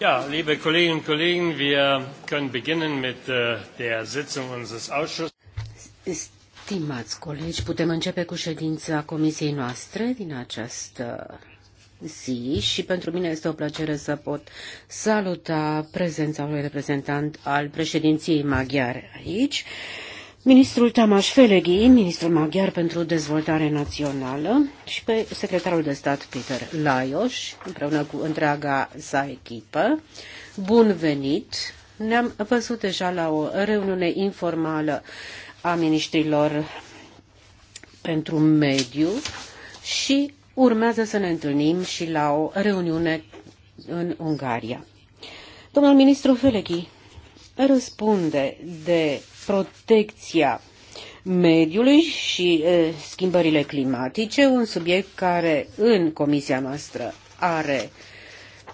Ja, liebe Kolleginnen und Kollegen, wir können beginnen mit äh, der Sitzung unseres Ausschusses. Stimați colegi, putem începe cu ședința comisiei noastre din această zi și pentru mine este o plăcere să pot saluta prezența unui reprezentant al președinției maghiare aici. Uh, ministrul Tamas Feleghi, ministrul maghiar pentru dezvoltare națională și pe secretarul de stat Peter Laios, împreună cu întreaga sa echipă. Bun venit! Ne-am văzut deja la o reuniune informală a ministrilor pentru mediu și urmează să ne întâlnim și la o reuniune în Ungaria. Domnul ministru Feleghi răspunde de protecția mediului și schimbările climatice, un subiect care în comisia noastră are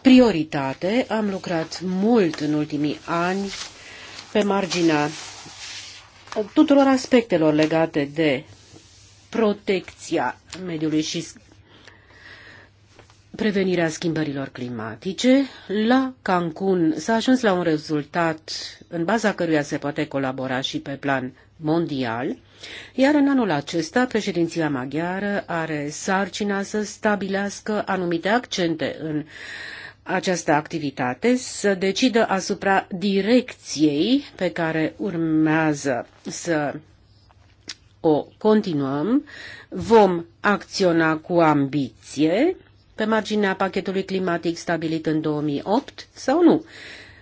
prioritate. Am lucrat mult în ultimii ani pe marginea tuturor aspectelor legate de protecția mediului și prevenirea schimbărilor climatice. La Cancun s-a ajuns la un rezultat în baza căruia se poate colabora și pe plan mondial, iar în anul acesta președinția maghiară are sarcina să stabilească anumite accente în această activitate, să decidă asupra direcției pe care urmează să o continuăm, vom acționa cu ambiție, pe marginea pachetului climatic stabilit în 2008 sau nu.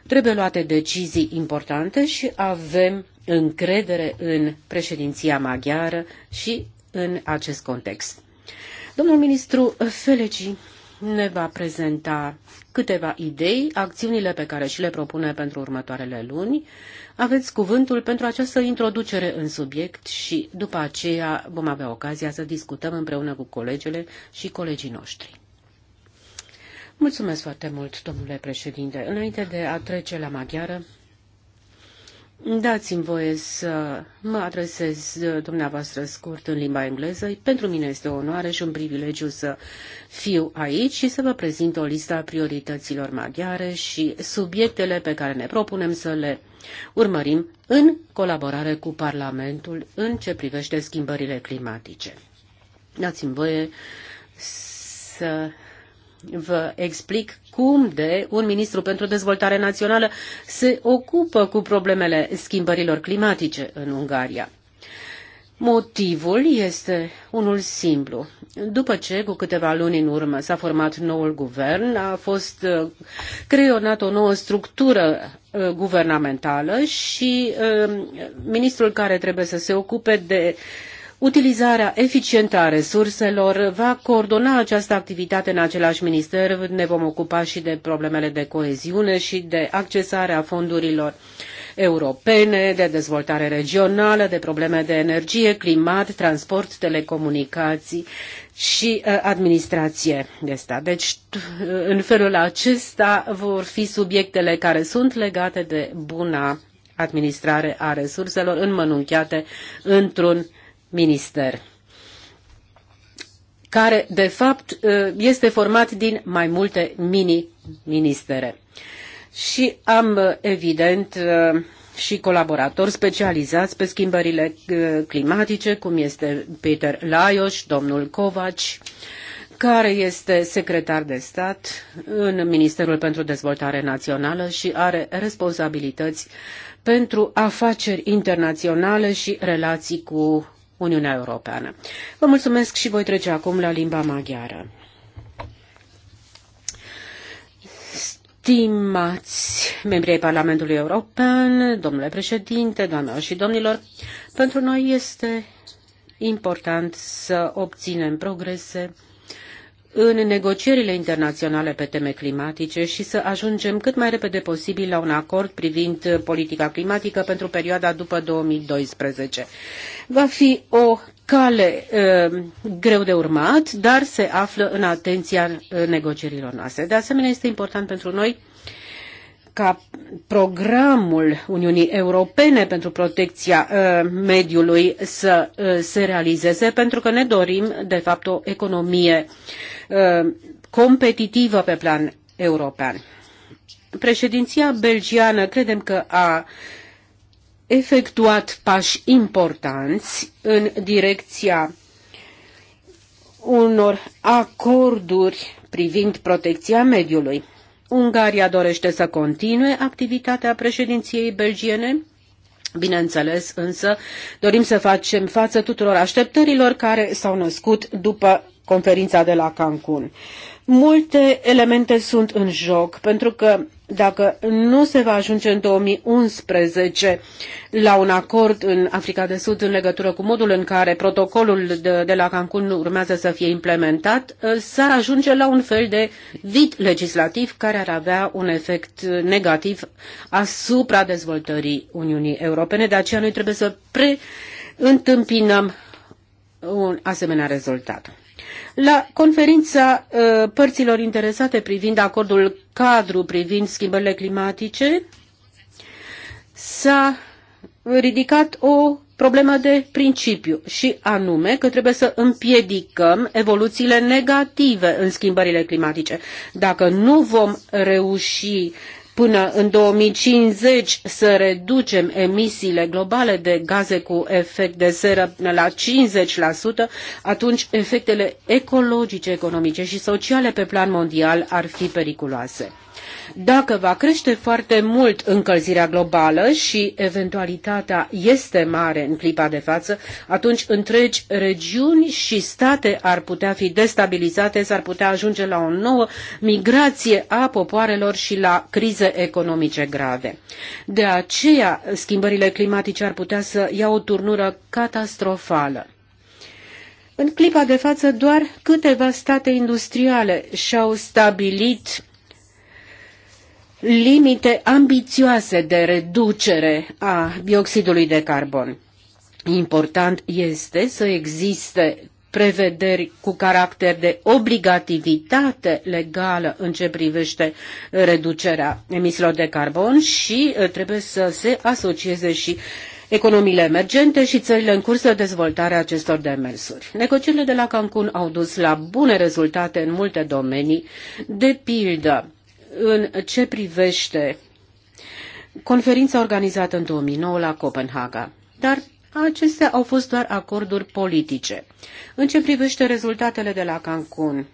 Trebuie luate decizii importante și avem încredere în președinția maghiară și în acest context. Domnul ministru Felegi ne va prezenta câteva idei, acțiunile pe care și le propune pentru următoarele luni. Aveți cuvântul pentru această introducere în subiect și după aceea vom avea ocazia să discutăm împreună cu colegele și colegii noștri. Mulțumesc foarte mult, domnule președinte. Înainte de a trece la maghiară, dați-mi voie să mă adresez dumneavoastră scurt în limba engleză. Pentru mine este o onoare și un privilegiu să fiu aici și să vă prezint o listă a priorităților maghiare și subiectele pe care ne propunem să le urmărim în colaborare cu Parlamentul în ce privește schimbările climatice. Dați-mi voie să vă explic cum de un ministru pentru dezvoltare națională se ocupă cu problemele schimbărilor climatice în Ungaria. Motivul este unul simplu. După ce, cu câteva luni în urmă, s-a format noul guvern, a fost uh, creionată o nouă structură uh, guvernamentală și uh, ministrul care trebuie să se ocupe de Utilizarea eficientă a resurselor va coordona această activitate în același minister. Ne vom ocupa și de problemele de coeziune și de accesarea fondurilor europene, de dezvoltare regională, de probleme de energie, climat, transport, telecomunicații și uh, administrație de stat. Deci, în felul acesta vor fi subiectele care sunt legate de buna administrare a resurselor înmănunchiate într-un minister care de fapt ă, este format din mai multe mini-ministere. Și am ă, evident ă, și colaboratori specializați pe schimbările climatice, cum este Peter Laios, domnul Covaci, care este secretar de stat în Ministerul pentru Dezvoltare Națională și are responsabilități pentru afaceri internaționale și relații cu Uniunea Europeană. Vă mulțumesc și voi trece acum la limba maghiară. Stimați membrii Parlamentului European, domnule președinte, doamnelor și domnilor, pentru noi este important să obținem progrese în negocierile internaționale pe teme climatice și să ajungem cât mai repede posibil la un acord privind uh, politica climatică pentru perioada după 2012. Va fi o cale e, uh, greu de urmat, dar se află în atenția uh, negocierilor noastre. De asemenea, este important pentru noi ca programul Uniunii Europene pentru protecția uh, mediului să uh, se realizeze, pentru că ne dorim, de fapt, o economie uh, competitivă pe plan european. Președinția belgiană credem că a efectuat pași importanți în direcția unor acorduri privind protecția mediului. Ungaria dorește să continue activitatea președinției belgiene. Bineînțeles, însă, dorim să facem față tuturor așteptărilor care s-au născut după conferința de la Cancun. Multe elemente sunt în joc, pentru că dacă nu se va ajunge în 2011 la un acord în Africa de Sud în legătură cu modul în care protocolul de, de la Cancun urmează să fie implementat, ă, s-ar ajunge la un fel de vid legislativ care ar avea un efect negativ asupra dezvoltării Uniunii Europene. De aceea noi trebuie să preîntâmpinăm un asemenea rezultat. La conferința uh, părților interesate privind acordul cadru privind schimbările climatice s-a ridicat o problemă de principiu și anume că trebuie să împiedicăm evoluțiile negative în schimbările climatice. Dacă nu vom reuși până în 2050 să reducem emisiile globale de gaze cu efect de seră până la 50%, atunci efectele ecologice, economice și sociale pe plan mondial ar fi periculoase. Dacă va crește foarte mult încălzirea globală și eventualitatea este mare în clipa de față, atunci întregi regiuni și state ar putea fi destabilizate, s-ar putea ajunge la o nouă migrație a popoarelor și la crize economice grave. De aceea, schimbările climatice ar putea să ia o turnură catastrofală. În clipa de față, doar câteva state industriale și-au stabilit limite ambițioase de reducere a dioxidului de carbon. Important este să existe prevederi cu caracter de obligativitate legală în ce privește reducerea emisiilor de carbon și uh, trebuie să se asocieze și economiile emergente și țările în curs de dezvoltare a acestor demersuri. Negocierile de la Cancun au dus la bune rezultate în multe domenii, de pildă în ce privește conferința organizată în 2009 la Copenhaga. Dar acestea au fost doar acorduri politice. În ce privește rezultatele de la Cancun,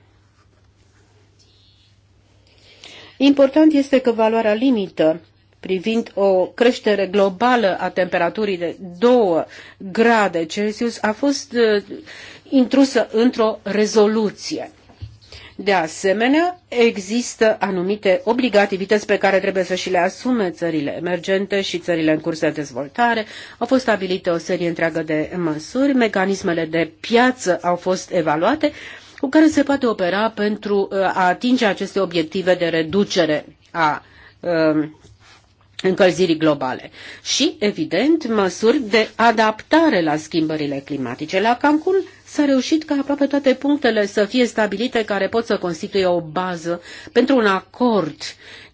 important este că valoarea limită privind o creștere globală a temperaturii de 2 grade Celsius a fost uh, intrusă într-o rezoluție. De asemenea, există anumite obligativități pe care trebuie să și le asume țările emergente și țările în curs de dezvoltare. Au fost stabilite o serie întreagă de măsuri, mecanismele de piață au fost evaluate cu care se poate opera pentru uh, a atinge aceste obiective de reducere a um, încălzirii globale și, evident, măsuri de adaptare la schimbările climatice. La Cancun s-a reușit ca aproape toate punctele să fie stabilite care pot să constituie o bază pentru un acord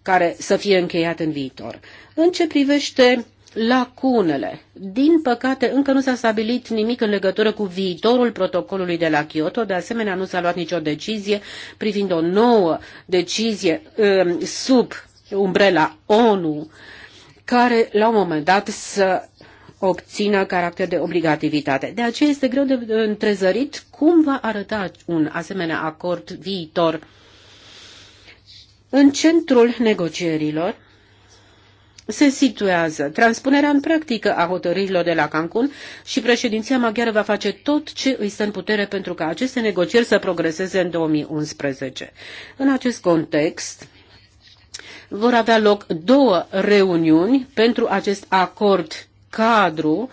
care să fie încheiat în viitor. În ce privește lacunele. Din păcate, încă nu s-a stabilit nimic în legătură cu viitorul protocolului de la Kyoto, de asemenea nu s-a luat nicio decizie privind o nouă decizie um, sub umbrela ONU, care la un moment dat să obțină caracter de obligativitate. De aceea este greu de întrezărit cum va arăta un asemenea acord viitor. În centrul negocierilor se situează transpunerea în practică a hotărârilor de la Cancun și președinția maghiară va face tot ce îi stă în putere pentru ca aceste negocieri să progreseze în 2011. În acest context, vor avea loc două reuniuni pentru acest acord cadru,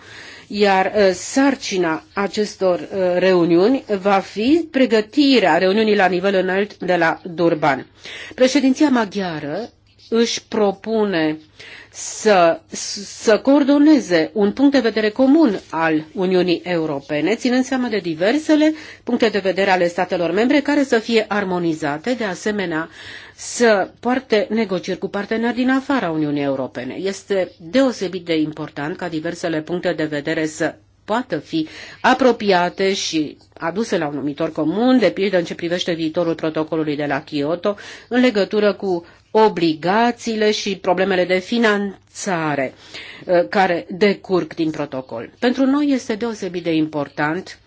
iar uh, sarcina acestor uh, reuniuni va fi pregătirea reuniunii la nivel înalt de la Durban. Președinția maghiară își propune să, să coordoneze un punct de vedere comun al Uniunii Europene, ținând seama de diversele puncte de vedere ale statelor membre care să fie armonizate, de asemenea să poarte negocieri cu parteneri din afara Uniunii Europene. Este deosebit de important ca diversele puncte de vedere să poată fi apropiate și aduse la un numitor comun, de pildă în ce privește viitorul protocolului de la Kyoto, în legătură cu obligațiile și problemele de finanțare uh, care decurg din protocol. Pentru noi este deosebit de important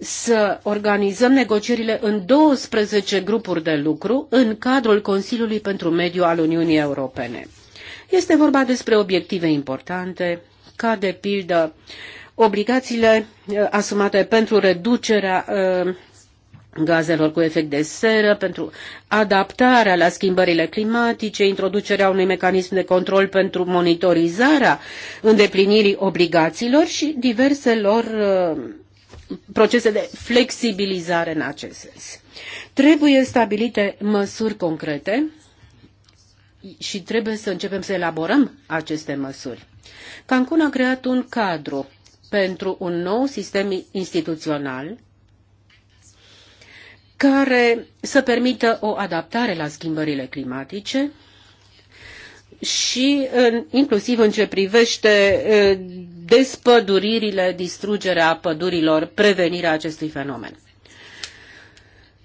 să organizăm negocierile în 12 grupuri de lucru în cadrul Consiliului pentru Mediu al Uniunii Europene. Este vorba despre obiective importante, ca de pildă obligațiile uh, asumate pentru reducerea uh, gazelor cu efect de seră, pentru adaptarea la schimbările climatice, introducerea unui mecanism de control pentru monitorizarea îndeplinirii obligațiilor și diverselor uh, procese de flexibilizare în acest sens. Trebuie stabilite măsuri concrete și trebuie să începem să elaborăm aceste măsuri. Cancun a creat un cadru pentru un nou sistem instituțional care să permită o adaptare la schimbările climatice și inclusiv în ce privește despăduririle, distrugerea pădurilor, prevenirea acestui fenomen.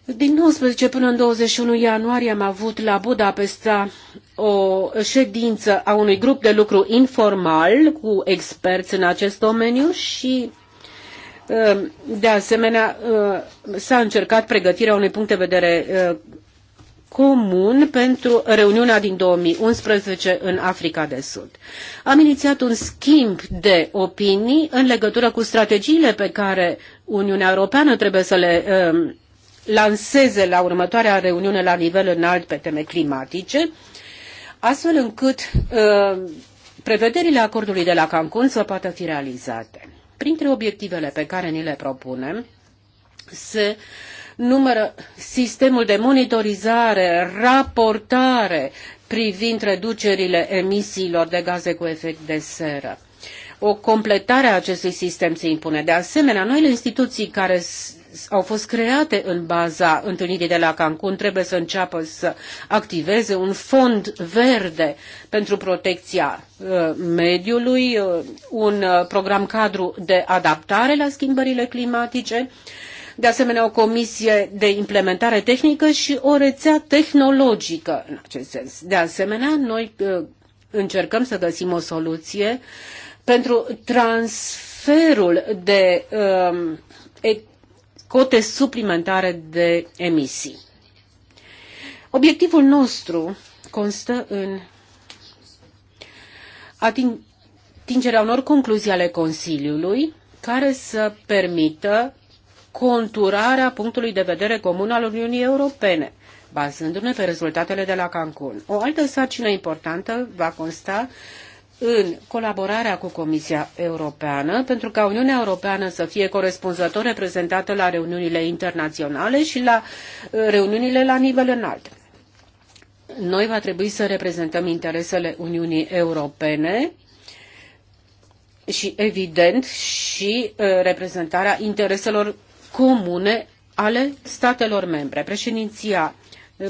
Din 19 până în 21 ianuarie am avut la Budapesta o ședință a unui grup de lucru informal cu experți în acest domeniu și Uh, de asemenea, uh, s-a încercat pregătirea unui punct de vedere uh, comun pentru reuniunea din 2011 în Africa de Sud. Am inițiat un schimb de opinii în legătură cu strategiile pe care Uniunea Europeană trebuie să le lanseze la următoarea reuniune la nivel înalt pe teme climatice, astfel încât prevederile acordului de la Cancun să poată fi realizate printre obiectivele pe care ni le propunem se numără sistemul de monitorizare, raportare privind reducerile emisiilor de gaze cu efect de seră. O completare a acestui sistem se impune. De asemenea, noile instituții care au fost create în baza întâlnirii de la Cancun trebuie să înceapă să activeze un fond verde pentru protecția uh, mediului, uh, un uh, program cadru de adaptare la schimbările climatice, de asemenea o comisie de implementare tehnică și o rețea tehnologică în acest sens. De asemenea, noi încercăm să găsim o soluție pentru transferul de uh, cote suplimentare de emisii. Obiectivul nostru constă în atingerea unor concluzii ale Consiliului care să permită conturarea punctului de vedere comun al Uniunii Europene, bazându-ne pe rezultatele de la Cancun. O altă sarcină importantă va consta în colaborarea cu Comisia Europeană pentru ca Uniunea Europeană să fie corespunzător reprezentată la reuniunile internaționale și la uh, reuniunile la nivel înalt. Noi va trebui să reprezentăm interesele Uniunii Europene și, evident, și uh, reprezentarea intereselor comune ale statelor membre. Președinția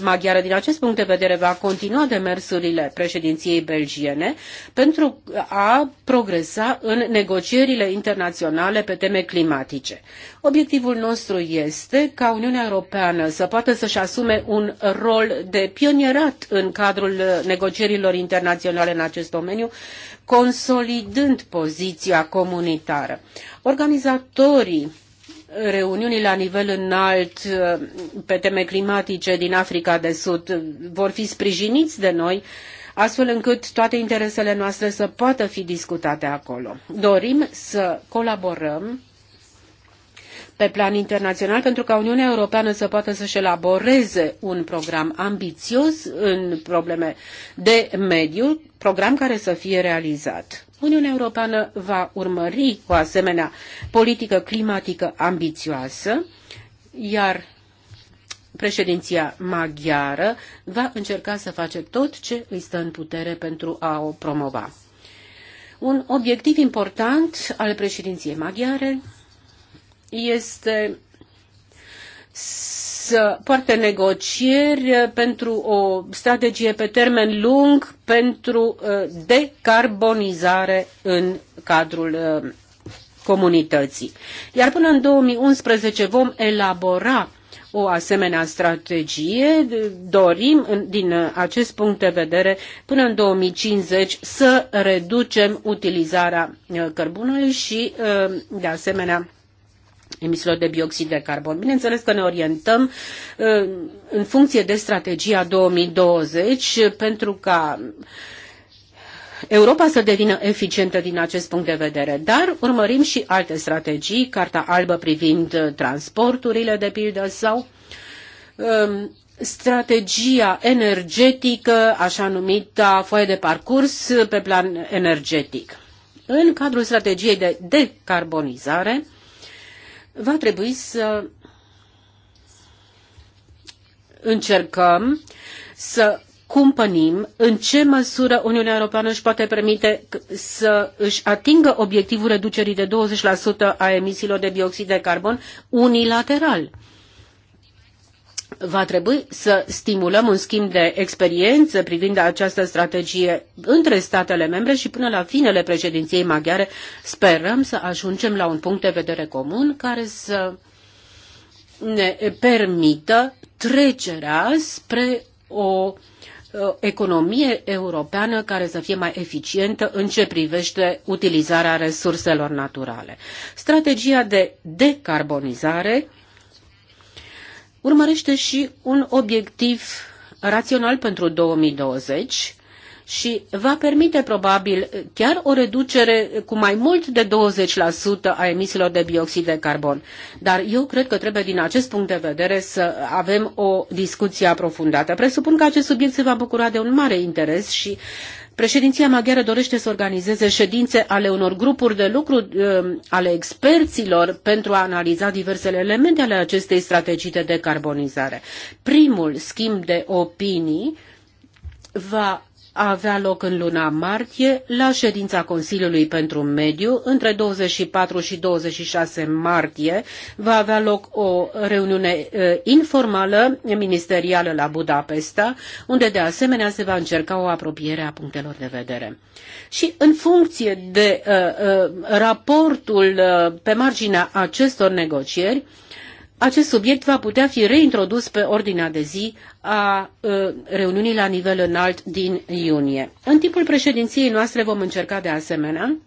maghiară din acest punct de vedere va continua demersurile președinției belgiene pentru a progresa în negocierile internaționale pe teme climatice. Obiectivul nostru este ca Uniunea Europeană să poată să-și asume un rol de pionierat în cadrul negocierilor internaționale în acest domeniu, consolidând poziția comunitară. Organizatorii reuniunii la nivel înalt uh, pe teme climatice din Africa de Sud uh, vor fi sprijiniți de noi, astfel încât toate interesele noastre să poată fi discutate acolo. Dorim să colaborăm pe plan internațional pentru ca Uniunea Europeană să poată să-și elaboreze un program ambițios în probleme de mediu, program care să fie realizat. Uniunea Europeană va urmări o asemenea politică climatică ambițioasă, iar președinția maghiară va încerca să face tot ce îi stă în putere pentru a o promova. Un obiectiv important al președinției maghiare este să poarte negocieri uh, pentru o strategie pe termen lung pentru uh, decarbonizare în cadrul uh, comunității. Iar până în 2011 vom elabora o asemenea strategie. Dorim, din acest punct de vedere, până în 2050 să reducem utilizarea cărbunului și, de asemenea, emisiilor de bioxid de carbon. Bineînțeles că ne orientăm uh, în funcție de strategia 2020 pentru ca Europa să devină eficientă din acest punct de vedere, dar urmărim și alte strategii, Carta Albă privind uh, transporturile, de pildă, sau um, strategia energetică, așa numită foaie de parcurs uh, pe plan energetic. În cadrul strategiei de decarbonizare, va trebui să încercăm să cumpănim în ce măsură Uniunea Europeană își poate permite să își atingă obiectivul reducerii de 20% a emisiilor de dioxid de carbon unilateral va trebui să stimulăm un schimb de experiență privind această strategie între statele membre și până la finele președinției maghiare sperăm să ajungem la un punct de vedere comun care să ne permită trecerea spre o economie europeană care să fie mai eficientă în ce privește utilizarea resurselor naturale. Strategia de decarbonizare urmărește și un obiectiv rațional pentru 2020 și va permite probabil chiar o reducere cu mai mult de 20% a emisiilor de dioxid de carbon. Dar eu cred că trebuie din acest punct de vedere să avem o discuție aprofundată. Presupun că acest subiect se va bucura de un mare interes și Președinția maghiară dorește să organizeze ședințe ale unor grupuri de lucru uh, ale experților pentru a analiza diversele elemente ale acestei strategii de decarbonizare. Primul schimb de opinii va avea loc în luna martie la ședința Consiliului pentru Mediu. Între 24 și 26 martie va avea loc o reuniune eh, informală ministerială la Budapesta, unde de asemenea se va încerca o apropiere a punctelor de vedere. Și în funcție de uh, uh, raportul uh, pe marginea acestor negocieri, acest subiect va putea fi reintrodus pe ordinea de zi a ă, reuniunii la nivel înalt din iunie. În timpul președinției noastre vom încerca de asemenea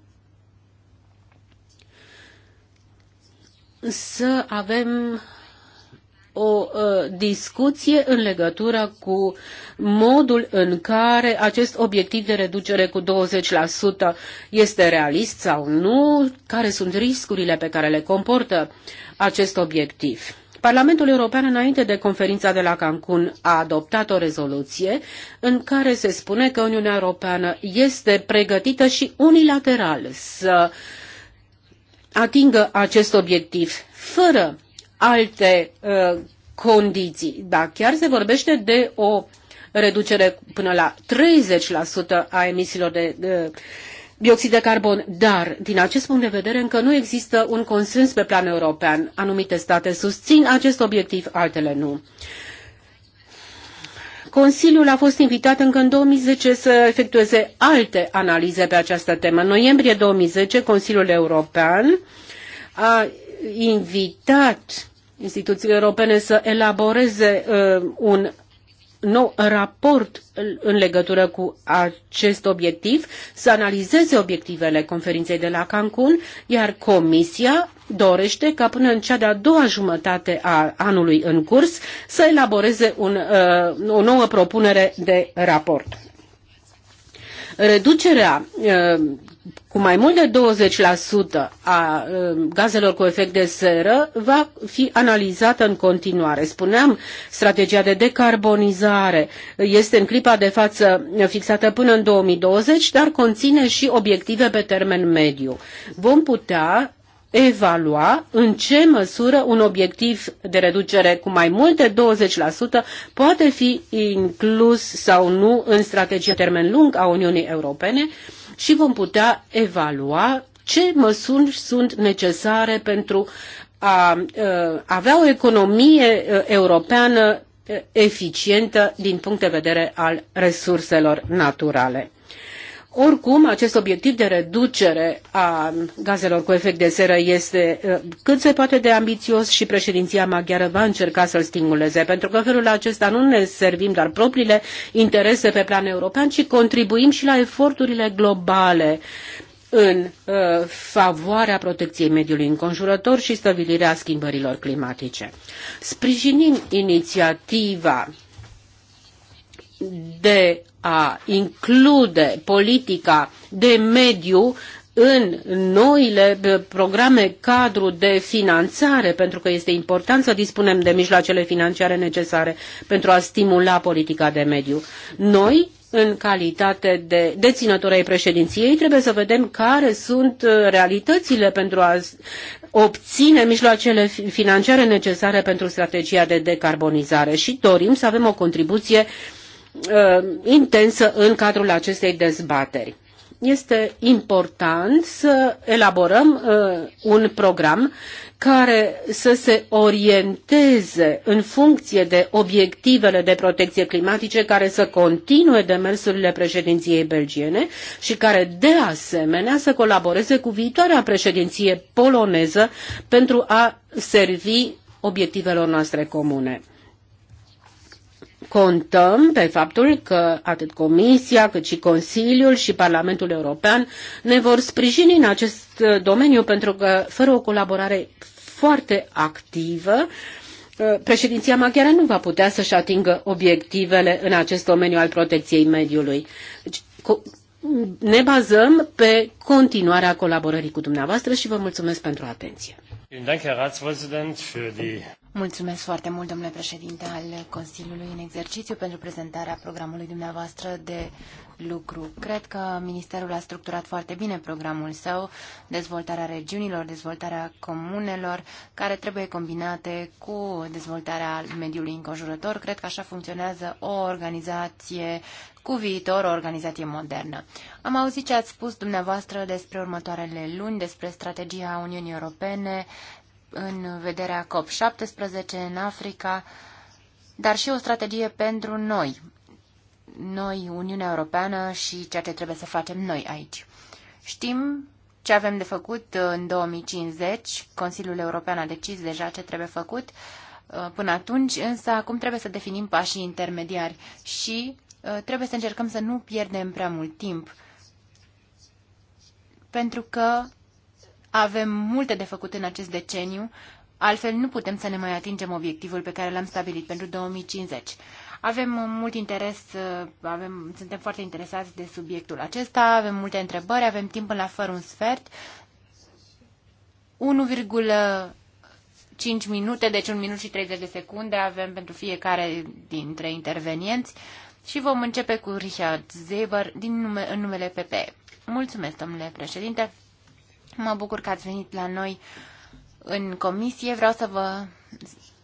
să avem o uh, discuție în legătură cu modul în care acest obiectiv de reducere cu 20% este realist sau nu, care sunt riscurile pe care le comportă acest obiectiv. Parlamentul European, înainte de conferința de la Cancun, a adoptat o rezoluție în care se spune că Uniunea Europeană este pregătită și unilateral să atingă acest obiectiv, fără alte uh, condiții. Da, chiar se vorbește de o reducere până la 30% a emisiilor de uh, dioxid de carbon, dar din acest punct de vedere încă nu există un consens pe plan european. Anumite state susțin acest obiectiv, altele nu. Consiliul a fost invitat încă în 2010 să efectueze alte analize pe această temă. În noiembrie 2010, Consiliul European a invitat instituțiile europene să elaboreze uh, un nou raport în legătură cu acest obiectiv, să analizeze obiectivele conferinței de la Cancun, iar Comisia dorește ca până în cea de-a doua jumătate a anului în curs să elaboreze un, uh, o nouă propunere de raport. Reducerea uh, cu mai mult de 20% a ă, gazelor cu efect de seră va fi analizată în continuare. Spuneam, strategia de decarbonizare este în clipa de față fixată până în 2020, dar conține și obiective pe termen mediu. Vom putea evalua în ce măsură un obiectiv de reducere cu mai mult de 20% poate fi inclus sau nu în strategia termen lung a Uniunii Europene, și vom putea evalua ce măsuri sunt necesare pentru a avea o economie europeană eficientă din punct de vedere al resurselor naturale. Oricum, acest obiectiv de reducere a gazelor cu efect de seră este uh, cât se poate de ambițios și președinția maghiară va încerca să-l stimuleze, pentru că în felul acesta nu ne servim doar propriile interese pe plan european, ci contribuim și la eforturile globale în uh, favoarea protecției mediului înconjurător și stabilirea schimbărilor climatice. Sprijinim inițiativa de a include politica de mediu în noile eh, programe cadru de finanțare, pentru că este important să dispunem de mijloacele financiare necesare pentru a stimula politica de mediu. Noi, în calitate de deținători ai președinției, trebuie să vedem care sunt eh, realitățile pentru a obține mijloacele financiare necesare pentru strategia de decarbonizare și dorim să avem o contribuție uh, Uh, intensă în cadrul acestei dezbateri. Este important să elaborăm uh, un program care să se orienteze în funcție de obiectivele de protecție climatice care să continue demersurile președinției belgiene și care de asemenea să colaboreze cu viitoarea președinție poloneză pentru a servi obiectivelor noastre comune contăm pe faptul că atât Comisia, cât și Consiliul și Parlamentul European ne vor sprijini în acest uh, domeniu, pentru că fără o colaborare foarte activă, uh, președinția maghiară nu va putea să-și atingă obiectivele în acest domeniu al protecției mediului. Deci, ne bazăm pe continuarea colaborării cu dumneavoastră și vă mulțumesc pentru atenție. Mulțumesc foarte mult, domnule președinte al Consiliului în exercițiu, pentru prezentarea programului dumneavoastră de lucru. Cred că Ministerul a structurat foarte bine programul său, dezvoltarea regiunilor, dezvoltarea comunelor, care trebuie combinate cu dezvoltarea mediului înconjurător. Cred că așa funcționează o organizație cu viitor, o organizație modernă. Am auzit ce ați spus dumneavoastră despre următoarele luni, despre strategia Uniunii Europene, în vederea COP17 în Africa, dar și o strategie pentru noi, noi, Uniunea Europeană și ceea ce trebuie să facem noi aici. Știm ce avem de făcut uh, în 2050, Consiliul European a decis deja ce trebuie făcut, uh, până atunci, însă acum trebuie să definim pașii intermediari și uh, trebuie să încercăm să nu pierdem prea mult timp, pentru că avem multe de făcut în acest deceniu, altfel nu putem să ne mai atingem obiectivul pe care l-am stabilit pentru 2050. Avem mult interes, uh, avem, suntem foarte interesați de subiectul acesta, avem multe întrebări, avem timp până la fără un sfert. 1,5 minute, deci 1 minut și 30 de secunde avem pentru fiecare dintre intervenienți și vom începe cu Richard Zeber din nume, în numele PP. Mulțumesc, domnule președinte. Mă bucur că ați venit la noi în comisie. Vreau să vă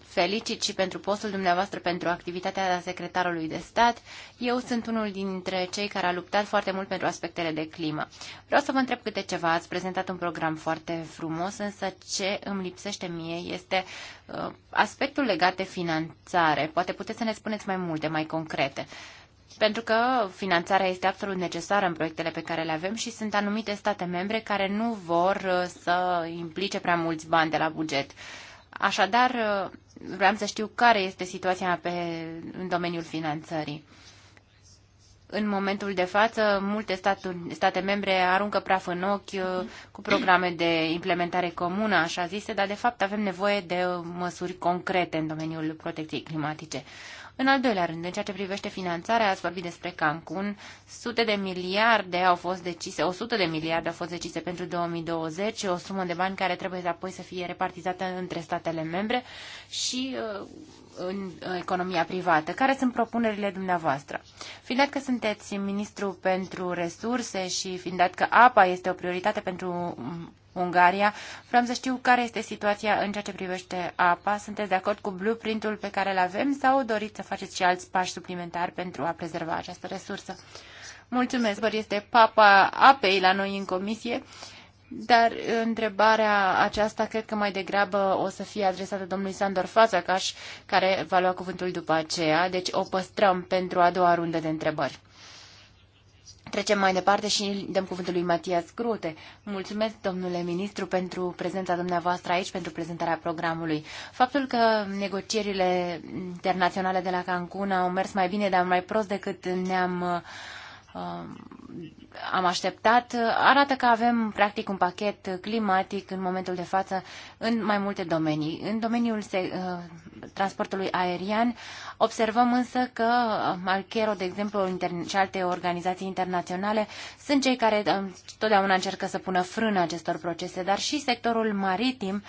felicit și pentru postul dumneavoastră, pentru activitatea de secretarului de stat. Eu sunt unul dintre cei care a luptat foarte mult pentru aspectele de climă. Vreau să vă întreb câte ceva. Ați prezentat un program foarte frumos, însă ce îmi lipsește mie este uh, aspectul legat de finanțare. Poate puteți să ne spuneți mai multe, mai concrete. Uh, pentru că finanțarea este absolut necesară în proiectele pe care le avem și sunt anumite state membre care nu vor uh, să implice prea mulți bani de la buget. Așadar, uh, vreau să știu care este situația pe, în domeniul finanțării. În momentul de față, multe staturi, state membre aruncă praf în ochi uh, cu programe de implementare comună, așa zise, dar de fapt avem nevoie de măsuri concrete în domeniul protecției climatice. În al doilea rând, în ceea ce privește finanțarea, ați vorbit despre Cancun, sute de miliarde au fost decise, 100 de miliarde au fost decise pentru 2020, o sumă de bani care trebuie apoi să fie repartizată între statele membre și uh, în economia privată. Care sunt propunerile dumneavoastră? Fiind dat că sunteți ministru pentru resurse și fiind dat că apa este o prioritate pentru Ungaria, vreau să știu care este situația în ceea ce privește apa. Sunteți de acord cu blueprintul pe care îl avem sau doriți să faceți și alți pași suplimentari pentru a prezerva această resursă? Mulțumesc, Băr este papa apei la noi în comisie dar uh, întrebarea aceasta cred că mai degrabă o să fie adresată domnului Sandor Fazacaș, care va lua cuvântul după aceea, deci o păstrăm pentru a doua rundă de întrebări. Trecem mai departe și dăm cuvântul lui Matias Grute. Mulțumesc, domnule ministru, pentru prezența dumneavoastră aici, pentru prezentarea programului. Faptul că negocierile internaționale de la Cancun au mers mai bine, dar mai prost decât ne-am uh, Um, am așteptat, arată că avem practic un pachet climatic în momentul de față în mai multe domenii. În domeniul uh, transportului aerian observăm însă că Malchero, um, de exemplu, și alte organizații internaționale sunt cei care um, totdeauna încercă să pună frână acestor procese, dar și sectorul maritim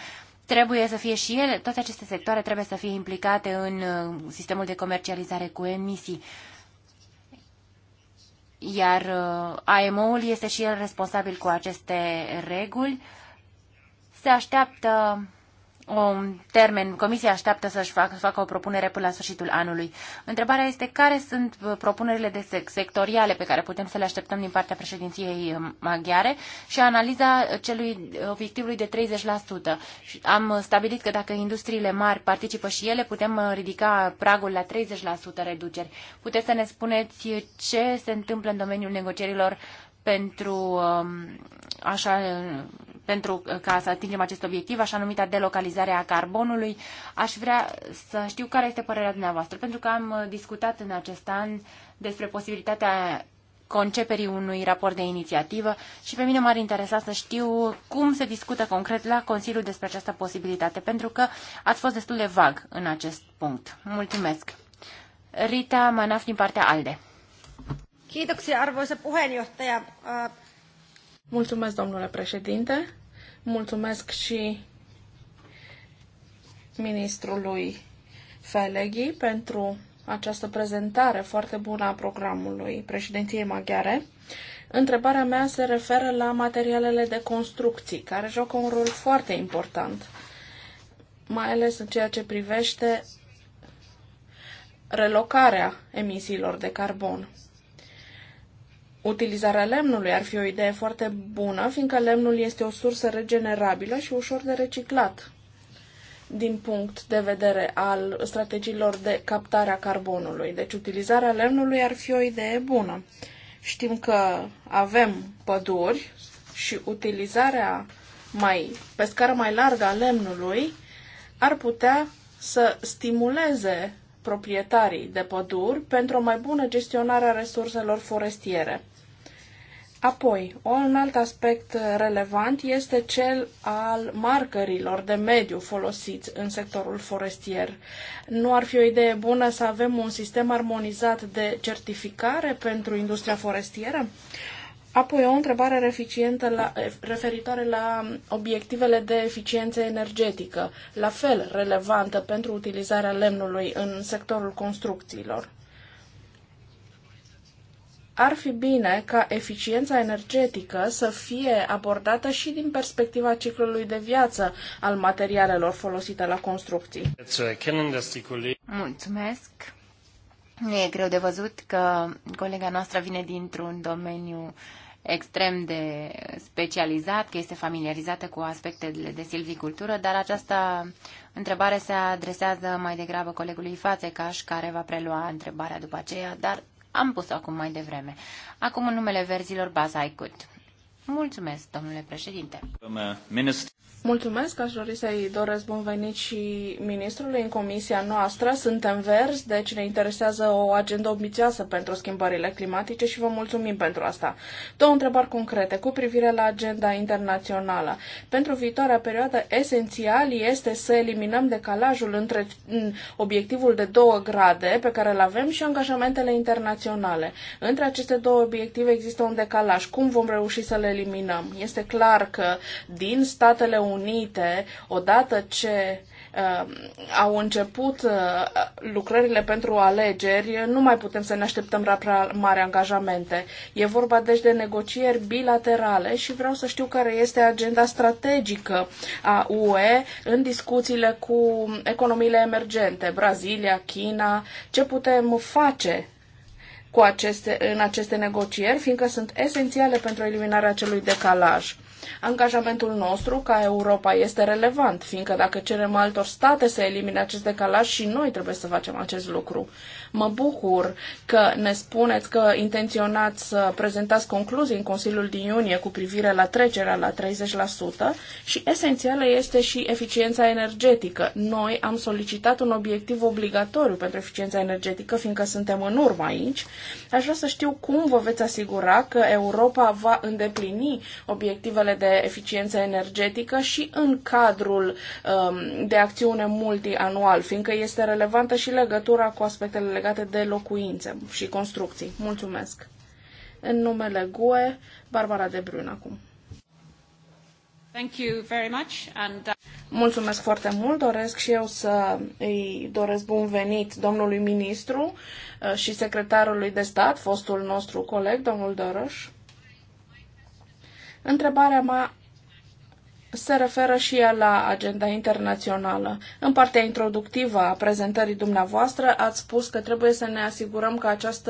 trebuie să fie și ele, toate aceste sectoare trebuie să fie implicate în uh, sistemul de comercializare cu emisii iar uh, AMO-ul este și el responsabil cu aceste reguli. Se așteaptă un termen. Comisia așteaptă să-și facă, facă o propunere până la sfârșitul anului. Întrebarea este care sunt uh, propunerile de sectoriale pe care putem să le așteptăm din partea președinției uh, maghiare și analiza celui uh, obiectivului de 30%. Am stabilit că dacă industriile mari participă și ele, putem ridica pragul la 30% reduceri. Puteți să ne spuneți ce se întâmplă în domeniul negocierilor pentru um, așa pentru uh, ca să atingem acest obiectiv, așa numita delocalizare a carbonului. Aș vrea să știu care este părerea dumneavoastră, pentru că am uh, discutat în acest an despre posibilitatea conceperii unui raport de inițiativă și pe mine m-ar interesa să știu cum se discută concret la Consiliu despre această posibilitate, pentru că ați fost destul de vag în acest punct. Mulțumesc. Rita Manaf din partea ALDE. Kiitoksia arvoisa puheenjohtaja. Mulțumesc, domnule președinte. Mulțumesc și ministrului Feleghi pentru această prezentare foarte bună a programului președinției maghiare. Întrebarea mea se referă la materialele de construcții, care joacă un rol foarte important, mai ales în ceea ce privește relocarea emisiilor de carbon. Utilizarea lemnului ar fi o idee foarte bună, fiindcă lemnul este o sursă regenerabilă și ușor de reciclat din punct de vedere al strategiilor de captare a carbonului. Deci utilizarea lemnului ar fi o idee bună. Știm că avem păduri și utilizarea mai, pe scară mai largă a lemnului ar putea să stimuleze proprietarii de păduri pentru o mai bună gestionare a resurselor forestiere. Apoi, un alt aspect relevant este cel al marcărilor de mediu folosiți în sectorul forestier. Nu ar fi o idee bună să avem un sistem armonizat de certificare pentru industria forestieră? Apoi o întrebare la, referitoare la obiectivele de eficiență energetică, la fel relevantă pentru utilizarea lemnului în sectorul construcțiilor ar fi bine ca eficiența energetică să fie abordată și din perspectiva ciclului de viață al materialelor folosite la construcții. Uh, Mulțumesc! Nu e greu de văzut că colega noastră vine dintr-un domeniu extrem de specializat, că este familiarizată cu aspectele de silvicultură, dar această întrebare se adresează mai degrabă colegului Fațecaș, care va prelua întrebarea după aceea, dar am pus-o acum mai devreme. Acum în numele verzilor Baza Icut. Mulțumesc, domnule președinte. Mulțumesc, aș dori să-i doresc bun venit și ministrului în comisia noastră. Suntem verzi, deci ne interesează o agendă ambițioasă pentru schimbările climatice și vă mulțumim pentru asta. Două întrebări concrete cu privire la agenda internațională. Pentru viitoarea perioadă, esențial este să eliminăm decalajul între obiectivul de 2 grade pe care îl avem și angajamentele internaționale. Între aceste două obiective există un decalaj. Cum vom reuși să le eliminăm. Este clar că din Statele Unite, odată ce uh, au început uh, lucrările pentru alegeri, nu mai putem să ne așteptăm la prea mari angajamente. E vorba deci de negocieri bilaterale și vreau să știu care este agenda strategică a UE în discuțiile cu economiile emergente, Brazilia, China, ce putem face cu aceste, în aceste negocieri, fiindcă sunt esențiale pentru eliminarea acelui decalaj. Angajamentul nostru ca Europa este relevant, fiindcă dacă cerem altor state să elimine acest decalaj și noi trebuie să facem acest lucru. Mă bucur că ne spuneți că intenționați să prezentați concluzii în Consiliul din iunie cu privire la trecerea la 30% și esențială este și eficiența energetică. Noi am solicitat un obiectiv obligatoriu pentru eficiența energetică, fiindcă suntem în urmă aici Aș vrea să știu cum vă veți asigura că Europa va îndeplini obiectivele de eficiență energetică și în cadrul um, de acțiune multianual, fiindcă este relevantă și legătura cu aspectele legate de locuințe și construcții. Mulțumesc! În numele GUE, Barbara de Brun acum. Thank you very much and... Uh, Mulțumesc foarte mult. Doresc și eu să îi doresc bun venit domnului ministru uh, și secretarului de stat, fostul nostru coleg, domnul Dărăș. Întrebarea mea se referă și ea la agenda internațională. În partea introductivă a prezentării dumneavoastră ați spus că trebuie să ne asigurăm că acest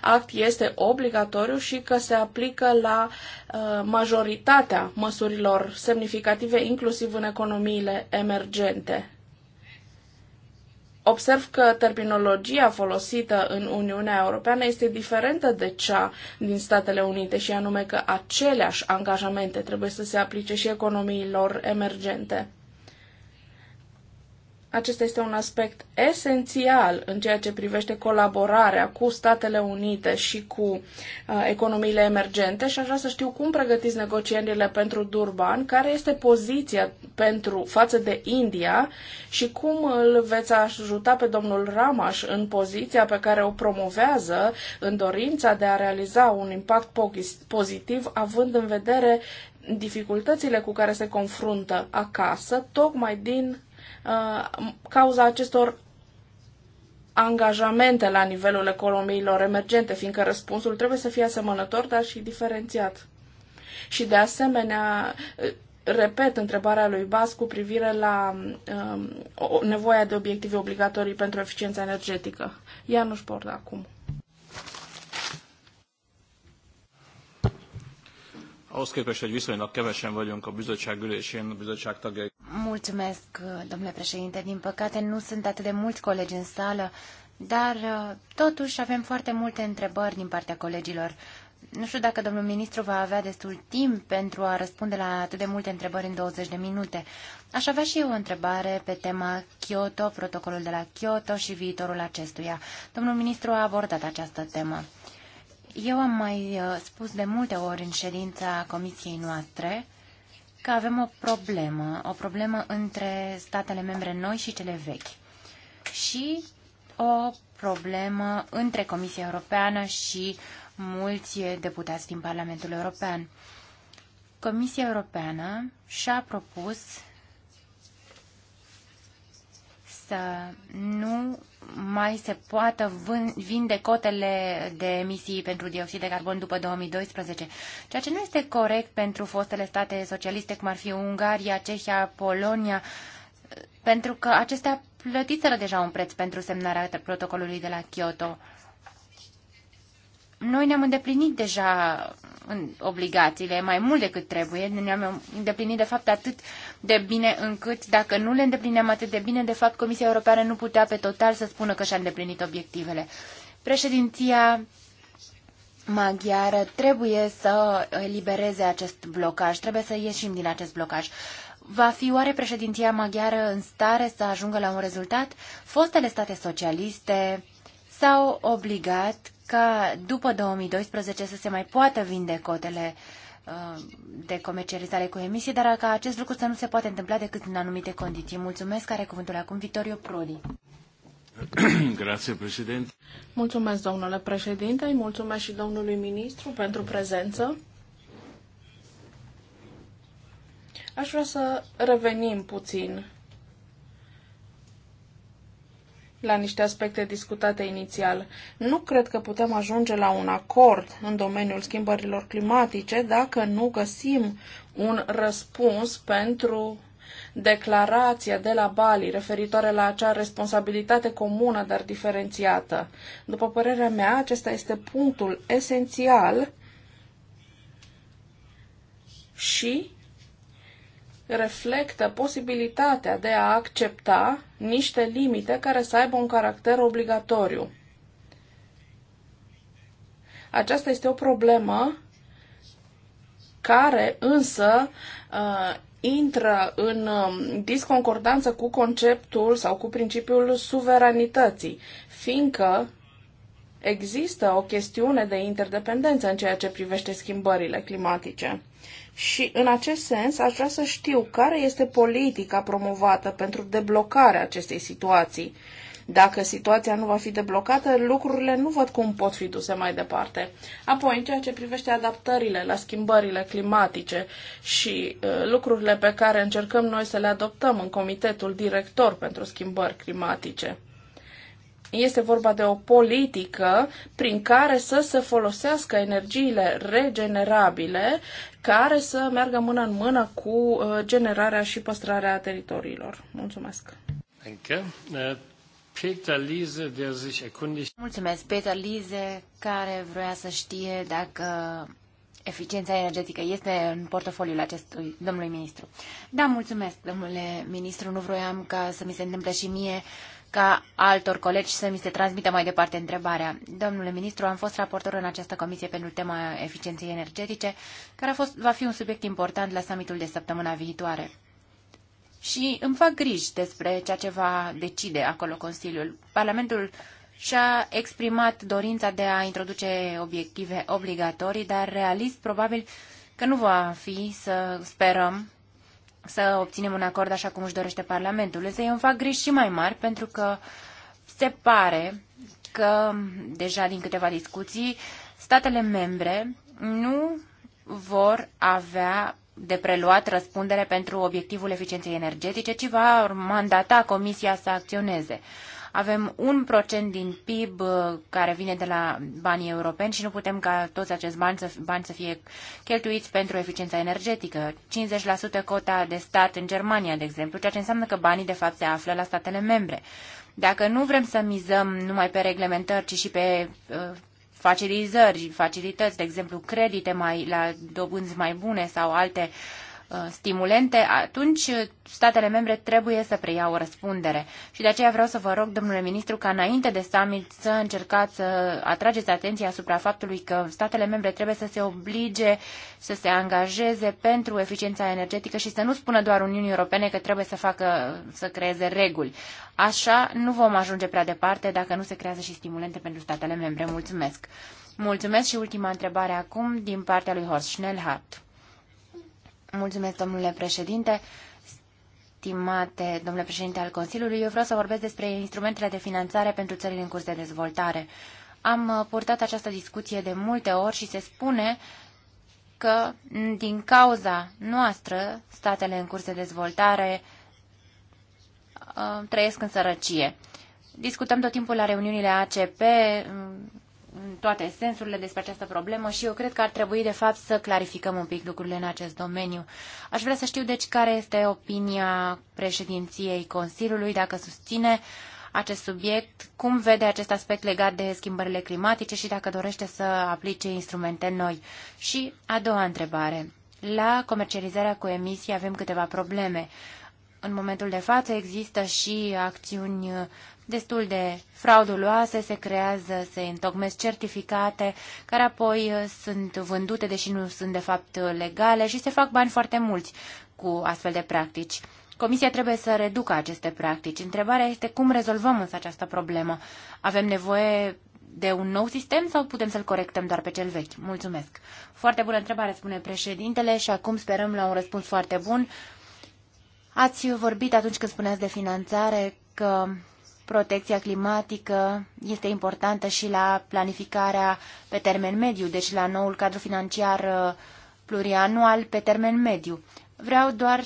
act este obligatoriu și că se aplică la uh, majoritatea măsurilor semnificative, inclusiv în economiile emergente. Observ că terminologia folosită în Uniunea Europeană este diferentă de cea din Statele Unite și anume că aceleași angajamente trebuie să se aplice și economiilor emergente. Acesta este un aspect esențial în ceea ce privește colaborarea cu Statele Unite și cu uh, economiile emergente și aș vrea să știu cum pregătiți negocierile pentru Durban, care este poziția pentru față de India și cum îl veți ajuta pe domnul Ramaș în poziția pe care o promovează în dorința de a realiza un impact pozitiv, având în vedere dificultățile cu care se confruntă acasă, tocmai din Uh, cauza acestor angajamente la nivelul economiilor emergente, fiindcă răspunsul trebuie să fie asemănător, dar și diferențiat. Și de asemenea, uh, repet întrebarea lui Bas cu privire la um, nevoia de obiective obligatorii pentru eficiența energetică. nu-și acum. Ahhoz képest, hogy viszonylag kevesen vagyunk a bizottság ülésén, a bizottság tagjai. Mulțumesc, domnule președinte. Din păcate nu sunt atât de mulți colegi în sală, dar uh, totuși avem foarte multe întrebări din partea colegilor. Nu știu dacă domnul ministru va avea destul timp pentru a răspunde la atât de multe întrebări în 20 de minute. Aș avea și eu o întrebare pe tema Kyoto, protocolul de la Kyoto și viitorul acestuia. Domnul ministru a abordat această temă. Eu am mai uh, spus de multe ori în ședința comisiei noastre că avem o problemă, o problemă între statele membre noi și cele vechi și o problemă între Comisia Europeană și mulți deputați din Parlamentul European. Comisia Europeană și-a propus să nu mai se poată vinde cotele de emisii pentru dioxid de carbon după 2012, ceea ce nu este corect pentru fostele state socialiste, cum ar fi Ungaria, Cehia, Polonia, pentru că acestea plătiseră deja un preț pentru semnarea protocolului de la Kyoto. Noi ne-am îndeplinit deja obligațiile mai mult decât trebuie, ne-am îndeplinit de fapt atât uh, de bine încât, dacă nu le îndeplineam atât de bine, de fapt Comisia Europeană nu putea pe total să spună că și-a îndeplinit obiectivele. Președinția maghiară trebuie să elibereze acest blocaj, trebuie să ieșim din acest blocaj. Va fi oare președinția maghiară în stare să ajungă la un rezultat? Fostele state socialiste s-au obligat ca după 2012 să se mai poată vinde cotele uh, Uh, de comercializare cu emisii, dar ca acest lucru să nu se poate întâmpla decât în anumite condiții. Mulțumesc, are cuvântul acum Vitorio Prodi. Grazie, președinte. Mulțumesc, domnule președinte, mulțumesc și domnului ministru pentru prezență. Aș vrea să revenim puțin la niște aspecte discutate inițial. Nu cred că putem ajunge la un acord în domeniul schimbărilor climatice dacă nu găsim un răspuns pentru declarația de la Bali referitoare la acea responsabilitate comună, dar diferențiată. După părerea mea, acesta este punctul esențial și reflectă posibilitatea de a accepta niște limite care să aibă un caracter obligatoriu. Aceasta este o problemă care însă uh, intră în um, disconcordanță cu conceptul sau cu principiul suveranității, fiindcă există o chestiune de interdependență în ceea ce privește schimbările climatice. Și în acest sens aș vrea să știu care este politica promovată pentru deblocarea acestei situații. Dacă situația nu va fi deblocată, lucrurile nu văd cum pot fi duse mai departe. Apoi, în ceea ce privește adaptările la schimbările climatice și uh, lucrurile pe care încercăm noi să le adoptăm în Comitetul Director pentru Schimbări Climatice. Este vorba de o politică prin care să se folosească energiile regenerabile care să meargă mână în mână cu uh, generarea și păstrarea teritoriilor. Mulțumesc! Uh, Peter Liese, der sich erkundigt. Mulțumesc, Peter Liese, care vrea să știe dacă eficiența energetică este în portofoliul acestui domnului ministru. Da, mulțumesc, domnule ministru, nu vroiam ca să mi se întâmple și mie uh, ca altor colegi să mi se transmită mai departe întrebarea. Domnule ministru, am fost raportor în această comisie pentru tema eficienței energetice, care a fost, va fi un subiect important la summitul de săptămâna viitoare. Și îmi fac griji despre ceea ce va decide acolo Consiliul. Parlamentul și-a exprimat dorința de a introduce obiective obligatorii, dar realist probabil că nu va fi, să sperăm, să obținem un acord așa cum își dorește Parlamentul. Însă eu îmi fac griji și mai mari pentru că se pare că, deja din câteva discuții, statele membre nu vor avea de preluat răspundere pentru obiectivul eficienței energetice, ci va mandata Comisia să acționeze. Avem un procent din PIB uh, care vine de la banii europeni și nu putem ca toți acești bani să, bani să fie cheltuiți pentru eficiența energetică. 50% cota de stat în Germania, de exemplu, ceea ce înseamnă că banii de fapt se află la statele membre. Dacă nu vrem să mizăm numai pe reglementări, ci și pe uh, facilizări, facilități, de exemplu, credite mai, la dobânzi mai bune sau alte uh, Uh, stimulente, atunci statele membre trebuie să preia o răspundere. Și de aceea vreau să vă rog, domnule ministru, ca înainte de summit să încercați să atrageți atenția asupra faptului că statele membre trebuie să se oblige să se angajeze pentru eficiența energetică și să nu spună doar Uniunii Europene că trebuie să facă, să creeze reguli. Așa nu vom ajunge prea departe dacă nu se creează și stimulente pentru statele membre. Mulțumesc! Mulțumesc și ultima întrebare acum din partea lui Horst Schnellhardt. Mulțumesc, domnule președinte. Stimate domnule președinte al Consiliului, eu vreau să vorbesc despre instrumentele de finanțare pentru țările în curs de dezvoltare. Am uh, purtat această discuție de multe ori și se spune că din cauza noastră, statele în curs de dezvoltare uh, trăiesc în sărăcie. Discutăm tot timpul la reuniunile ACP în toate sensurile despre această problemă și eu cred că ar trebui, de fapt, să clarificăm un pic lucrurile în acest domeniu. Aș vrea să știu, deci, care este opinia președinției Consiliului, dacă susține acest subiect, cum vede acest aspect legat de schimbările climatice și dacă dorește să aplice instrumente noi. Și a doua întrebare. La comercializarea cu emisii avem câteva probleme. În momentul de față există și acțiuni destul de frauduloase, se creează, se întocmesc certificate care apoi uh, sunt vândute, deși nu sunt de fapt uh, legale și se fac bani foarte mulți cu astfel de practici. Comisia trebuie să reducă aceste practici. Întrebarea este cum rezolvăm însă această problemă. Avem nevoie de un nou sistem sau putem să-l corectăm doar pe cel vechi? Mulțumesc. Foarte bună întrebare, spune președintele, și acum sperăm la un răspuns foarte bun. Ați vorbit atunci când spuneați de finanțare că protecția climatică este importantă și la planificarea pe termen mediu, deci la noul cadru financiar uh, plurianual pe termen mediu. Vreau doar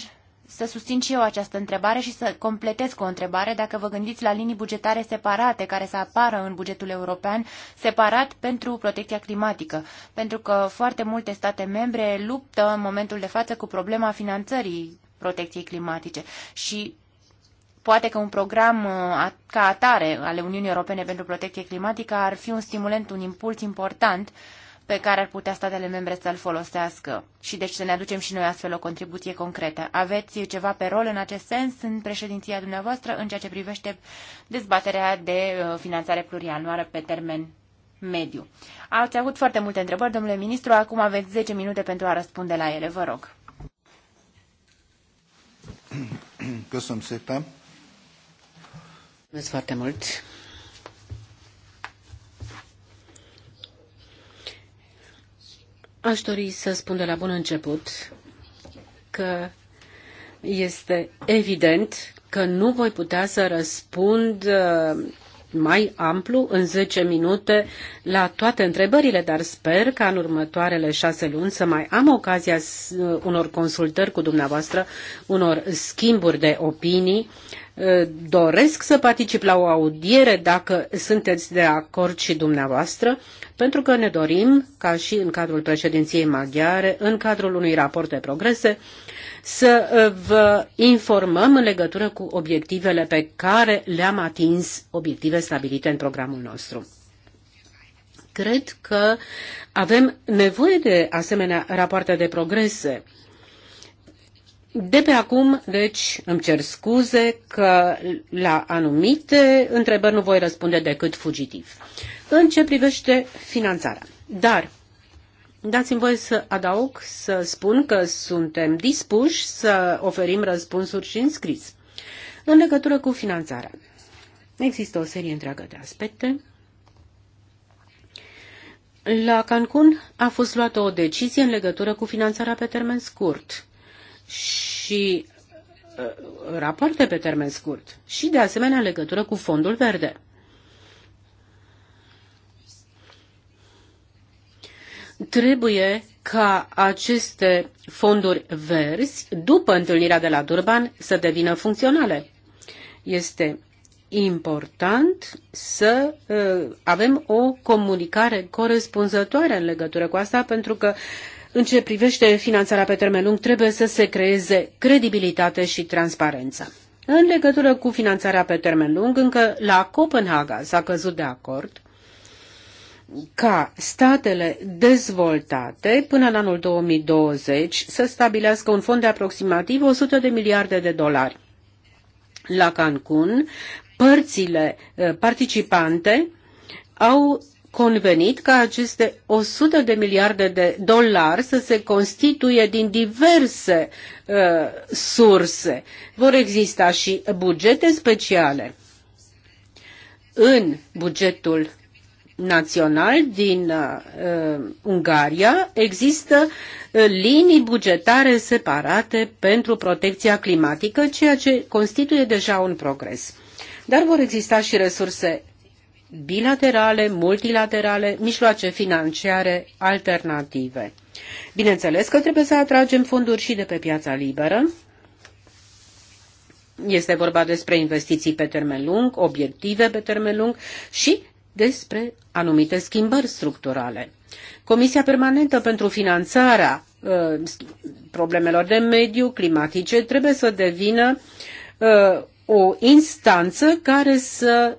să susțin și eu această întrebare și să completez cu o întrebare dacă vă gândiți la linii bugetare separate care să apară în bugetul european separat pentru protecția climatică. Pentru că foarte multe state membre luptă în momentul de față cu problema finanțării protecției climatice și Poate că un program uh, ca atare ale Uniunii Europene pentru protecție climatică ar fi un stimulent, un impuls important pe care ar putea statele membre să-l folosească și deci să ne aducem și noi astfel o contribuție concretă. Aveți ceva pe rol în acest sens în președinția dumneavoastră în ceea ce privește dezbaterea de uh, finanțare plurianuară pe termen mediu. Ați avut foarte multe întrebări, domnule ministru, acum aveți 10 minute pentru a răspunde la ele, vă rog. Köszönöm szépen. Mulțumesc foarte mult. Aș dori să spun de la bun început că este evident că nu voi putea să răspund uh, mai amplu, în 10 minute, la toate întrebările, dar sper ca în următoarele șase luni să mai am ocazia unor consultări cu dumneavoastră, unor schimburi de opinii, Eh, doresc să particip la o audiere dacă sunteți de acord și dumneavoastră, pentru că ne dorim, ca și în cadrul președinției maghiare, în cadrul unui raport de progrese, să eh, vă informăm în legătură cu obiectivele pe care le-am atins, obiective stabilite în programul nostru cred că avem nevoie de asemenea rapoarte de progrese de pe acum, deci, îmi cer scuze că la anumite întrebări nu voi răspunde decât fugitiv. În ce privește finanțarea. Dar Dați-mi voie să adaug, să spun că suntem dispuși să oferim răspunsuri și în scris. În legătură cu finanțarea, există o serie întreagă de aspecte. La Cancun a fost luată o decizie în legătură cu finanțarea pe termen scurt și uh, rapoarte pe termen scurt și, de asemenea, în legătură cu fondul verde. Trebuie ca aceste fonduri verzi, după întâlnirea de la Durban, să devină funcționale. Este important să uh, avem o comunicare corespunzătoare în legătură cu asta, pentru că uh, în ce privește finanțarea pe termen lung, trebuie să se creeze credibilitate și transparență. În legătură cu finanțarea pe termen lung, încă la Copenhaga s-a căzut de acord ca statele dezvoltate până în anul 2020 să stabilească un fond de aproximativ 100 de miliarde de dolari. La Cancun, părțile eh, participante au convenit ca aceste 100 de miliarde de dolari să se constituie din diverse uh, surse. Vor exista și bugete speciale. În bugetul național din uh, uh Ungaria există uh, linii bugetare separate pentru protecția climatică, ceea ce constituie deja un progres. Dar vor exista și resurse bilaterale, multilaterale, mijloace financiare alternative. Bineînțeles că trebuie să atragem fonduri și de pe piața liberă. Este vorba despre investiții pe termen lung, obiective pe termen lung și despre anumite schimbări structurale. Comisia Permanentă pentru Finanțarea uh, problemelor de mediu climatice trebuie să devină uh, o instanță care să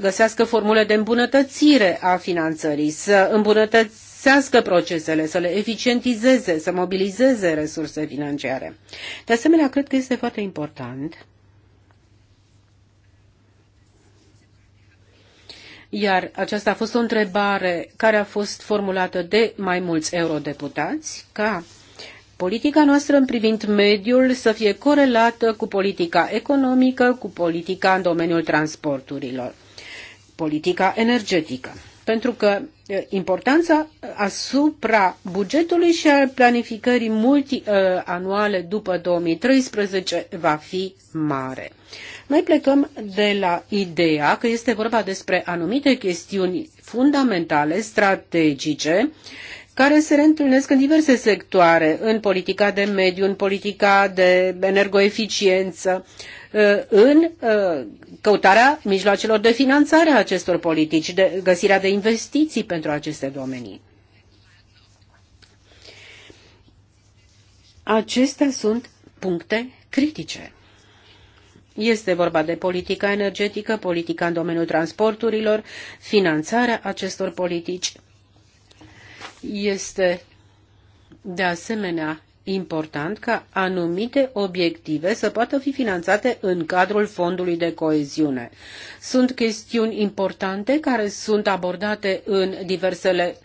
găsească formule de îmbunătățire a finanțării, să îmbunătățească procesele, să le eficientizeze, să mobilizeze resurse financiare. De asemenea, cred că este foarte important Iar aceasta a fost o întrebare care a fost formulată de mai mulți eurodeputați ca politica noastră în privind mediul să fie corelată cu politica economică, cu politica în domeniul transporturilor, politica energetică. Pentru că importanța asupra bugetului și a planificării multianuale după 2013 va fi mare. Noi plecăm de la ideea că este vorba despre anumite chestiuni fundamentale, strategice, care se reîntâlnesc în diverse sectoare, în politica de mediu, în politica de energoeficiență, uh, în uh, căutarea mijloacelor de finanțare a acestor politici, de găsirea de investiții pentru aceste domenii. Acestea sunt puncte critice. Este vorba de politica energetică, politica în domeniul transporturilor, finanțarea acestor politici, este de asemenea important ca anumite obiective să poată fi finanțate în cadrul fondului de coeziune. Sunt chestiuni importante care sunt abordate în diversele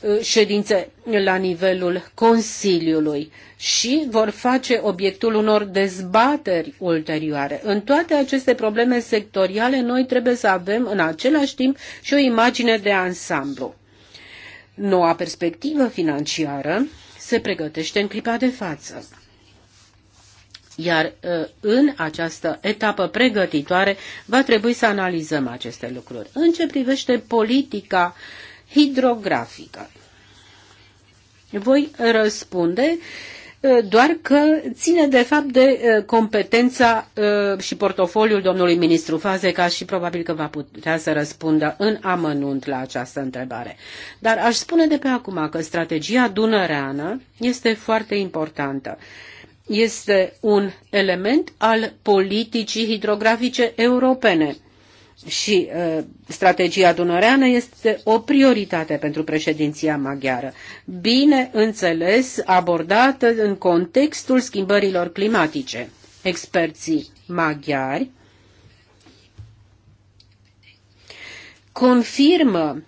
uh, ședințe la nivelul Consiliului și vor face obiectul unor dezbateri ulterioare. În toate aceste probleme sectoriale, noi trebuie să avem în același timp și o imagine de ansamblu. Noua perspectivă financiară se pregătește în clipa de față. Iar uh, în această etapă pregătitoare va trebui să analizăm aceste lucruri. În ce privește politica hidrografică, voi răspunde uh, doar că ține de fapt de competența și portofoliul domnului ministru Fazeca și probabil că va putea să răspundă în amănunt la această întrebare. Dar aș spune de pe acum că strategia dunăreană este foarte importantă. Este un element al politicii hidrografice europene și uh, strategia dunăreană este o prioritate pentru președinția maghiară, bine înțeles abordată în contextul schimbărilor climatice. Experții maghiari confirmă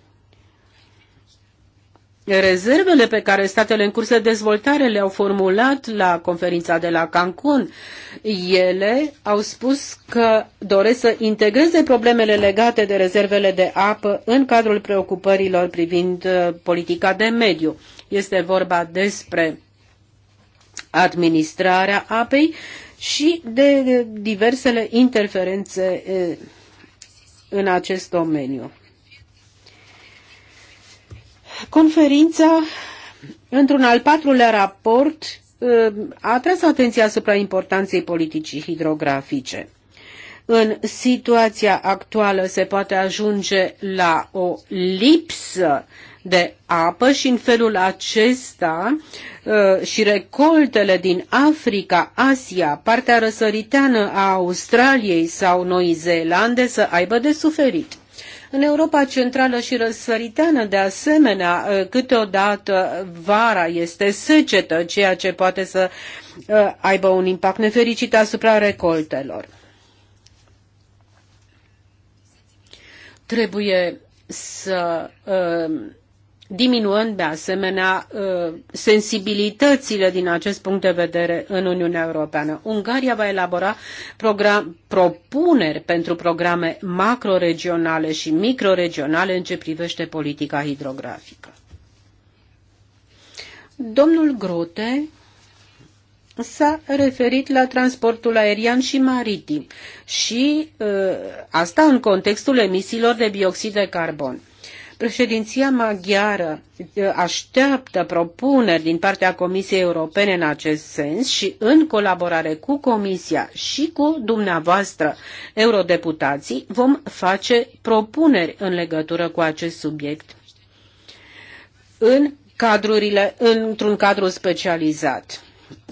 rezervele pe care statele în curs de dezvoltare le-au formulat la conferința de la Cancun. Ele au spus că doresc să integreze problemele legate de rezervele de apă în cadrul preocupărilor privind uh, politica de mediu. Este vorba despre administrarea apei și de diversele interferențe uh, în acest domeniu. Conferința, într-un al patrulea raport, uh, a atras atenția asupra importanței politicii hidrografice. În situația actuală se poate ajunge la o lipsă de apă și în felul acesta uh, și recoltele din Africa, Asia, partea răsăriteană a Australiei sau Noii Zeelande să aibă de suferit. În Europa Centrală și Răsăriteană, de asemenea, ă, câteodată vara este secetă, ceea ce poate să ă, aibă un impact nefericit asupra recoltelor. Trebuie să uh, diminuând de asemenea uh, sensibilitățile din acest punct de vedere în Uniunea Europeană. Ungaria va elabora program, propuneri pentru programe macroregionale și microregionale în ce privește politica hidrografică. Domnul Grote s-a referit la transportul aerian și maritim și ă, asta în contextul emisiilor de bioxid de carbon. Președinția maghiară eh, așteaptă propuneri din partea Comisiei Europene în acest sens și în colaborare cu Comisia și cu dumneavoastră eurodeputații vom face propuneri în legătură cu acest subiect în cadrurile, într-un cadru specializat.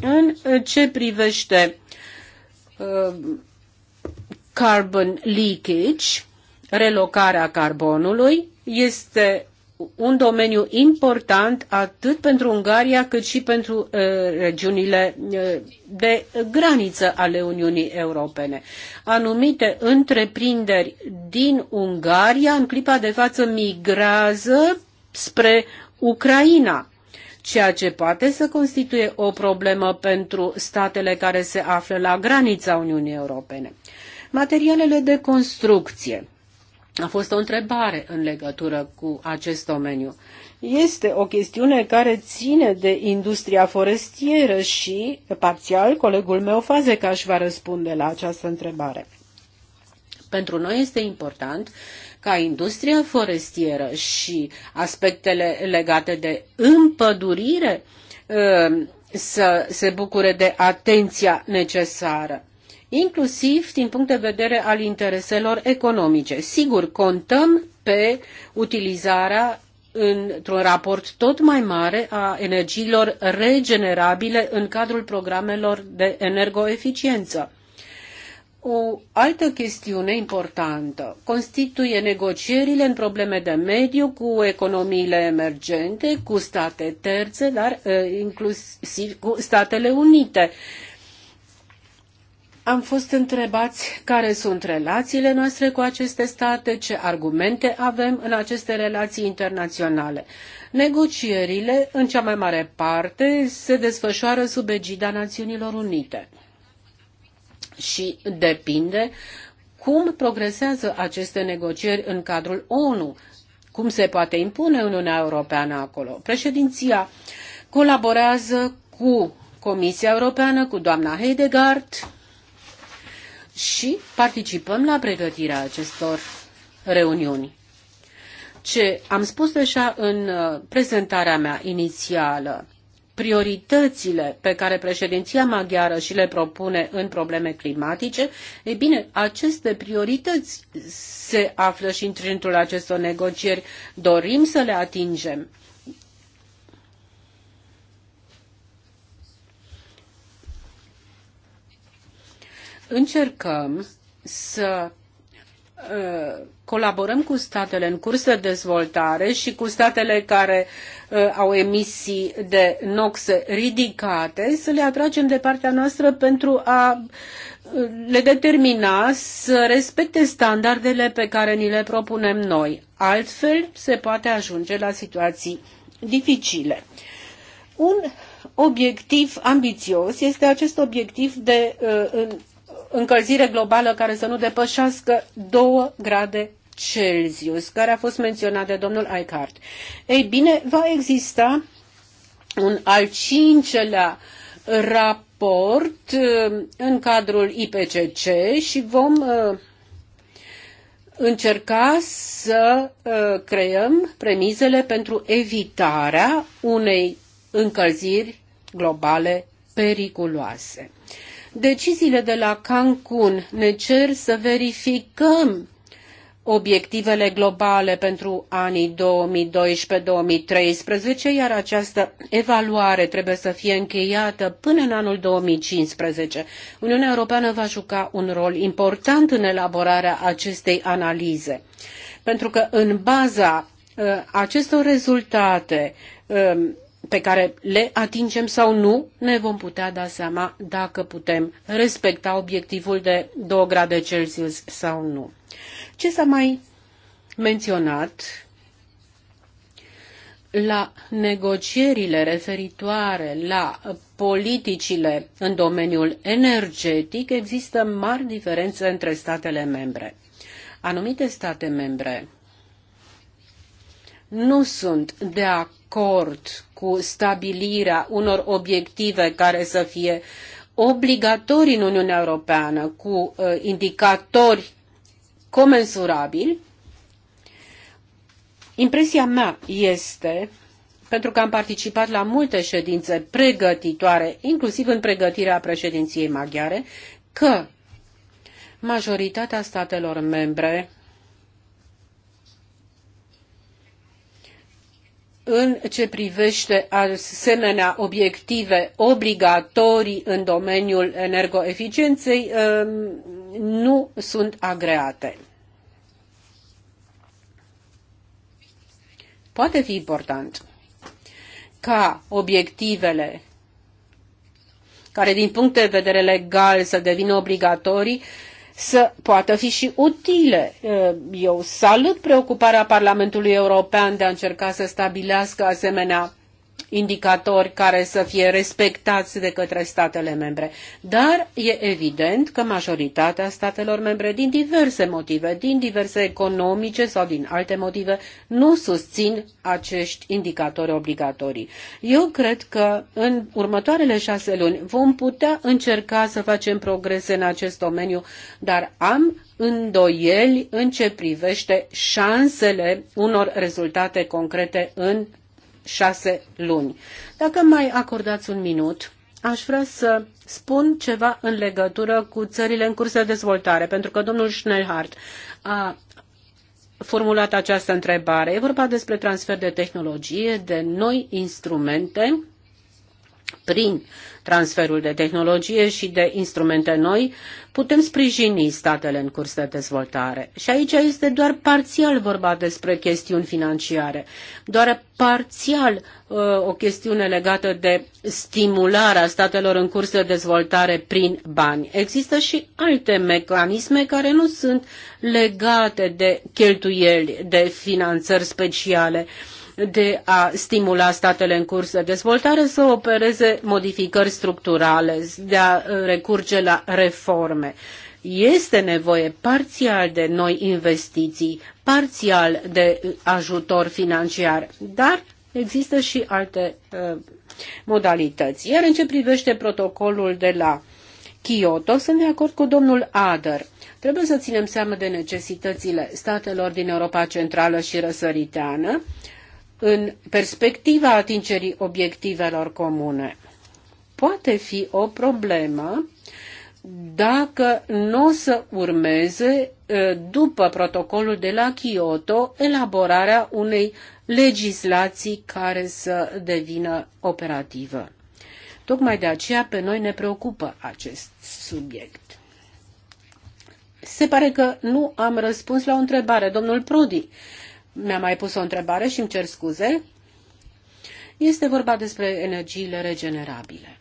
În ce privește uh, carbon leakage, relocarea carbonului, este un domeniu important atât pentru Ungaria cât și pentru uh, regiunile uh, de graniță ale Uniunii Europene. Anumite întreprinderi din Ungaria în clipa de față migrează spre Ucraina, ceea ce poate să constituie o problemă pentru statele care se află la granița Uniunii Europene. Materialele de construcție a fost o întrebare în legătură cu acest domeniu. Este o chestiune care ține de industria forestieră și, parțial, colegul meu Fazeca își va răspunde la această întrebare. Pentru noi este important ca industria forestieră și aspectele legate de împădurire ă, să se bucure de atenția necesară inclusiv din punct de vedere al intereselor economice. Sigur, contăm pe utilizarea într-un raport tot mai mare a energiilor regenerabile în cadrul programelor de energoeficiență. O altă chestiune importantă constituie negocierile în probleme de mediu cu economiile emergente, cu state terțe, dar eh, inclusiv cu Statele Unite. Am fost întrebați care sunt relațiile noastre cu aceste state, ce argumente avem în aceste relații internaționale. Negocierile, în cea mai mare parte, se desfășoară sub egida Națiunilor Unite și depinde cum progresează aceste negocieri în cadrul ONU, cum se poate impune Uniunea Europeană acolo. Președinția colaborează cu Comisia Europeană, cu doamna Heidegard, și participăm la pregătirea acestor reuniuni. Ce am spus deja în uh, prezentarea mea inițială, prioritățile pe care președinția maghiară și le propune în probleme climatice, e bine, aceste priorități se află și în centrul acestor negocieri. Dorim să le atingem încercăm să uh, colaborăm cu statele în curs de dezvoltare și cu statele care uh, au emisii de NOx ridicate, să le atragem de partea noastră pentru a uh, le determina să respecte standardele pe care ni le propunem noi. Altfel se poate ajunge la situații dificile. Un obiectiv ambițios este acest obiectiv de uh, încălzire globală care să nu depășească 2 grade Celsius, care a fost menționat de domnul Eichhardt. Ei bine, va exista un al cincelea raport uh, în cadrul IPCC și vom uh, încerca să uh, creăm premizele pentru evitarea unei încălziri globale periculoase. Deciziile de la Cancun ne cer să verificăm obiectivele globale pentru anii 2012-2013, iar această evaluare trebuie să fie încheiată până în anul 2015. Uniunea Europeană va juca un rol important în elaborarea acestei analize, pentru că în baza uh, acestor rezultate uh, pe care le atingem sau nu, ne vom putea da seama dacă putem respecta obiectivul de 2 grade Celsius sau nu. Ce s-a mai menționat la negocierile referitoare la politicile în domeniul energetic există mari diferențe între statele membre. Anumite state membre nu sunt de acord cu stabilirea unor obiective care să fie obligatorii în Uniunea Europeană cu uh, indicatori comensurabili, impresia mea este pentru că am participat la multe ședințe pregătitoare, inclusiv în pregătirea președinției maghiare, că majoritatea statelor membre în ce privește asemenea obiective obligatorii în domeniul energoeficienței um, nu sunt agreate. Poate fi important ca obiectivele care din punct de vedere legal să devină obligatorii să poată fi și utile. Uh, eu salut preocuparea Parlamentului European de a încerca să stabilească asemenea indicatori care să fie respectați de către statele membre. Dar e evident că majoritatea statelor membre, din diverse motive, din diverse economice sau din alte motive, nu susțin acești indicatori obligatorii. Eu cred că în următoarele șase luni vom putea încerca să facem progrese în acest domeniu, dar am îndoieli în ce privește șansele unor rezultate concrete în șase luni. Dacă mai acordați un minut, aș vrea să spun ceva în legătură cu țările în curs de dezvoltare, pentru că domnul Schnellhardt a formulat această întrebare. E vorba despre transfer de tehnologie, de noi instrumente prin transferul de tehnologie și de instrumente noi, putem sprijini statele în curs de dezvoltare. Și aici este doar parțial vorba despre chestiuni financiare, doar parțial uh, o chestiune legată de stimularea statelor în curs de dezvoltare prin bani. Există și alte mecanisme care nu sunt legate de cheltuieli, de finanțări speciale. Uh, de a stimula statele în curs de dezvoltare să opereze modificări structurale, de a uh, recurge la reforme. Este nevoie parțial de noi investiții, parțial de uh, ajutor financiar, dar există și alte uh, modalități. Iar în ce privește protocolul de la Kyoto, sunt de acord cu domnul Ader. Trebuie să ținem seama de necesitățile statelor din Europa Centrală și Răsăriteană în perspectiva atingerii obiectivelor comune. Poate fi o problemă dacă nu o să urmeze, ă, după protocolul de la Kyoto, elaborarea unei legislații care să devină operativă. Tocmai de aceea pe noi ne preocupă acest subiect. Se pare că nu am răspuns la o întrebare, domnul Prodi mi-a mai pus o întrebare și îmi cer scuze. Este vorba despre energiile regenerabile.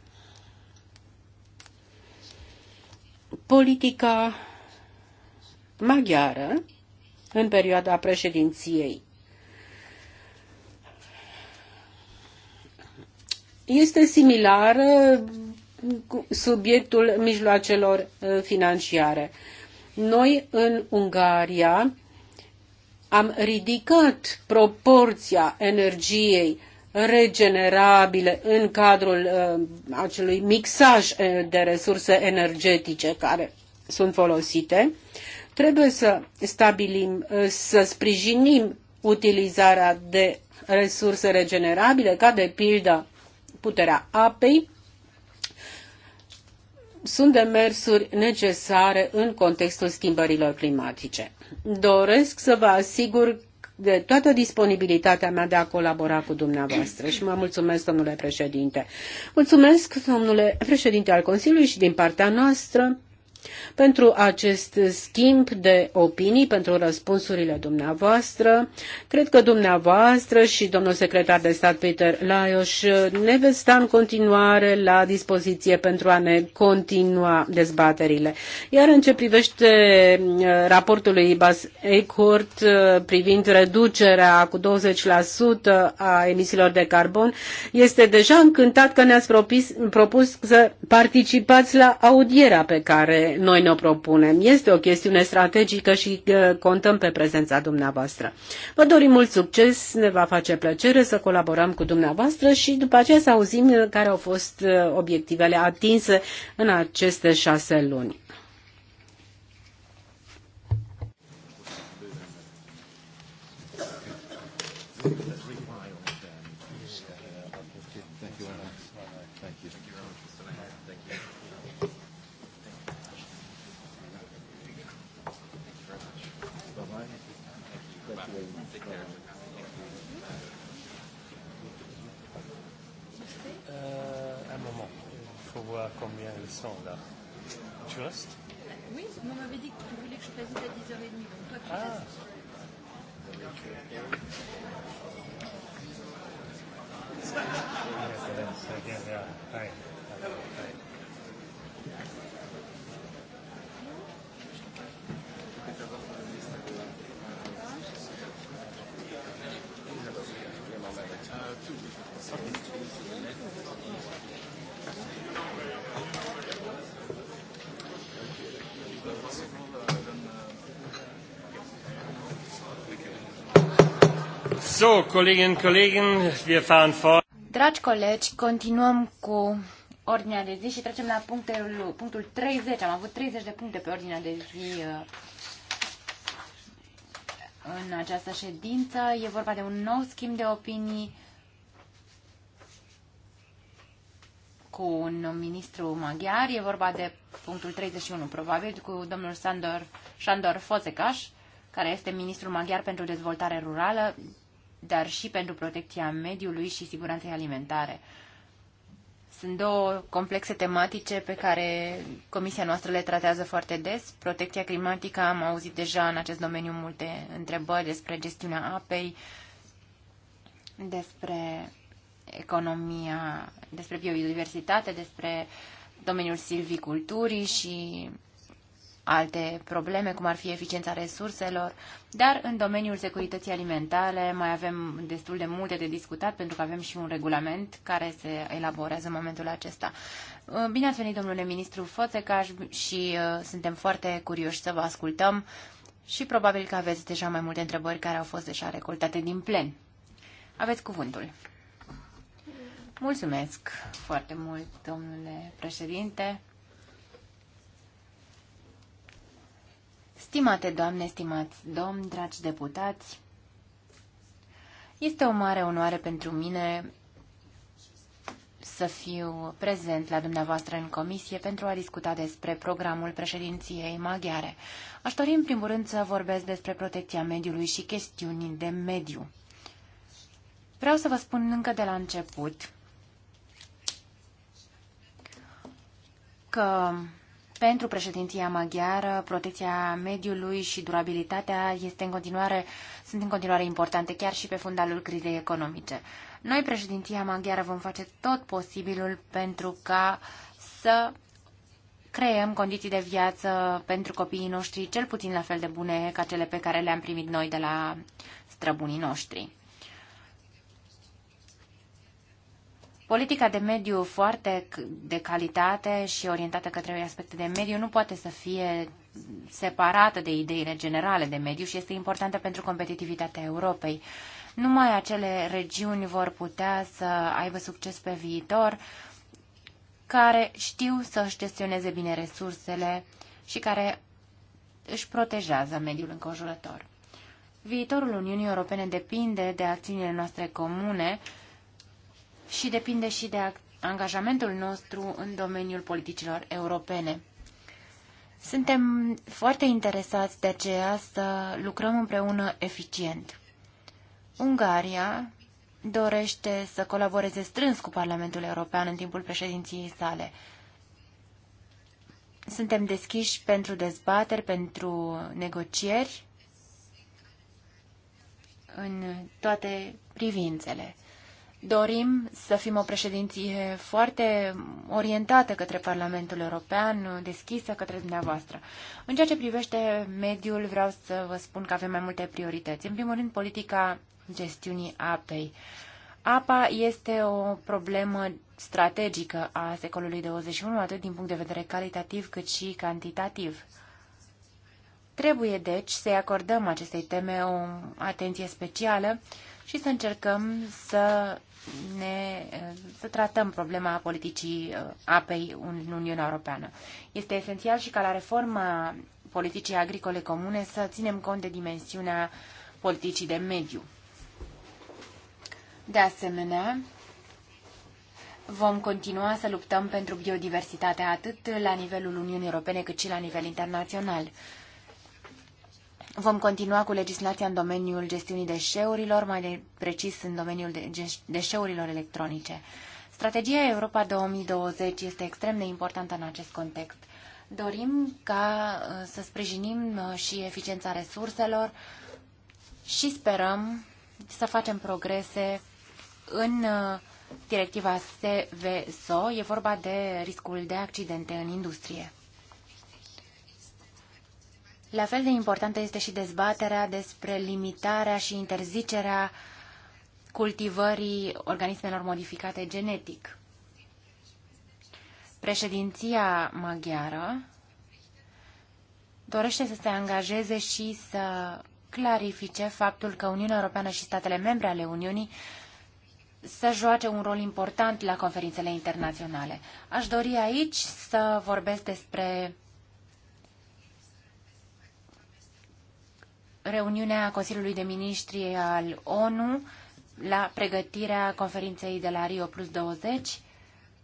Politica maghiară în perioada președinției este similară cu subiectul mijloacelor uh, financiare. Noi în Ungaria am ridicat proporția energiei regenerabile în cadrul uh, acelui mixaj uh, de resurse energetice care sunt folosite, trebuie să stabilim, uh, să sprijinim utilizarea de resurse regenerabile, ca de pildă puterea apei, sunt demersuri necesare în contextul schimbărilor climatice doresc să vă asigur de toată disponibilitatea mea de a colabora cu dumneavoastră și mă mulțumesc, domnule președinte. Mulțumesc, domnule președinte al Consiliului și din partea noastră pentru acest schimb de opinii, pentru răspunsurile dumneavoastră. Cred că dumneavoastră și domnul secretar de stat Peter Laios ne veți sta în continuare la dispoziție pentru a ne continua dezbaterile. Iar în ce privește uh, raportul lui Ibas Eichhort uh, privind reducerea cu 20% a emisiilor de carbon, este deja încântat că ne-ați propus, propus să participați la audierea pe care noi ne propunem. Este o chestiune strategică și uh, contăm pe prezența dumneavoastră. Vă dorim mult succes, ne va face plăcere să colaborăm cu dumneavoastră și după aceea să auzim care au fost uh, obiectivele atinse în aceste șase luni. Ah. So, Kolleginnen Kollegen, wir fahren fort. Dragi colegi, continuăm cu ordinea de zi și trecem la punctul, punctul 30. Am avut 30 de puncte pe ordinea de zi uh, în această ședință. E vorba de un nou schimb de opinii cu un ministru maghiar. E vorba de punctul 31, probabil, cu domnul Sandor, Sandor Fozecaș, care este ministrul maghiar pentru dezvoltare rurală dar și pentru protecția mediului și siguranței alimentare. Sunt două complexe tematice pe care comisia noastră le tratează foarte des. Protecția climatică, am auzit deja în acest domeniu multe întrebări despre gestiunea apei, despre economia, despre biodiversitate, despre domeniul silviculturii și alte probleme, cum ar fi eficiența resurselor, dar în domeniul securității alimentare mai avem destul de multe de discutat, pentru că avem și un regulament care se elaborează în momentul acesta. Uh, bine ați venit, domnule ministru Foțecaș, și uh, suntem foarte curioși să vă ascultăm și probabil că aveți deja mai multe întrebări care au fost deja recoltate din plen. Aveți cuvântul. Mulțumesc foarte mult, domnule președinte. Stimate doamne, stimați domni, dragi deputați, este o mare onoare pentru mine să fiu prezent la dumneavoastră în comisie pentru a discuta despre programul președinției maghiare. Aș dori în primul rând să vorbesc despre protecția mediului și chestiuni de mediu. Vreau să vă spun încă de la început că pentru președinția maghiară, protecția mediului și durabilitatea este în continuare, sunt în continuare importante, chiar și pe fundalul crizei economice. Noi, președinția maghiară, vom face tot posibilul pentru ca să creăm condiții de viață pentru copiii noștri cel puțin la fel de bune ca cele pe care le-am primit noi de la străbunii noștri. Politica de mediu foarte de calitate și orientată către aspecte de mediu nu poate să fie separată de ideile generale de mediu și este importantă pentru competitivitatea Europei. Numai acele regiuni vor putea să aibă succes pe viitor care știu să-și gestioneze bine resursele și care își protejează mediul înconjurător. Viitorul Uniunii Europene depinde de acțiunile noastre comune și depinde și de angajamentul nostru în domeniul politicilor europene. Suntem foarte interesați de aceea să lucrăm împreună eficient. Ungaria dorește să colaboreze strâns cu Parlamentul European în timpul președinției sale. Suntem deschiși pentru dezbateri, pentru negocieri în toate privințele. Dorim să fim o președinție foarte orientată către Parlamentul European, deschisă către dumneavoastră. În ceea ce privește mediul, vreau să vă spun că avem mai multe priorități. În primul rând, politica gestiunii apei. Apa este o problemă strategică a secolului 21, atât din punct de vedere calitativ cât și cantitativ. Trebuie, deci, să-i acordăm acestei teme o atenție specială și să încercăm să ne, să tratăm problema politicii uh, apei în Uniunea Europeană. Este esențial și ca la reforma politicii agricole comune să ținem cont de dimensiunea politicii de mediu. De asemenea, vom continua să luptăm pentru biodiversitatea atât la nivelul Uniunii Europene cât și la nivel internațional. Vom continua cu legislația în domeniul gestiunii deșeurilor, mai precis în domeniul deșeurilor electronice. Strategia Europa 2020 este extrem de importantă în acest context. Dorim ca uh, să sprijinim uh, și eficiența resurselor și sperăm să facem progrese în uh, directiva SVSO. E vorba de riscul de accidente în industrie. La fel de importantă este și dezbaterea despre limitarea și interzicerea cultivării organismelor modificate genetic. Președinția maghiară dorește să se angajeze și să clarifice faptul că Uniunea Europeană și statele membre ale Uniunii să joace un rol important la conferințele internaționale. Aș dori aici să vorbesc despre reuniunea Consiliului de Ministri al ONU la pregătirea conferinței de la Rio Plus 20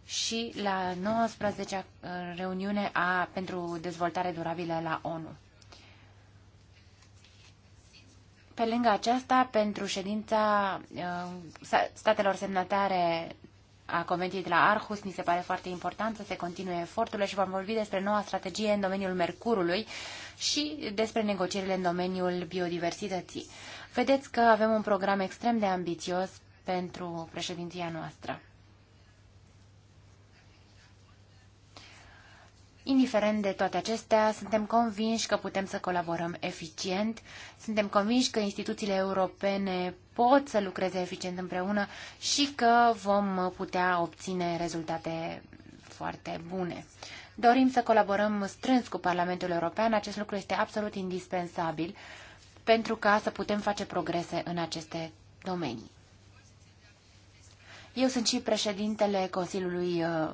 și la 19 uh, reuniune a, pentru dezvoltare durabilă la ONU. Pe lângă aceasta, pentru ședința uh, statelor semnatare a Convenției de la Arhus. Mi se pare foarte important să se continue eforturile și vom vorbi despre noua strategie în domeniul mercurului și despre negocierile în domeniul biodiversității. Vedeți că avem un program extrem de ambițios pentru președinția noastră. Indiferent de toate acestea, suntem convinși că putem să colaborăm eficient, suntem convinși că instituțiile europene pot să lucreze eficient împreună și că vom putea obține rezultate foarte bune. Dorim să colaborăm strâns cu Parlamentul European, acest lucru este absolut indispensabil pentru ca să putem face progrese în aceste domenii. Eu sunt și președintele Consiliului uh,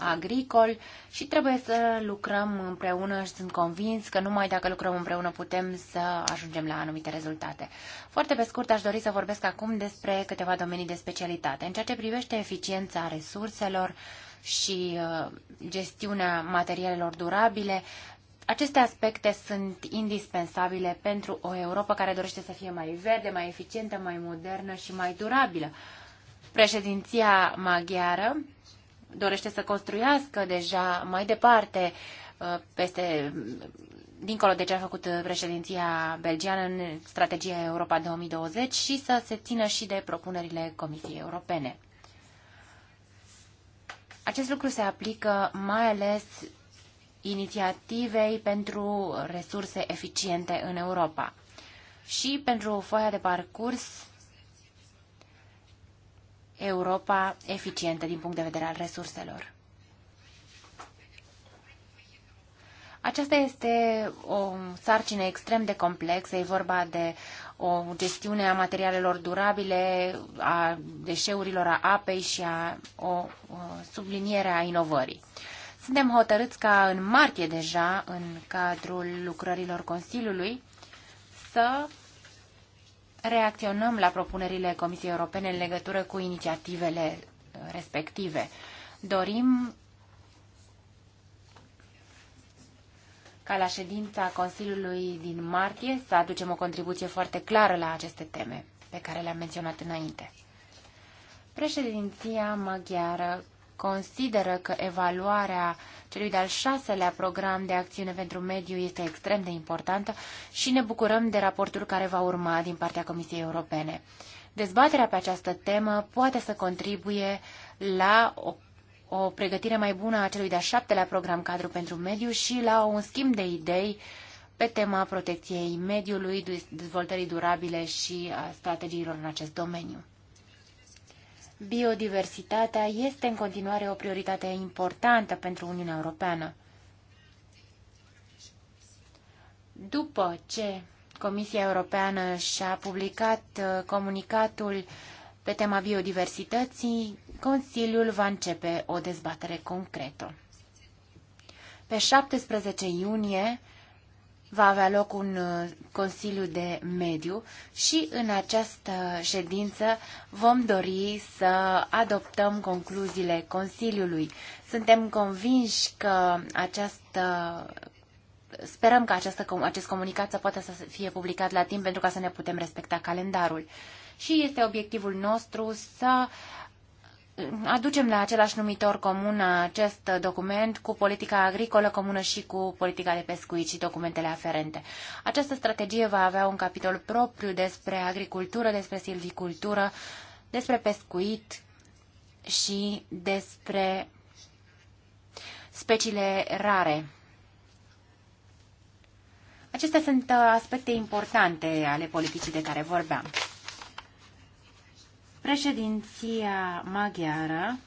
agricol și trebuie să lucrăm împreună și sunt convins că numai dacă lucrăm împreună putem să ajungem la anumite rezultate. Foarte pe scurt aș dori să vorbesc acum despre câteva domenii de specialitate. În ceea ce privește eficiența resurselor și uh, gestiunea materialelor durabile, aceste aspecte sunt indispensabile pentru o Europa care dorește să fie mai verde, mai eficientă, mai modernă și mai durabilă. Președinția maghiară dorește să construiască deja mai departe uh, peste dincolo de ce a făcut președinția belgiană în strategia Europa 2020 și să se țină și de propunerile Comisiei Europene. Acest lucru se aplică mai ales inițiativei pentru resurse eficiente în Europa. Și pentru foaia de parcurs Europa eficientă din punct de vedere al resurselor. Aceasta este o sarcină extrem de complexă, e vorba de o gestiune a materialelor durabile, a deșeurilor, a apei și a o subliniere a inovării. Suntem hotărâți ca în martie deja, în cadrul lucrărilor Consiliului, să reacționăm la propunerile Comisiei Europene în legătură cu inițiativele respective. Dorim ca la ședința Consiliului din martie să aducem o contribuție foarte clară la aceste teme pe care le-am menționat înainte. Președinția maghiară consideră că evaluarea celui de-al șaselea program de acțiune pentru mediu este extrem de importantă și ne bucurăm de raportul care va urma din partea Comisiei Europene. Dezbaterea pe această temă poate să contribuie la o, o pregătire mai bună a celui de-al șaptelea program cadru pentru mediu și la un schimb de idei pe tema protecției mediului, dezvoltării durabile și a strategiilor în acest domeniu biodiversitatea este în continuare o prioritate importantă pentru Uniunea Europeană. După ce Comisia Europeană și-a publicat uh, comunicatul pe tema biodiversității, Consiliul va începe o dezbatere concretă. Pe 17 iunie, va avea loc un uh, Consiliu de Mediu și în această ședință vom dori să adoptăm concluziile Consiliului. Suntem convinși că această sperăm că această, acest comunicat să poată să fie publicat la timp pentru ca să ne putem respecta calendarul. Și este obiectivul nostru să aducem la același numitor comun acest document cu politica agricolă comună și cu politica de pescuit și documentele aferente. Această strategie va avea un capitol propriu despre agricultură, despre silvicultură, despre pescuit și despre speciile rare. Acestea sunt uh, aspecte importante ale politicii de care vorbeam. Președinția maghiară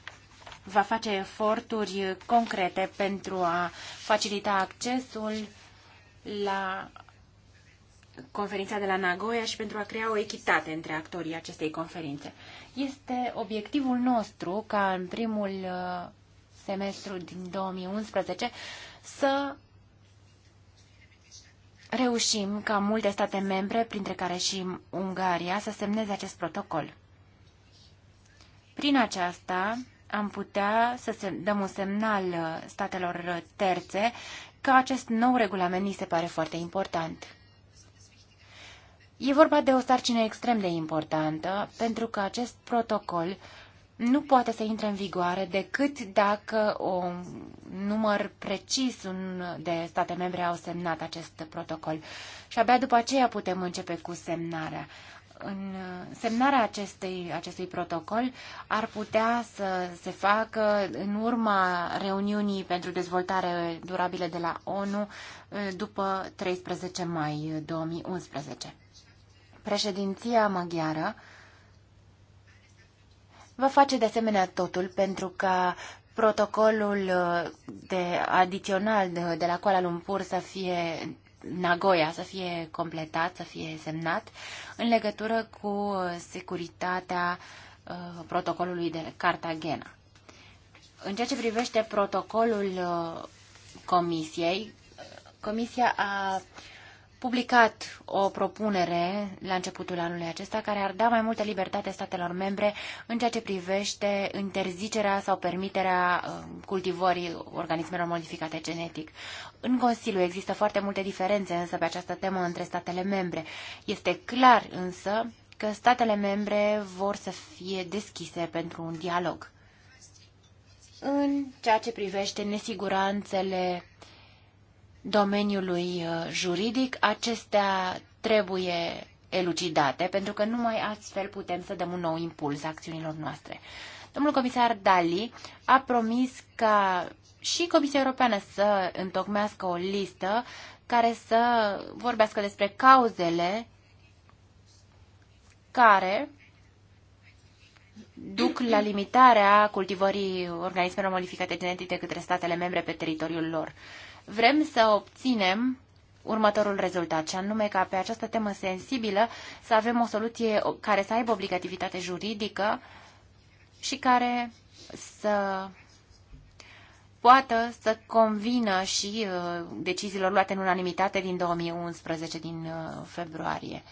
va face eforturi concrete pentru a facilita accesul la conferința de la Nagoya și pentru a crea o echitate între actorii acestei conferințe. Este obiectivul nostru ca în primul uh, semestru din 2011 să reușim ca multe state membre, printre care și Ungaria, să semneze acest protocol. Prin aceasta am putea să se dăm un semnal uh, statelor terțe că acest nou regulament ni se pare foarte important. E vorba de o sarcină extrem de importantă, pentru că acest protocol nu poate să intre în vigoare decât dacă un număr precis de state membre au semnat acest protocol. Și abia după aceea putem începe cu semnarea în semnarea acestei, acestui protocol ar putea să se facă în urma reuniunii pentru dezvoltare durabilă de la ONU după 13 mai 2011. Președinția maghiară va face de asemenea totul pentru ca protocolul de adițional de, de la Kuala Lumpur să fie Nagoya să fie completat, să fie semnat, în legătură cu securitatea uh, protocolului de Cartagena. În ceea ce privește protocolul uh, Comisiei, uh, Comisia a publicat o propunere la începutul anului acesta care ar da mai multă libertate statelor membre în ceea ce privește interzicerea sau permiterea uh, cultivării organismelor modificate genetic. În Consiliu există foarte multe diferențe însă pe această temă între statele membre. Este clar însă că statele membre vor să fie deschise pentru un dialog. În ceea ce privește nesiguranțele uh, domeniului uh, juridic, acestea trebuie elucidate, pentru că numai astfel putem să dăm un nou impuls acțiunilor noastre. Domnul comisar Dali a promis ca și Comisia Europeană să întocmească o listă care să vorbească despre cauzele care duc la limitarea cultivării organismelor modificate genetic de către statele membre pe teritoriul lor. Uh, vrem să obținem următorul rezultat, și anume ca pe această temă sensibilă să avem o soluție care să aibă obligativitate juridică și care să poată să convină și uh, deciziilor luate în unanimitate din 2011, din uh, februarie,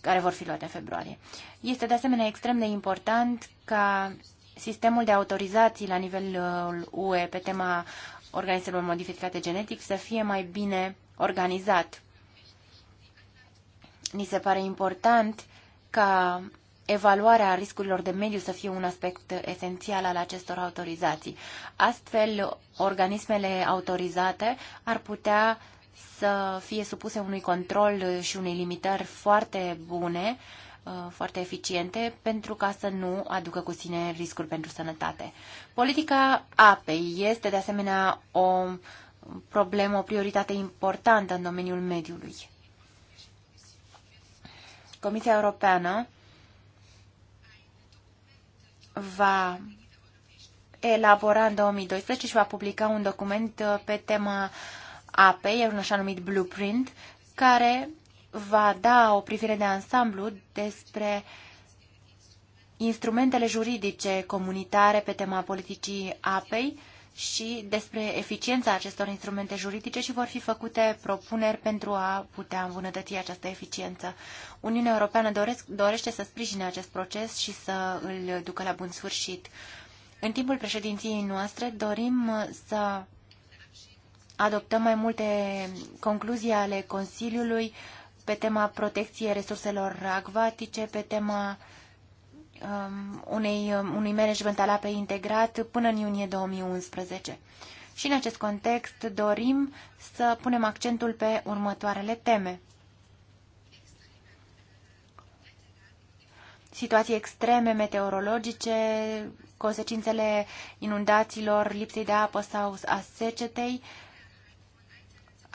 care vor fi luate în februarie. Este de asemenea extrem de important ca sistemul de autorizații la nivelul UE uh, pe tema organismelor modificate genetic să fie mai bine organizat. Ni se pare important ca evaluarea riscurilor de mediu să fie un aspect esențial al acestor autorizații. Astfel, organismele autorizate ar putea să fie supuse unui control și unei limitări foarte bune Uh, foarte eficiente pentru ca să nu aducă cu sine riscuri pentru sănătate. Politica apei este de asemenea o problemă, o prioritate importantă în domeniul mediului. Comisia Europeană va elabora în 2012 și va publica un document uh, pe tema apei, un așa numit blueprint, care va da o privire de ansamblu despre instrumentele juridice comunitare pe tema politicii apei și despre eficiența acestor instrumente juridice și vor fi făcute propuneri pentru a putea îmbunătăți această eficiență. Uniunea Europeană doresc, dorește să sprijine acest proces și să îl ducă la bun sfârșit. În timpul președinției noastre dorim să adoptăm mai multe concluzii ale Consiliului pe tema protecției resurselor acvatice, pe tema um, unei, um, unui management al apei integrat până în iunie 2011. Și în acest context dorim să punem accentul pe următoarele teme. Situații extreme meteorologice, consecințele inundațiilor, lipsei de apă sau a secetei, uh,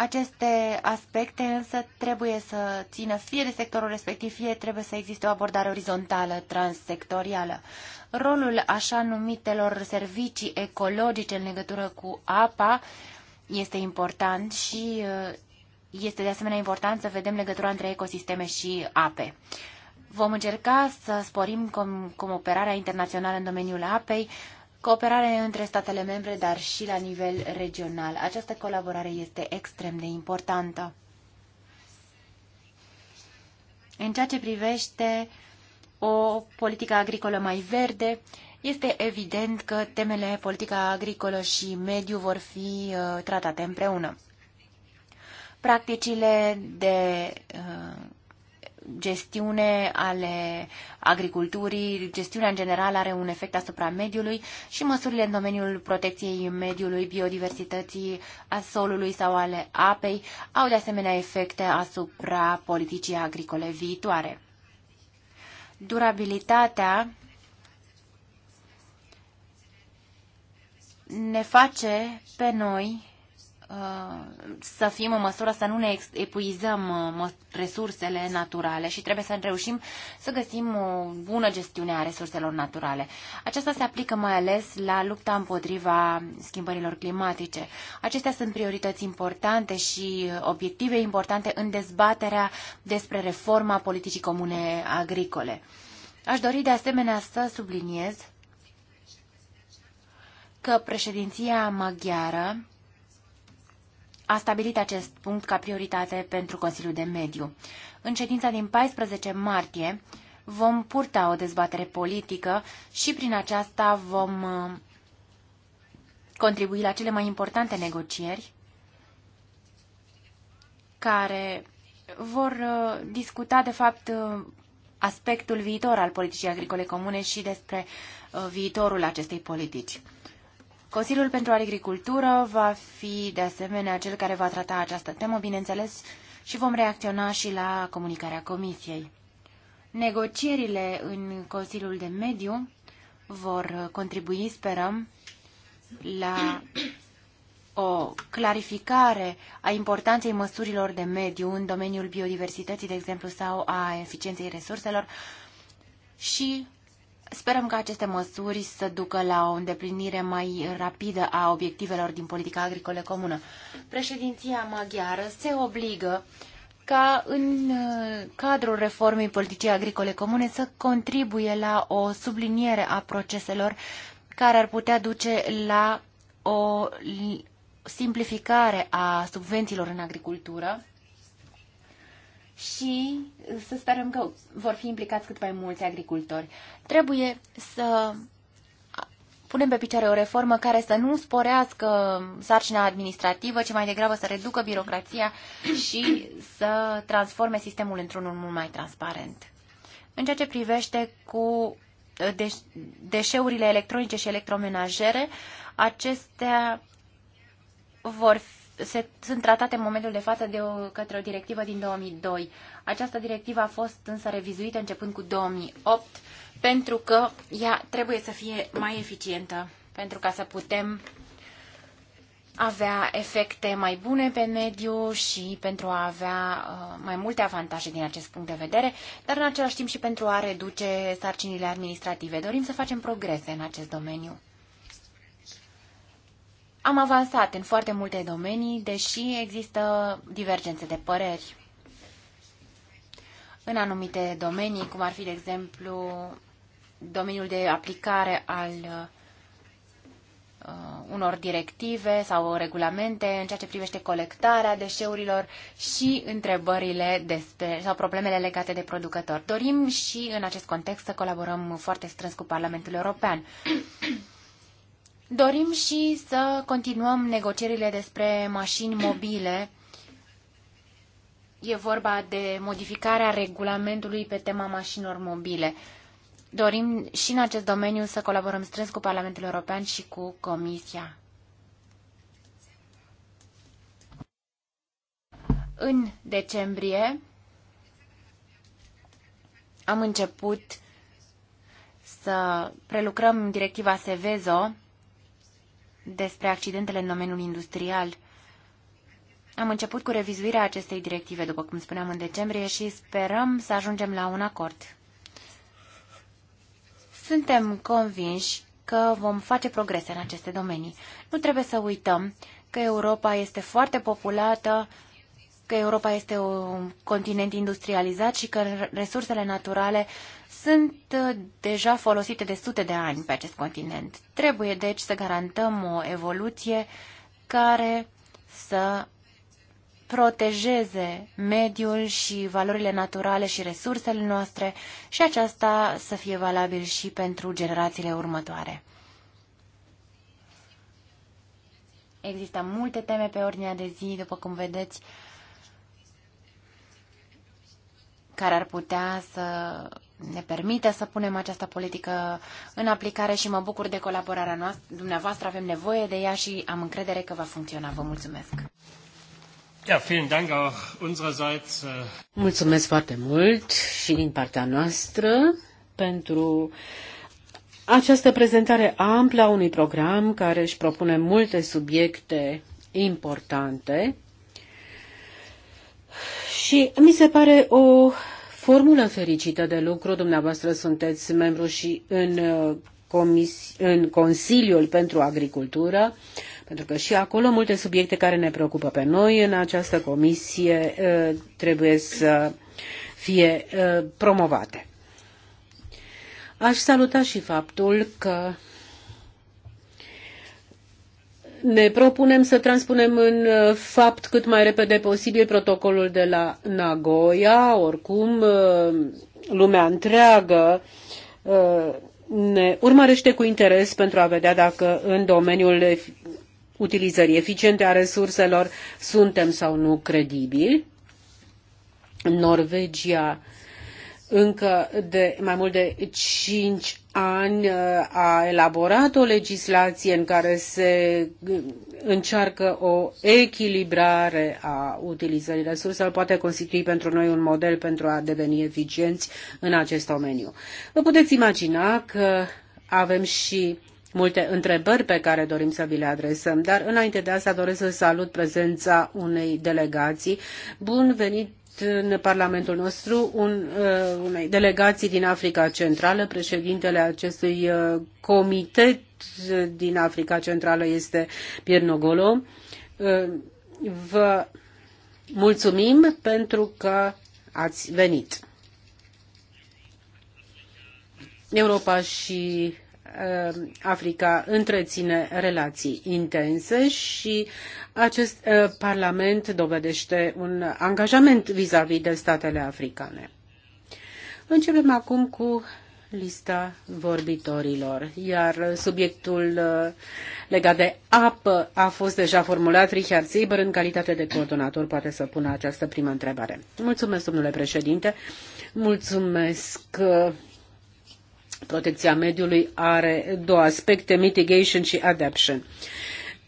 aceste aspecte însă trebuie să țină fie de sectorul respectiv, fie trebuie să existe o abordare orizontală, transsectorială. Rolul așa numitelor servicii ecologice în legătură cu apa este important și uh, este de asemenea important să vedem legătura între ecosisteme și ape. Vom încerca să sporim com- cooperarea internațională în domeniul apei, Cooperare între statele membre, dar și la nivel regional. Această colaborare este extrem de importantă. În ceea ce privește o politică agricolă mai verde, este evident că temele politica agricolă și mediu vor fi uh, tratate împreună. Practicile de uh, gestiune ale agriculturii, gestiunea în general are un efect asupra mediului și măsurile în domeniul protecției mediului, biodiversității, a solului sau ale apei au de asemenea efecte asupra politicii agricole viitoare. Durabilitatea ne face pe noi să fim în măsură să nu ne epuizăm uh, resursele naturale și trebuie să reușim să găsim o bună gestiune a resurselor naturale. Aceasta se aplică mai ales la lupta împotriva schimbărilor climatice. Acestea sunt priorități importante și uh, obiective importante în dezbaterea despre reforma politicii comune agricole. Aș dori de asemenea să subliniez că președinția maghiară a stabilit acest punct ca prioritate pentru Consiliul de Mediu. În ședința din 14 martie vom purta o dezbatere politică și prin aceasta vom uh, contribui la cele mai importante negocieri care vor uh, discuta, de fapt, uh, aspectul viitor al politicii agricole comune și despre viitorul acestei politici. Consiliul pentru Agricultură va fi, de asemenea, cel care va trata această temă, bineînțeles, și vom reacționa și la comunicarea Comisiei. Negocierile în Consiliul de Mediu vor contribui, sperăm, la o clarificare a importanței măsurilor de mediu în domeniul biodiversității, de exemplu, sau a eficienței resurselor și Sperăm că aceste măsuri să ducă la o îndeplinire mai rapidă a obiectivelor din politica agricolă comună. Președinția maghiară se obligă ca în uh, cadrul reformei politicii agricole comune să contribuie la o subliniere a proceselor care ar putea duce la o simplificare a subvențiilor în agricultură și să sperăm că vor fi implicați cât mai mulți agricultori. Trebuie să punem pe picioare o reformă care să nu sporească sarcina administrativă, ci mai degrabă să reducă birocrația și să transforme sistemul într-unul mult mai transparent. În ceea ce privește cu uh, deșeurile electronice și electromenajere, acestea vor se, sunt tratate în momentul de față de o, către o directivă din 2002. Această directivă a fost însă revizuită începând cu 2008 pentru că ea trebuie să fie mai eficientă pentru ca să putem avea efecte mai bune pe mediu și pentru a avea uh, mai multe avantaje din acest punct de vedere, dar în același timp și pentru a reduce sarcinile administrative. Dorim să facem progrese în acest domeniu. Am avansat în foarte multe domenii, deși există divergențe de păreri. În anumite domenii, cum ar fi, de exemplu, domeniul de aplicare al uh, unor directive sau regulamente în ceea ce privește colectarea deșeurilor și întrebările despre, sau problemele legate de producători. Dorim și în acest context să colaborăm foarte strâns cu Parlamentul European. Dorim și să continuăm negocierile despre mașini mobile. E vorba de modificarea regulamentului pe tema mașinilor mobile. Dorim și în acest domeniu să colaborăm strâns cu Parlamentul European și cu Comisia. În decembrie am început să prelucrăm directiva Sevezo despre accidentele în domeniul industrial. Am început cu revizuirea acestei directive, după cum spuneam, în decembrie și sperăm să ajungem la un acord. Suntem convinși că vom face progrese în aceste domenii. Nu trebuie să uităm că Europa este foarte populată, că Europa este un continent industrializat și că resursele naturale sunt uh, deja folosite de sute de ani pe acest continent. Trebuie, deci, să garantăm o evoluție care să protejeze mediul și valorile naturale și resursele noastre și aceasta să fie valabil și pentru generațiile următoare. Există multe teme pe ordinea de zi, după cum vedeți, care ar putea să ne permite să punem această politică în aplicare și mă bucur de colaborarea noastră. Dumneavoastră avem nevoie de ea și am încredere că va funcționa. Vă mulțumesc! Ja, vielen Dank auch unsererseits. Äh, mulțumesc foarte mult și din partea noastră pentru această prezentare amplă a unui program care își propune multe subiecte importante și mi se pare o formulă fericită de lucru. Dumneavoastră sunteți membru și în, uh, comis, în Consiliul pentru Agricultură, pentru că și acolo multe subiecte care ne preocupă pe noi în această comisie uh, trebuie să fie uh, promovate. Aș saluta și faptul că ne propunem să transpunem în uh, fapt cât mai repede posibil protocolul de la Nagoya. Oricum, uh, lumea întreagă uh, ne urmărește cu interes pentru a vedea dacă în domeniul utilizării eficiente a resurselor suntem sau nu credibili. Norvegia încă de mai mult de cinci ani uh, a elaborat o legislație în care se uh, încearcă o echilibrare a utilizării resurselor, poate constitui pentru noi un model pentru a deveni eficienți în acest domeniu. Vă puteți imagina că avem și multe întrebări pe care dorim să vi le adresăm, dar înainte de asta doresc să salut prezența unei delegații. Bun venit în Parlamentul nostru un, uh, unei delegații din Africa Centrală. Președintele acestui uh, comitet uh, din Africa Centrală este Pierre Nogolo. Vă mulțumim pentru că ați venit. Europa și Uh, Africa întreține relații intense și acest uh, Parlament dovedește un angajament vis-a-vis de statele africane. Începem acum cu lista vorbitorilor, iar subiectul uh, legat de apă a fost deja formulat. Richard Sieber, în calitate de coordonator, poate să pună această primă întrebare. Mulțumesc, domnule președinte. Mulțumesc Protecția mediului are două aspecte, mitigation și adaption.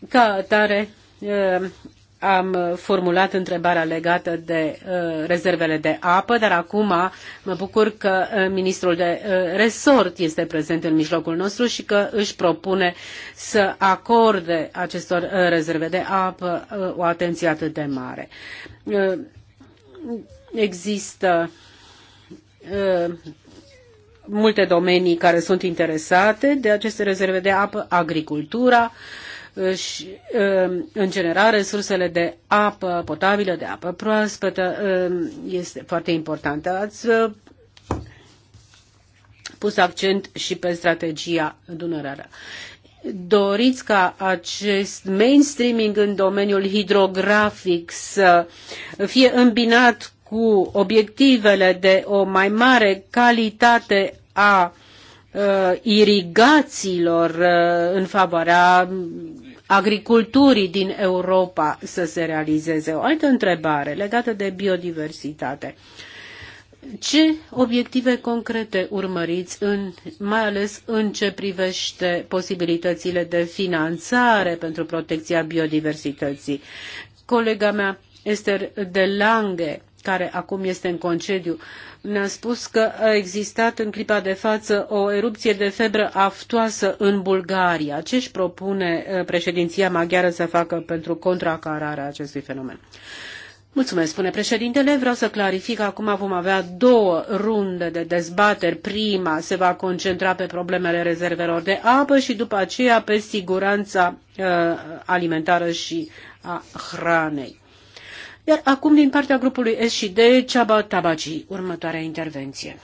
Ca atare, eh, am formulat întrebarea legată de eh, rezervele de apă, dar acum mă bucur că eh, ministrul de resort este prezent în mijlocul nostru și că își propune să acorde acestor rezerve de apă o atenție atât de mare. Există multe domenii care sunt interesate de aceste rezerve de apă, agricultura uh, și, uh, în general, resursele de apă potabilă, de apă proaspătă uh, este foarte importantă. Ați pus accent și pe strategia Dunărară. Doriți ca acest mainstreaming în domeniul hidrografic să fie îmbinat cu obiectivele de o mai mare calitate a uh, irigațiilor uh, în favoarea agriculturii din Europa să se realizeze. O altă întrebare legată de biodiversitate. Ce obiective concrete urmăriți, în, mai ales în ce privește posibilitățile de finanțare pentru protecția biodiversității? Colega mea, Esther de Lange, care acum este în concediu, ne-a spus că a existat în clipa de față o erupție de febră aftoasă în Bulgaria. Ce își propune eh, președinția maghiară să facă pentru contracararea acestui fenomen? Mulțumesc, spune președintele. Vreau să clarific, acum vom avea două runde de dezbateri. Prima se va concentra pe problemele rezervelor de apă și după aceea pe siguranța uh, alimentară și a hranei. Iar acum, din partea grupului S și D, Ceaba Tabaci, următoarea intervenție.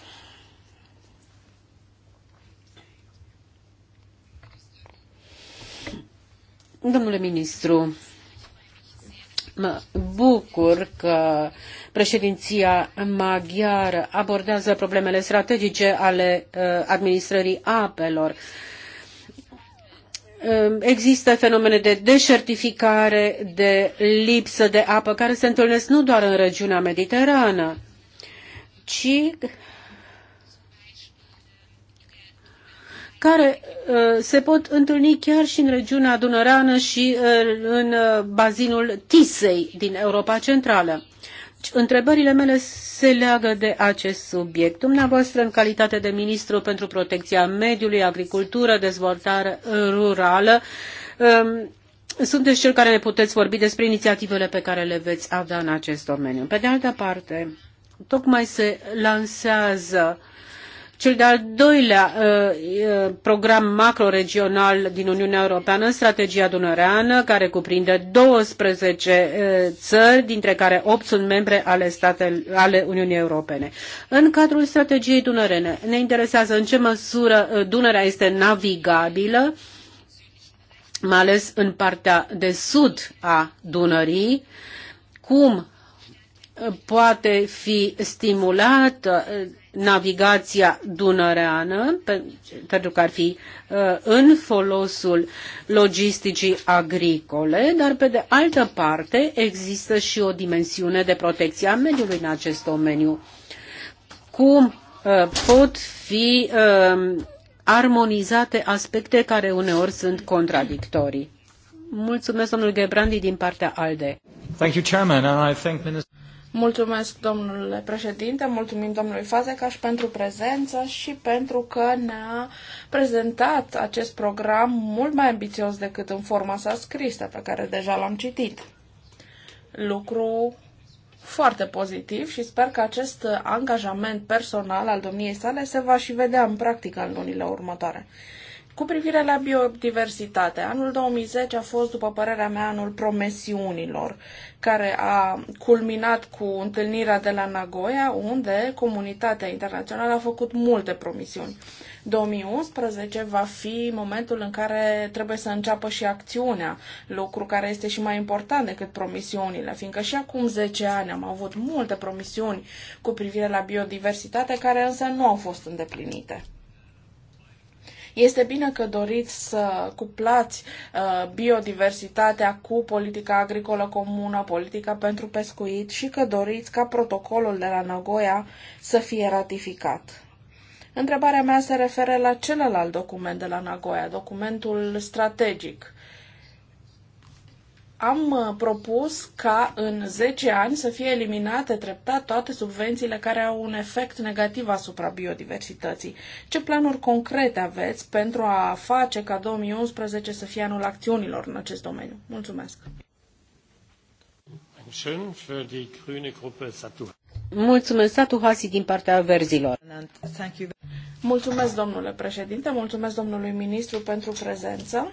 Domnule ministru, mă bucur că președinția maghiară abordează problemele strategice ale uh, administrării apelor. Ehm, există fenomene de deșertificare, de lipsă de apă, care se întâlnesc nu doar în regiunea mediterană, ci care ehm, se pot întâlni chiar și în regiunea dunăreană și ehm, în bazinul Tisei din Europa Centrală. Întrebările mele se leagă de acest subiect. Dumneavoastră, în calitate de ministru pentru protecția mediului, agricultură, dezvoltare rurală, um, sunteți cel care ne puteți vorbi despre inițiativele pe care le veți avea în acest domeniu. Pe de altă parte, tocmai se lansează cel de-al doilea uh, uh, program macroregional din Uniunea Europeană, strategia dunăreană, care cuprinde 12 uh, țări, dintre care 8 sunt membre ale, ale Uniunii Europene. În cadrul strategiei dunărene ne interesează în ce măsură Dunărea este navigabilă, mai ales în partea de sud a Dunării, cum poate fi stimulată navigația dunăreană, pentru că ar fi uh, în folosul logisticii agricole, dar pe de altă parte există și o dimensiune de protecție a mediului în acest domeniu. Cum uh, pot fi uh, armonizate aspecte care uneori sunt contradictorii? Mulțumesc, domnul Gebrandi, din partea ALDE. Thank you, Chairman, and I thank Minister... Mulțumesc, domnule președinte, mulțumim domnului Fazecaș pentru prezență și pentru că ne-a prezentat acest program mult mai ambițios decât în forma sa scrisă, pe care deja l-am citit. Lucru foarte pozitiv și sper că acest angajament personal al domniei sale se va și vedea în practică în lunile următoare. Cu privire la biodiversitate, anul 2010 a fost, după părerea mea, anul promesiunilor, care a culminat cu întâlnirea de la Nagoya, unde comunitatea internațională a făcut multe promisiuni. 2011 va fi momentul în care trebuie să înceapă și acțiunea, lucru care este și mai important decât promisiunile, fiindcă și acum 10 ani am avut multe promisiuni cu privire la biodiversitate, care însă nu au fost îndeplinite. Este bine că doriți să cuplați uh, biodiversitatea cu politica agricolă comună, politica pentru pescuit și că doriți ca protocolul de la Nagoya să fie ratificat. Întrebarea mea se referă la celălalt document de la Nagoya, documentul strategic am uh, propus ca în 10 ani să fie eliminate treptat toate subvențiile care au un efect negativ asupra biodiversității. Ce planuri concrete aveți pentru a face ca 2011 să fie anul acțiunilor în acest domeniu? Mulțumesc! Mulțumesc, Satu Hasi, din partea verzilor. Mulțumesc, domnule președinte, mulțumesc domnului ministru pentru prezență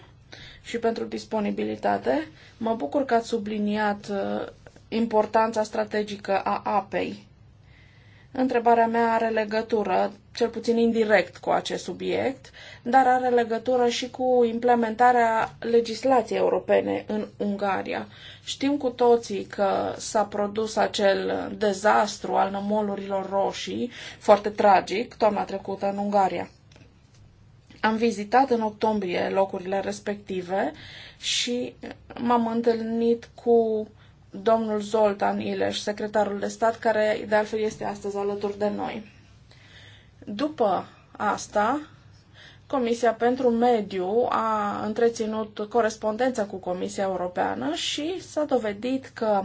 și pentru disponibilitate. Mă bucur că ați subliniat uh, importanța strategică a apei. Întrebarea mea are legătură, cel puțin indirect, cu acest subiect, dar are legătură și cu implementarea legislației europene în Ungaria. Știm cu toții că s-a produs acel dezastru al nămolurilor roșii, foarte tragic, toamna trecută în Ungaria. Am vizitat în octombrie locurile respective și m-am întâlnit cu domnul Zoltan Ileș, secretarul de stat, care de altfel este astăzi alături de noi. După asta, Comisia pentru Mediu a întreținut corespondența cu Comisia Europeană și s-a dovedit că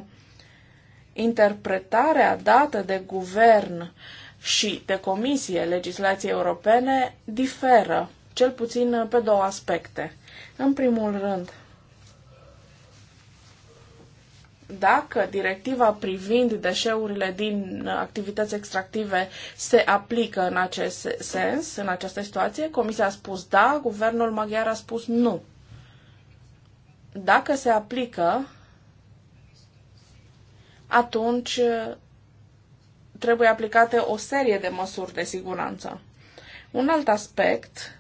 interpretarea dată de guvern și de comisie legislației europene diferă cel puțin uh, pe două aspecte. În primul rând, dacă directiva privind deșeurile din uh, activități extractive se aplică în acest sens, în această situație, Comisia a spus da, guvernul maghiar a spus nu. Dacă se aplică, atunci uh, trebuie aplicate o serie de măsuri de siguranță. Un alt aspect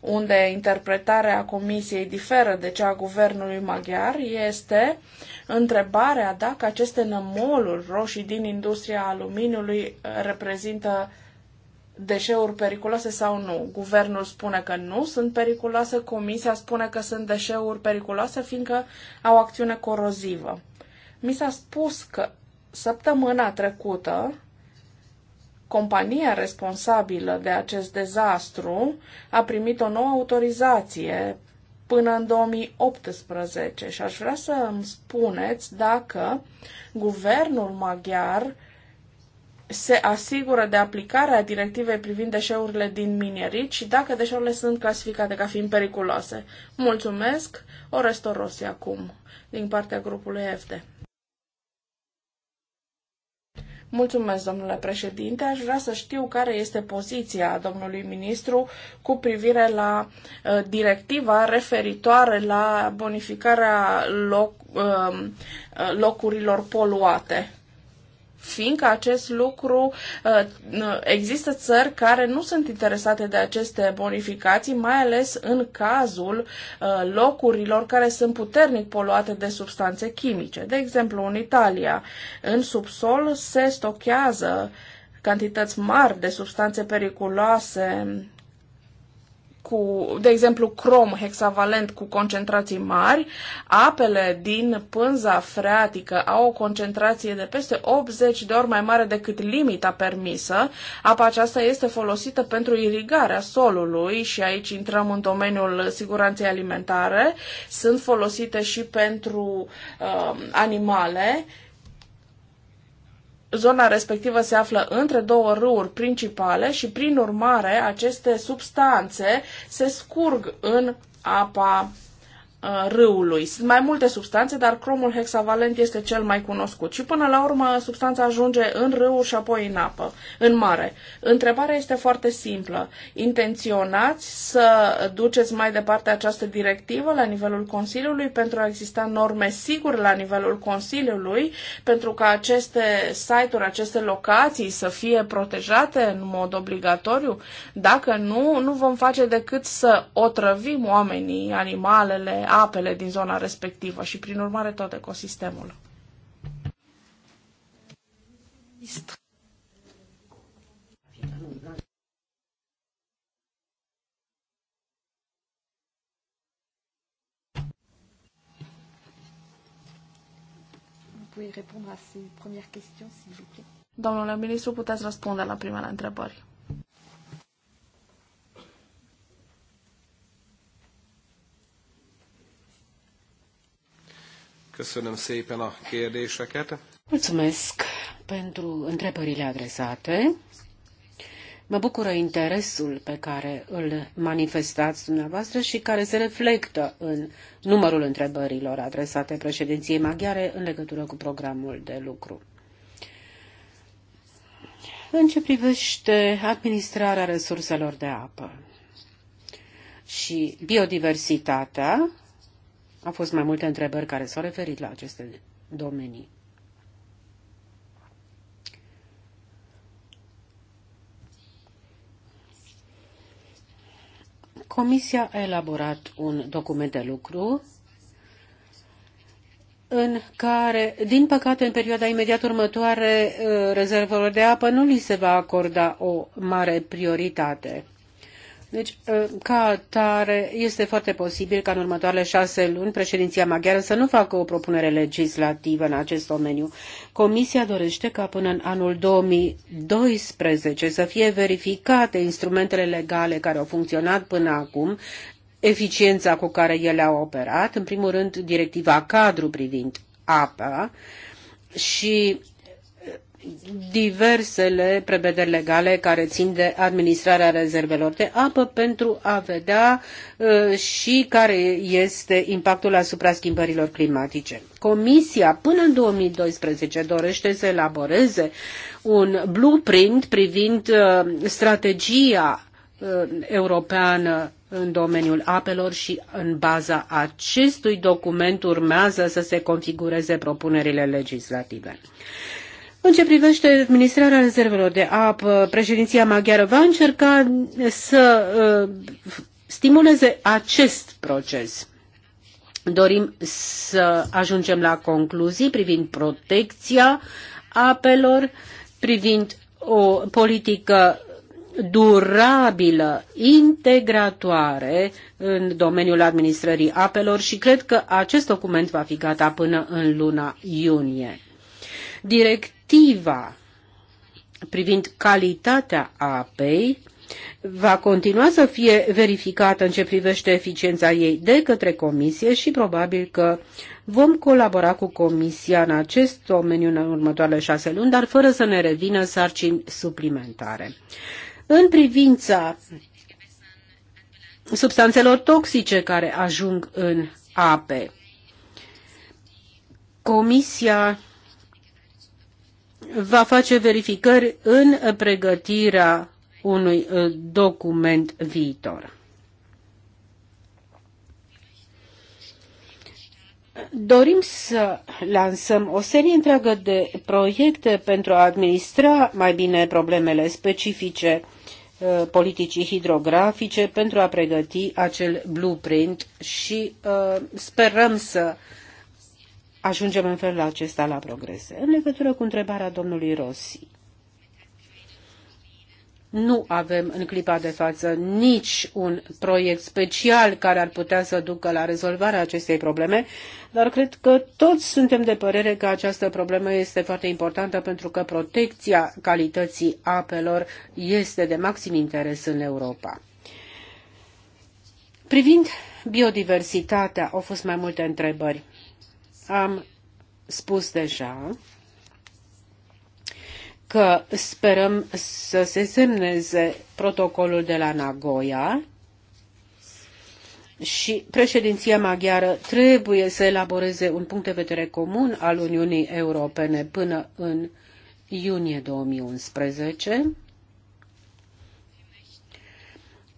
unde interpretarea Comisiei diferă de cea a guvernului maghiar, este întrebarea dacă aceste nămoluri roșii din industria aluminiului reprezintă deșeuri periculoase sau nu. Guvernul spune că nu sunt periculoase, comisia spune că sunt deșeuri periculoase fiindcă au acțiune corozivă. Mi s-a spus că săptămâna trecută compania responsabilă de acest dezastru a primit o nouă autorizație până în 2018 și aș vrea să îmi spuneți dacă guvernul maghiar se asigură de aplicarea directivei privind deșeurile din minerit și dacă deșeurile sunt clasificate ca fiind periculoase. Mulțumesc, O restorosie acum, din partea grupului FD. Mulțumesc, domnule președinte. Aș vrea să știu care este poziția domnului ministru cu privire la uh, directiva referitoare la bonificarea loc, um, uh, locurilor poluate fiindcă acest lucru uh, există țări care nu sunt interesate de aceste bonificații, mai ales în cazul uh, locurilor care sunt puternic poluate de substanțe chimice. De exemplu, în Italia, în subsol se stochează cantități mari de substanțe periculoase cu, de exemplu, crom hexavalent cu concentrații mari, apele din pânza freatică au o concentrație de peste 80 de ori mai mare decât limita permisă. Apa aceasta este folosită pentru irigarea solului și aici intrăm în domeniul siguranței alimentare. Sunt folosite și pentru uh, animale zona respectivă se află între două râuri principale și, prin urmare, aceste substanțe se scurg în apa râului. Sunt mai multe substanțe, dar cromul hexavalent este cel mai cunoscut și până la urmă substanța ajunge în râu și apoi în apă, în mare. Întrebarea este foarte simplă. Intenționați să duceți mai departe această directivă la nivelul Consiliului pentru a exista norme sigure la nivelul Consiliului pentru ca aceste site-uri, aceste locații să fie protejate în mod obligatoriu? Dacă nu, nu vom face decât să otrăvim oamenii, animalele, apele din zona respectivă și, prin urmare, tot ecosistemul. Domnule ministru, puteți răspunde la primele întrebări. Köszönöm szépen a kérdéseket. Mulțumesc pentru întrebările adresate. Mă bucură interesul pe care îl manifestați dumneavoastră și care se reflectă în numărul întrebărilor adresate președinției maghiare în legătură cu programul de lucru. În ce privește administrarea resurselor de apă și biodiversitatea, au fost mai multe întrebări care s-au referit la aceste domenii. Comisia a elaborat un document de lucru în care, din păcate, în perioada imediat următoare, uh, rezervelor de apă nu li se va acorda o mare prioritate. Deci, ă, ca atare, este foarte posibil ca în următoarele șase luni președinția maghiară să nu facă o propunere legislativă în acest domeniu. Comisia dorește ca până în anul 2012 să fie verificate instrumentele legale care au funcționat până acum, eficiența cu care ele au operat, în primul rând directiva cadru privind apa și diversele prevederi legale care țin de administrarea rezervelor de apă pentru a vedea uh, și care este impactul asupra schimbărilor climatice. Comisia până în 2012 dorește să elaboreze un blueprint privind uh, strategia uh, europeană în domeniul apelor și în baza acestui document urmează să se configureze propunerile legislative. În ce privește administrarea rezervelor de apă, președinția maghiară va încerca să uh, stimuleze acest proces. Dorim să ajungem la concluzii privind protecția apelor, privind o politică durabilă, integratoare în domeniul administrării apelor și cred că acest document va fi gata până în luna iunie. Directiva privind calitatea apei va continua să fie verificată în ce privește eficiența ei de către Comisie și probabil că vom colabora cu Comisia în acest domeniu în următoarele șase luni, dar fără să ne revină sarcini suplimentare. În privința substanțelor toxice care ajung în ape, Comisia va face verificări în pregătirea unui uh, document viitor. Dorim să lansăm o serie întreagă de proiecte pentru a administra mai bine problemele specifice uh, politicii hidrografice pentru a pregăti acel blueprint și uh, sperăm să ajungem în felul acesta la progrese. În legătură cu întrebarea domnului Rossi, nu avem în clipa de față nici un proiect special care ar putea să ducă la rezolvarea acestei probleme, dar cred că toți suntem de părere că această problemă este foarte importantă pentru că protecția calității apelor este de maxim interes în Europa. Privind biodiversitatea, au fost mai multe întrebări am spus deja că sperăm să se semneze protocolul de la Nagoya și președinția maghiară trebuie să elaboreze un punct de vedere comun al Uniunii Europene până în iunie 2011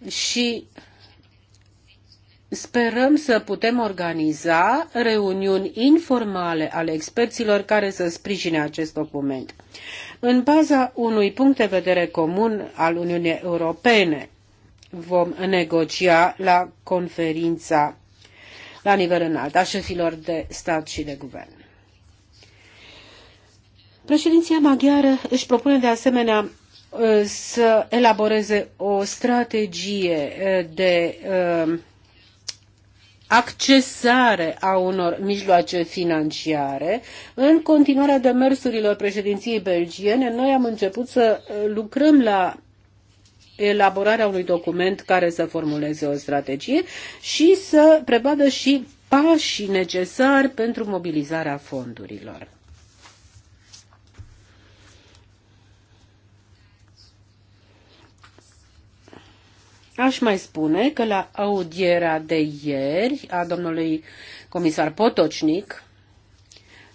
și sperăm să putem organiza reuniuni informale ale experților care să sprijine acest document. În baza unui punct de vedere comun al Uniunii Europene, vom negocia la conferința la nivel înalt a șefilor de stat și de guvern. Președinția maghiară își propune de asemenea uh, să elaboreze o strategie uh, de uh, accesare a unor mijloace financiare. În continuarea demersurilor președinției belgiene, noi am început să uh, lucrăm la elaborarea unui document care să formuleze o strategie și să prevadă și pașii necesari pentru mobilizarea fondurilor. Aș mai spune că la audierea de ieri a domnului comisar Potocnic,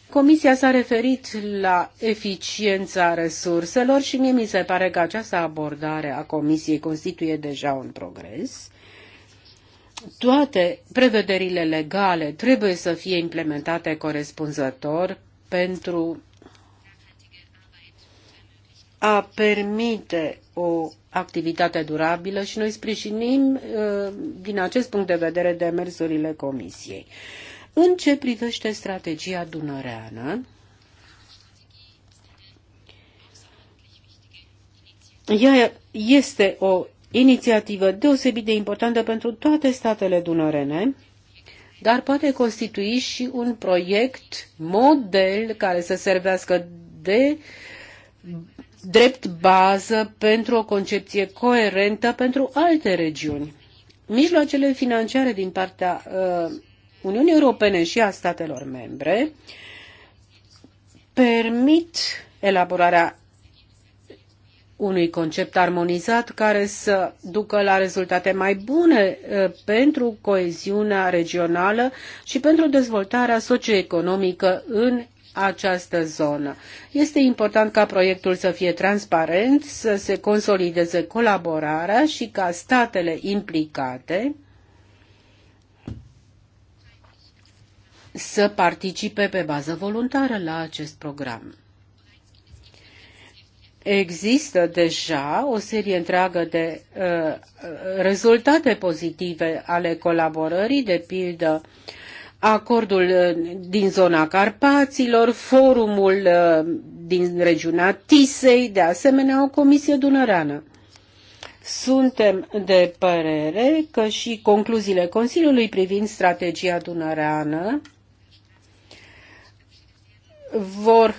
Comisia s-a referit la eficiența resurselor și mie mi se pare că această abordare a Comisiei constituie deja un progres. Toate prevederile legale trebuie să fie implementate corespunzător pentru a permite o activitate durabilă și noi sprijinim uh, din acest punct de vedere demersurile Comisiei. În ce privește strategia dunăreană, ea este o inițiativă deosebit de importantă pentru toate statele dunărene, dar poate constitui și un proiect model care să servească de drept bază pentru o concepție coerentă pentru alte regiuni. Mijloacele financiare din partea uh, Uniunii Europene și a statelor membre permit elaborarea unui concept armonizat care să ducă la rezultate mai bune uh, pentru coeziunea regională și pentru dezvoltarea socioeconomică în această zonă. Este important ca proiectul să fie transparent, să se consolideze colaborarea și ca statele implicate să participe pe bază voluntară la acest program. Există deja o serie întreagă de uh, uh rezultate pozitive ale colaborării, de pildă uh, acordul uh, din zona Carpaților, forumul uh, din regiunea Tisei, de asemenea o comisie dunăreană. Suntem de părere că și concluziile Consiliului privind strategia dunăreană vor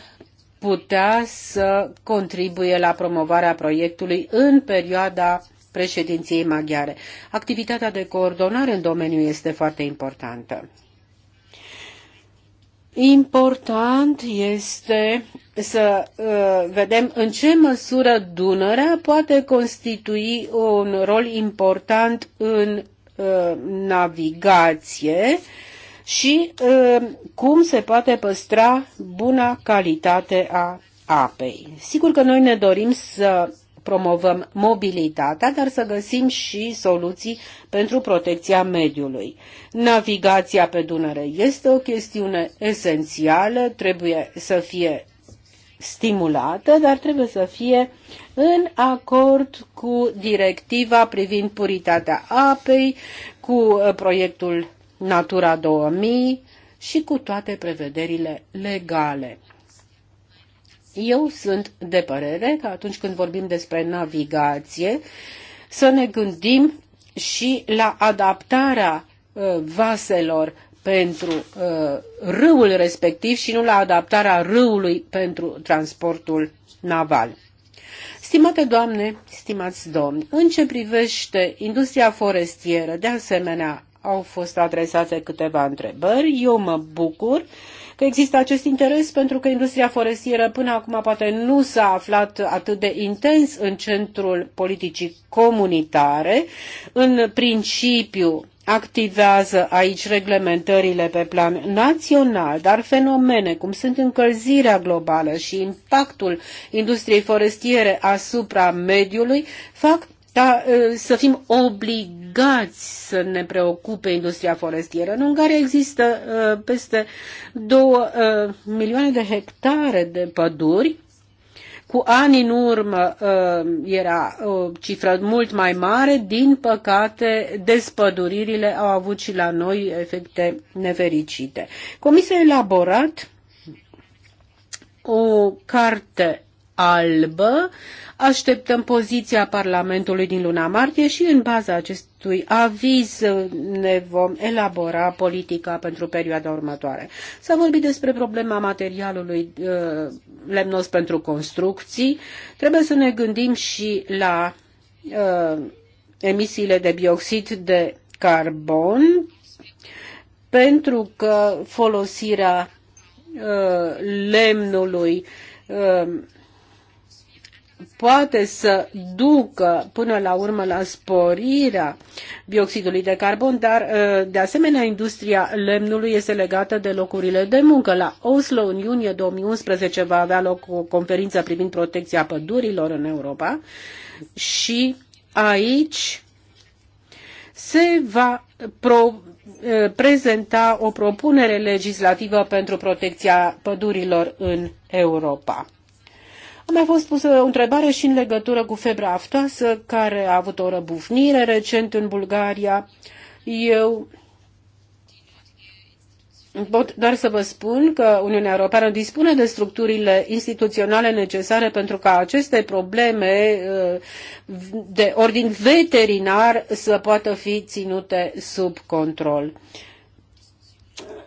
putea să contribuie la promovarea proiectului în perioada președinției maghiare. Activitatea de coordonare în domeniu este foarte importantă. Important este să uh, vedem în ce măsură Dunărea poate constitui un rol important în uh, navigație și uh, cum se poate păstra buna calitate a apei. Sigur că noi ne dorim să promovăm mobilitatea, dar să găsim și soluții pentru protecția mediului. Navigația pe Dunăre este o chestiune esențială, trebuie să fie stimulată, dar trebuie să fie în acord cu directiva privind puritatea apei, cu uh, proiectul Natura 2000 și cu toate prevederile legale. Eu sunt de părere că atunci când vorbim despre navigație, să ne gândim și la adaptarea uh, vaselor pentru uh, râul respectiv și nu la adaptarea râului pentru transportul naval. Stimate doamne, stimați domni, în ce privește industria forestieră, de asemenea, au fost adresate câteva întrebări. Eu mă bucur uh, că există acest interes pentru că industria forestieră până acum poate nu s-a aflat atât de intens în centrul politicii comunitare. În principiu, activează aici reglementările pe plan național, dar fenomene cum sunt încălzirea globală și impactul industriei forestiere asupra mediului fac da, să fim obligați să ne preocupe industria forestieră. În Ungaria există uh, peste 2 uh, milioane de hectare de păduri. Cu ani în urmă era o cifră mult mai mare, din păcate despăduririle au avut și la noi efecte nefericite. Comisia a elaborat o carte albă. Așteptăm poziția Parlamentului din luna martie și în baza acestui aviz ne vom elabora politica pentru perioada următoare. S-a vorbit despre problema materialului uh, lemnos pentru construcții. Trebuie să ne gândim și la uh, emisiile de bioxid de carbon pentru că folosirea uh, lemnului uh, poate să ducă până la urmă la sporirea bioxidului de carbon, dar uh, de asemenea industria lemnului este legată de locurile de muncă. La Oslo în iunie 2011 va avea loc o conferință privind protecția pădurilor în Europa și aici se va pro, uh, prezenta o propunere legislativă pentru protecția pădurilor în Europa. A mai fost pusă o întrebare și în legătură cu febra aftoasă, care a avut o răbufnire recent în Bulgaria. Eu Pot doar să vă spun că Uniunea Europeană dispune de structurile instituționale necesare pentru ca aceste probleme uh, de ordin veterinar să poată fi ținute sub control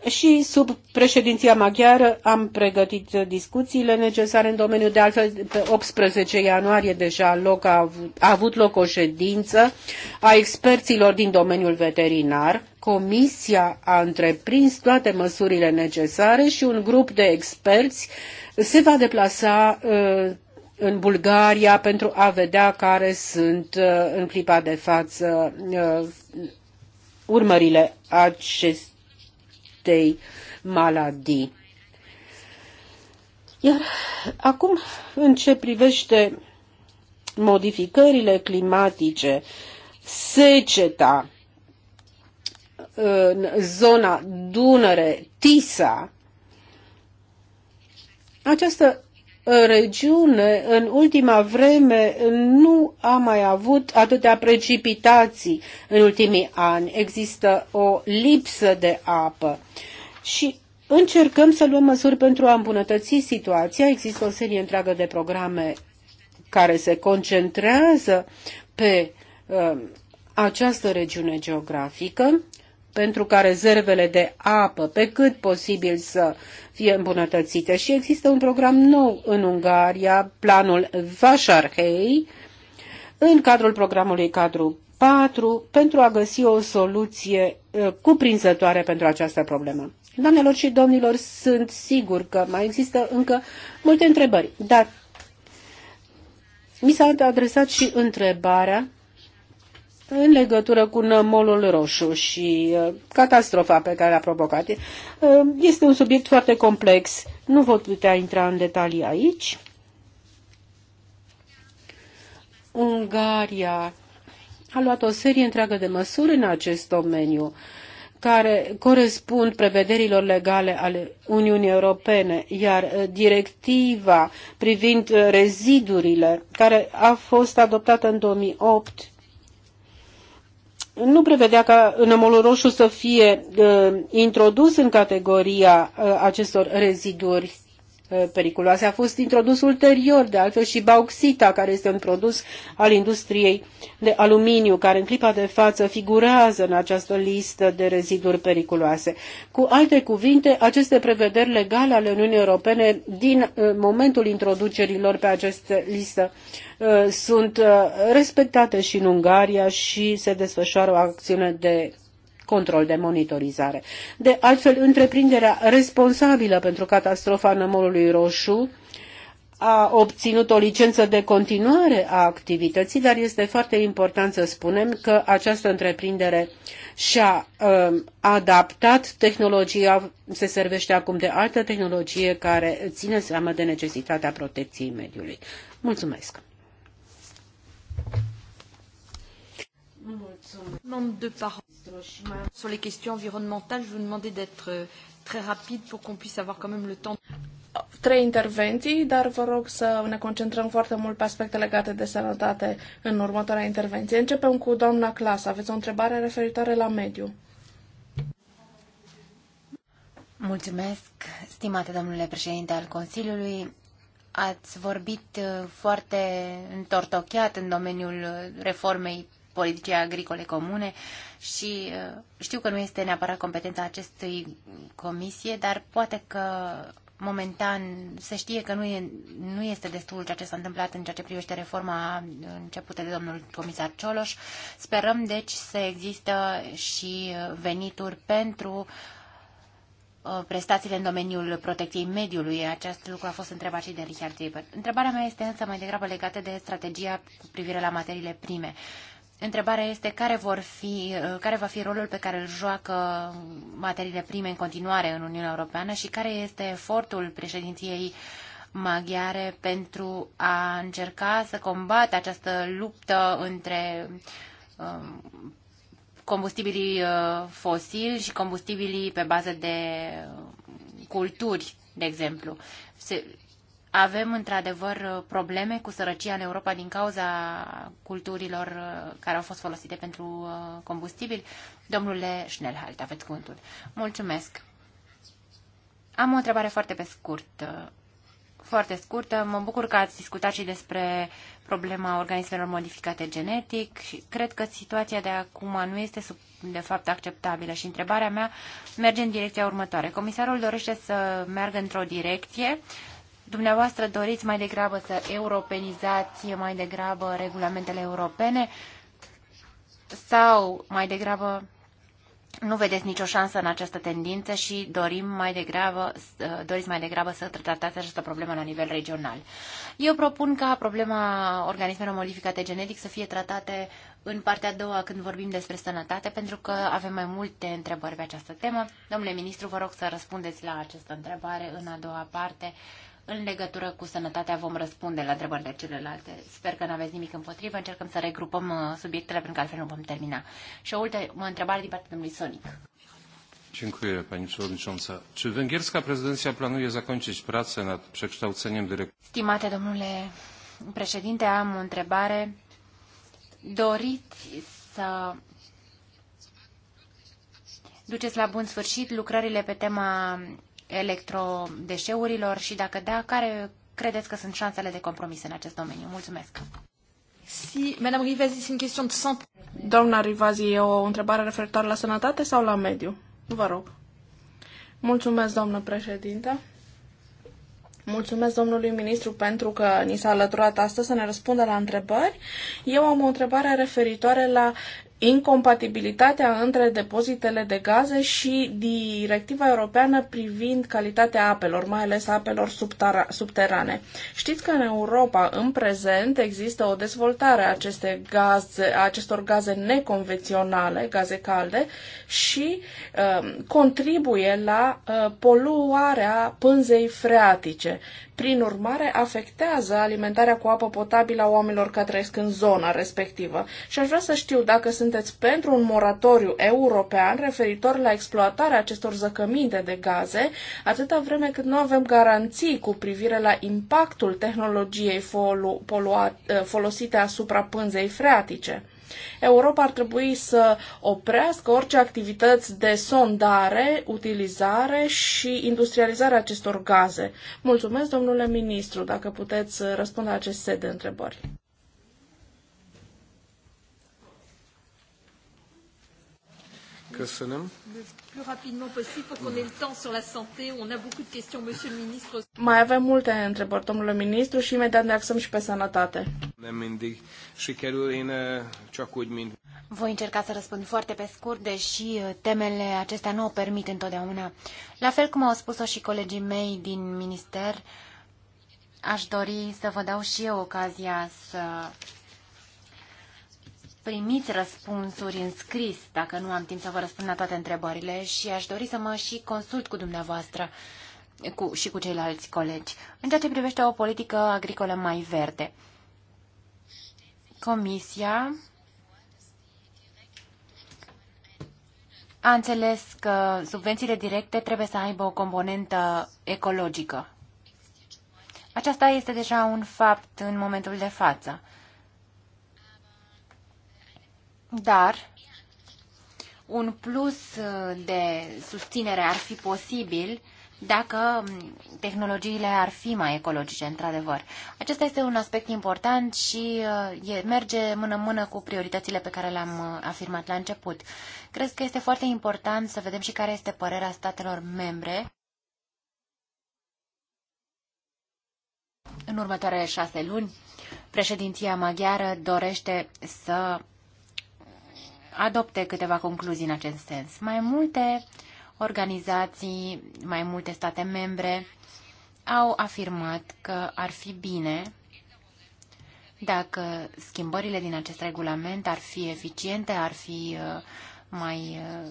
și sub președinția maghiară am pregătit discuțiile necesare în domeniu. De altfel, pe 18 ianuarie deja loc a, avut, a avut loc o ședință a experților din domeniul veterinar. Comisia a întreprins toate măsurile necesare și un grup de experți se va deplasa uh, în Bulgaria pentru a vedea care sunt uh, în clipa de față uh, urmările acest, acestei maladii. Iar acum, în ce privește modificările climatice, seceta în zona Dunăre, Tisa, această regiune în ultima vreme nu a mai avut atâtea precipitații în ultimii ani. Există o lipsă de apă și încercăm să luăm măsuri pentru a îmbunătăți situația. Există o serie întreagă de programe care se concentrează pe uh, această regiune geografică pentru ca rezervele de apă pe cât posibil să fie îmbunătățite. Și există un program nou în Ungaria, planul Vasarhei, în cadrul programului cadru 4, pentru a găsi o soluție uh, cuprinzătoare pentru această problemă. Doamnelor și domnilor, sunt sigur că mai există încă multe întrebări, dar mi s-a adresat și întrebarea în legătură cu nămolul roșu și uh, catastrofa pe care a provocat. Uh, este un subiect foarte complex. Nu vă putea intra în detalii aici. Ungaria a luat o serie întreagă de măsuri în acest domeniu care corespund prevederilor legale ale Uniunii Europene, iar uh, directiva privind rezidurile, care a fost adoptată în 2008, nu prevedea ca nămolul roșu să fie uh, introdus în categoria uh, acestor reziduri Eh, periculoase a fost introdus ulterior, de altfel și bauxita, care este un produs al industriei de aluminiu, care în clipa de față figurează în această listă de reziduri periculoase. Cu alte cuvinte, aceste prevederi legale ale Uniunii Europene din eh, momentul introducerilor pe această listă eh, sunt respectate și în Ungaria și se desfășoară o acțiune de control de monitorizare. De altfel, întreprinderea responsabilă pentru catastrofa nămolului roșu a obținut o licență de continuare a activității, dar este foarte important să spunem că această întreprindere și-a uh, adaptat tehnologia, se servește acum de altă tehnologie care ține seama de necesitatea protecției mediului. Mulțumesc! Mulțumesc. Sur les questions environnementales, je vous demandais d'être euh, très rapide pour qu'on puisse avoir quand même le temps. Trei intervenții, dar vă rog să ne concentrăm foarte mult pe aspecte legate de sănătate în următoarea intervenție. Începem cu doamna Clasa. Aveți o întrebare referitoare la mediu. Mulțumesc, stimate domnule președinte al Consiliului. Ați vorbit uh, foarte întortocheat în domeniul uh, reformei politicii agricole comune și uh, știu că nu este neapărat competența acestei comisie, dar poate că momentan se știe că nu, e, nu este destul ceea ce s-a întâmplat în ceea ce privește reforma începută de domnul comisar Cioloș. Sperăm deci să există și venituri pentru uh, prestațiile în domeniul protecției mediului. Acest lucru a fost întrebat și de Richard Tripper. Întrebarea mea este însă mai degrabă legată de strategia cu privire la materiile prime. Întrebarea este care, vor fi, care va fi rolul pe care îl joacă materiile prime în continuare în Uniunea Europeană și care este efortul președinției maghiare pentru a încerca să combată această luptă între um, combustibilii uh, fosili și combustibilii pe bază de uh, culturi, de exemplu. Avem într-adevăr probleme cu sărăcia în Europa din cauza culturilor uh, care au fost folosite pentru uh, combustibil. Domnule Schnellhalt, aveți cuvântul. Mulțumesc. Am o întrebare foarte pe scurt, uh, foarte scurtă. Mă bucur că ați discutat și despre problema organismelor modificate genetic și cred că situația de acum nu este de fapt acceptabilă și întrebarea mea merge în direcția următoare. Comisarul dorește să meargă într-o direcție Dumneavoastră doriți mai degrabă să europenizați mai degrabă regulamentele europene sau mai degrabă nu vedeți nicio șansă în această tendință și dorim mai degrabă, doriți mai degrabă să tratați această problemă la nivel regional. Eu propun ca problema organismelor modificate genetic să fie tratate în partea a doua când vorbim despre sănătate, pentru că avem mai multe întrebări pe această temă. Domnule ministru, vă rog să răspundeți la această întrebare în a doua parte în legătură cu sănătatea vom răspunde la întrebările celelalte. Sper că nu aveți nimic împotrivă. Încercăm să regrupăm uh, subiectele, pentru că altfel nu vom termina. Și o ultimă întrebare din partea domnului Sonic. Dziękuję Pani Przewodnicząca. Czy węgierska prezydencja planuje zakończyć pracę nad przekształceniem dyrektywy? Stimate domnule președinte, am o întrebare. Doriți să duceți la bun sfârșit lucrările pe tema electrodeșeurilor și dacă da, care credeți că sunt șansele de compromis în acest domeniu? Mulțumesc! Si, Madame Rivazi, este o question de santé. Doamna Rivazi, e o întrebare referitoare la sănătate sau la mediu? Vă rog. Mulțumesc, doamnă președintă. Mulțumesc domnului ministru pentru că ni s-a alăturat astăzi să ne răspundă la întrebări. Eu am o întrebare referitoare la incompatibilitatea între depozitele de gaze și directiva europeană privind calitatea apelor, mai ales apelor subterane. Știți că în Europa, în prezent, există o dezvoltare a aceste gaze, a acestor gaze neconvenționale, gaze calde, și uh, contribuie la uh, poluarea pânzei freatice prin urmare, afectează alimentarea cu apă potabilă a oamenilor care trăiesc în zona respectivă. Și aș vrea să știu dacă sunteți pentru un moratoriu european referitor la exploatarea acestor zăcăminte de gaze, atâta vreme cât nu avem garanții cu privire la impactul tehnologiei folu- eh, folosite asupra pânzei freatice. Europa ar trebui să oprească orice activități de sondare, utilizare și industrializare a acestor gaze. Mulțumesc, domnule ministru, dacă puteți răspunde la acest set de întrebări. Mai avem multe întrebări, domnule ministru, și imediat ne axăm și pe sănătate sikerül, én csak úgy, mint... Voi încerca să răspund foarte pe scurt, deși temele acestea nu o permit întotdeauna. La fel cum au spus-o și colegii mei din minister, aș dori să vă dau și eu ocazia să primiți răspunsuri în scris, dacă nu am timp să vă răspund la toate întrebările și aș dori să mă și consult cu dumneavoastră cu, și cu ceilalți colegi. În ceea ce privește o politică agricolă mai verde, Comisia a înțeles că subvențiile directe trebuie să aibă o componentă ecologică. Aceasta este deja un fapt în momentul de față. Dar un plus de susținere ar fi posibil dacă tehnologiile ar fi mai ecologice, într-adevăr. Acesta este un aspect important și uh, e, merge mână-mână cu prioritățile pe care le-am uh, afirmat la început. Cred că este foarte important să vedem și care este părerea statelor membre în următoarele șase luni. Președinția maghiară dorește să adopte câteva concluzii în acest sens. Mai multe uh, organizații, mai multe state membre au afirmat că ar fi bine dacă schimbările din acest regulament ar fi eficiente, ar fi uh, mai uh,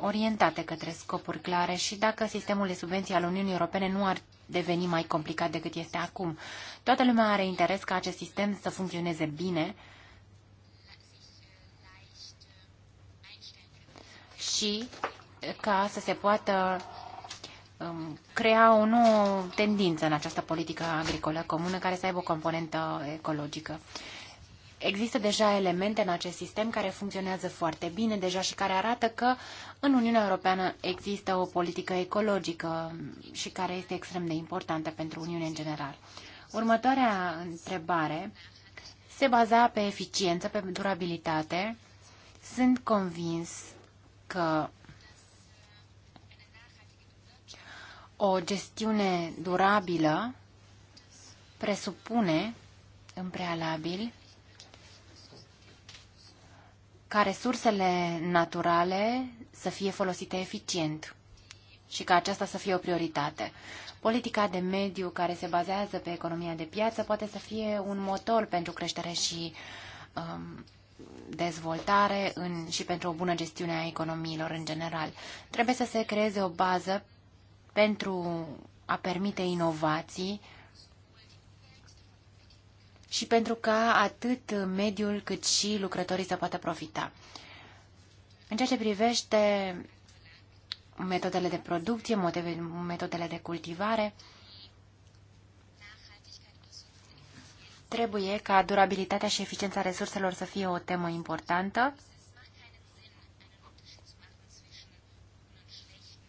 orientate către scopuri clare și dacă sistemul de subvenții al Uniunii Europene nu ar deveni mai complicat decât este acum. Toată lumea are interes ca acest sistem să funcționeze bine și ca să se poată um, crea o nouă tendință în această politică agricolă comună care să aibă o componentă ecologică. Există deja elemente în acest sistem care funcționează foarte bine deja și care arată că în Uniunea Europeană există o politică ecologică și care este extrem de importantă pentru Uniune în general. Următoarea întrebare se baza pe eficiență, pe durabilitate. Sunt convins că O gestiune durabilă presupune, în prealabil, ca resursele naturale să fie folosite eficient și ca aceasta să fie o prioritate. Politica de mediu care se bazează pe economia de piață poate să fie un motor pentru creștere și um, dezvoltare în, și pentru o bună gestiune a economiilor în general. Trebuie să se creeze o bază pentru a permite inovații și pentru ca atât mediul cât și lucrătorii să poată profita. În ceea ce privește metodele de producție, metodele de cultivare, trebuie ca durabilitatea și eficiența resurselor să fie o temă importantă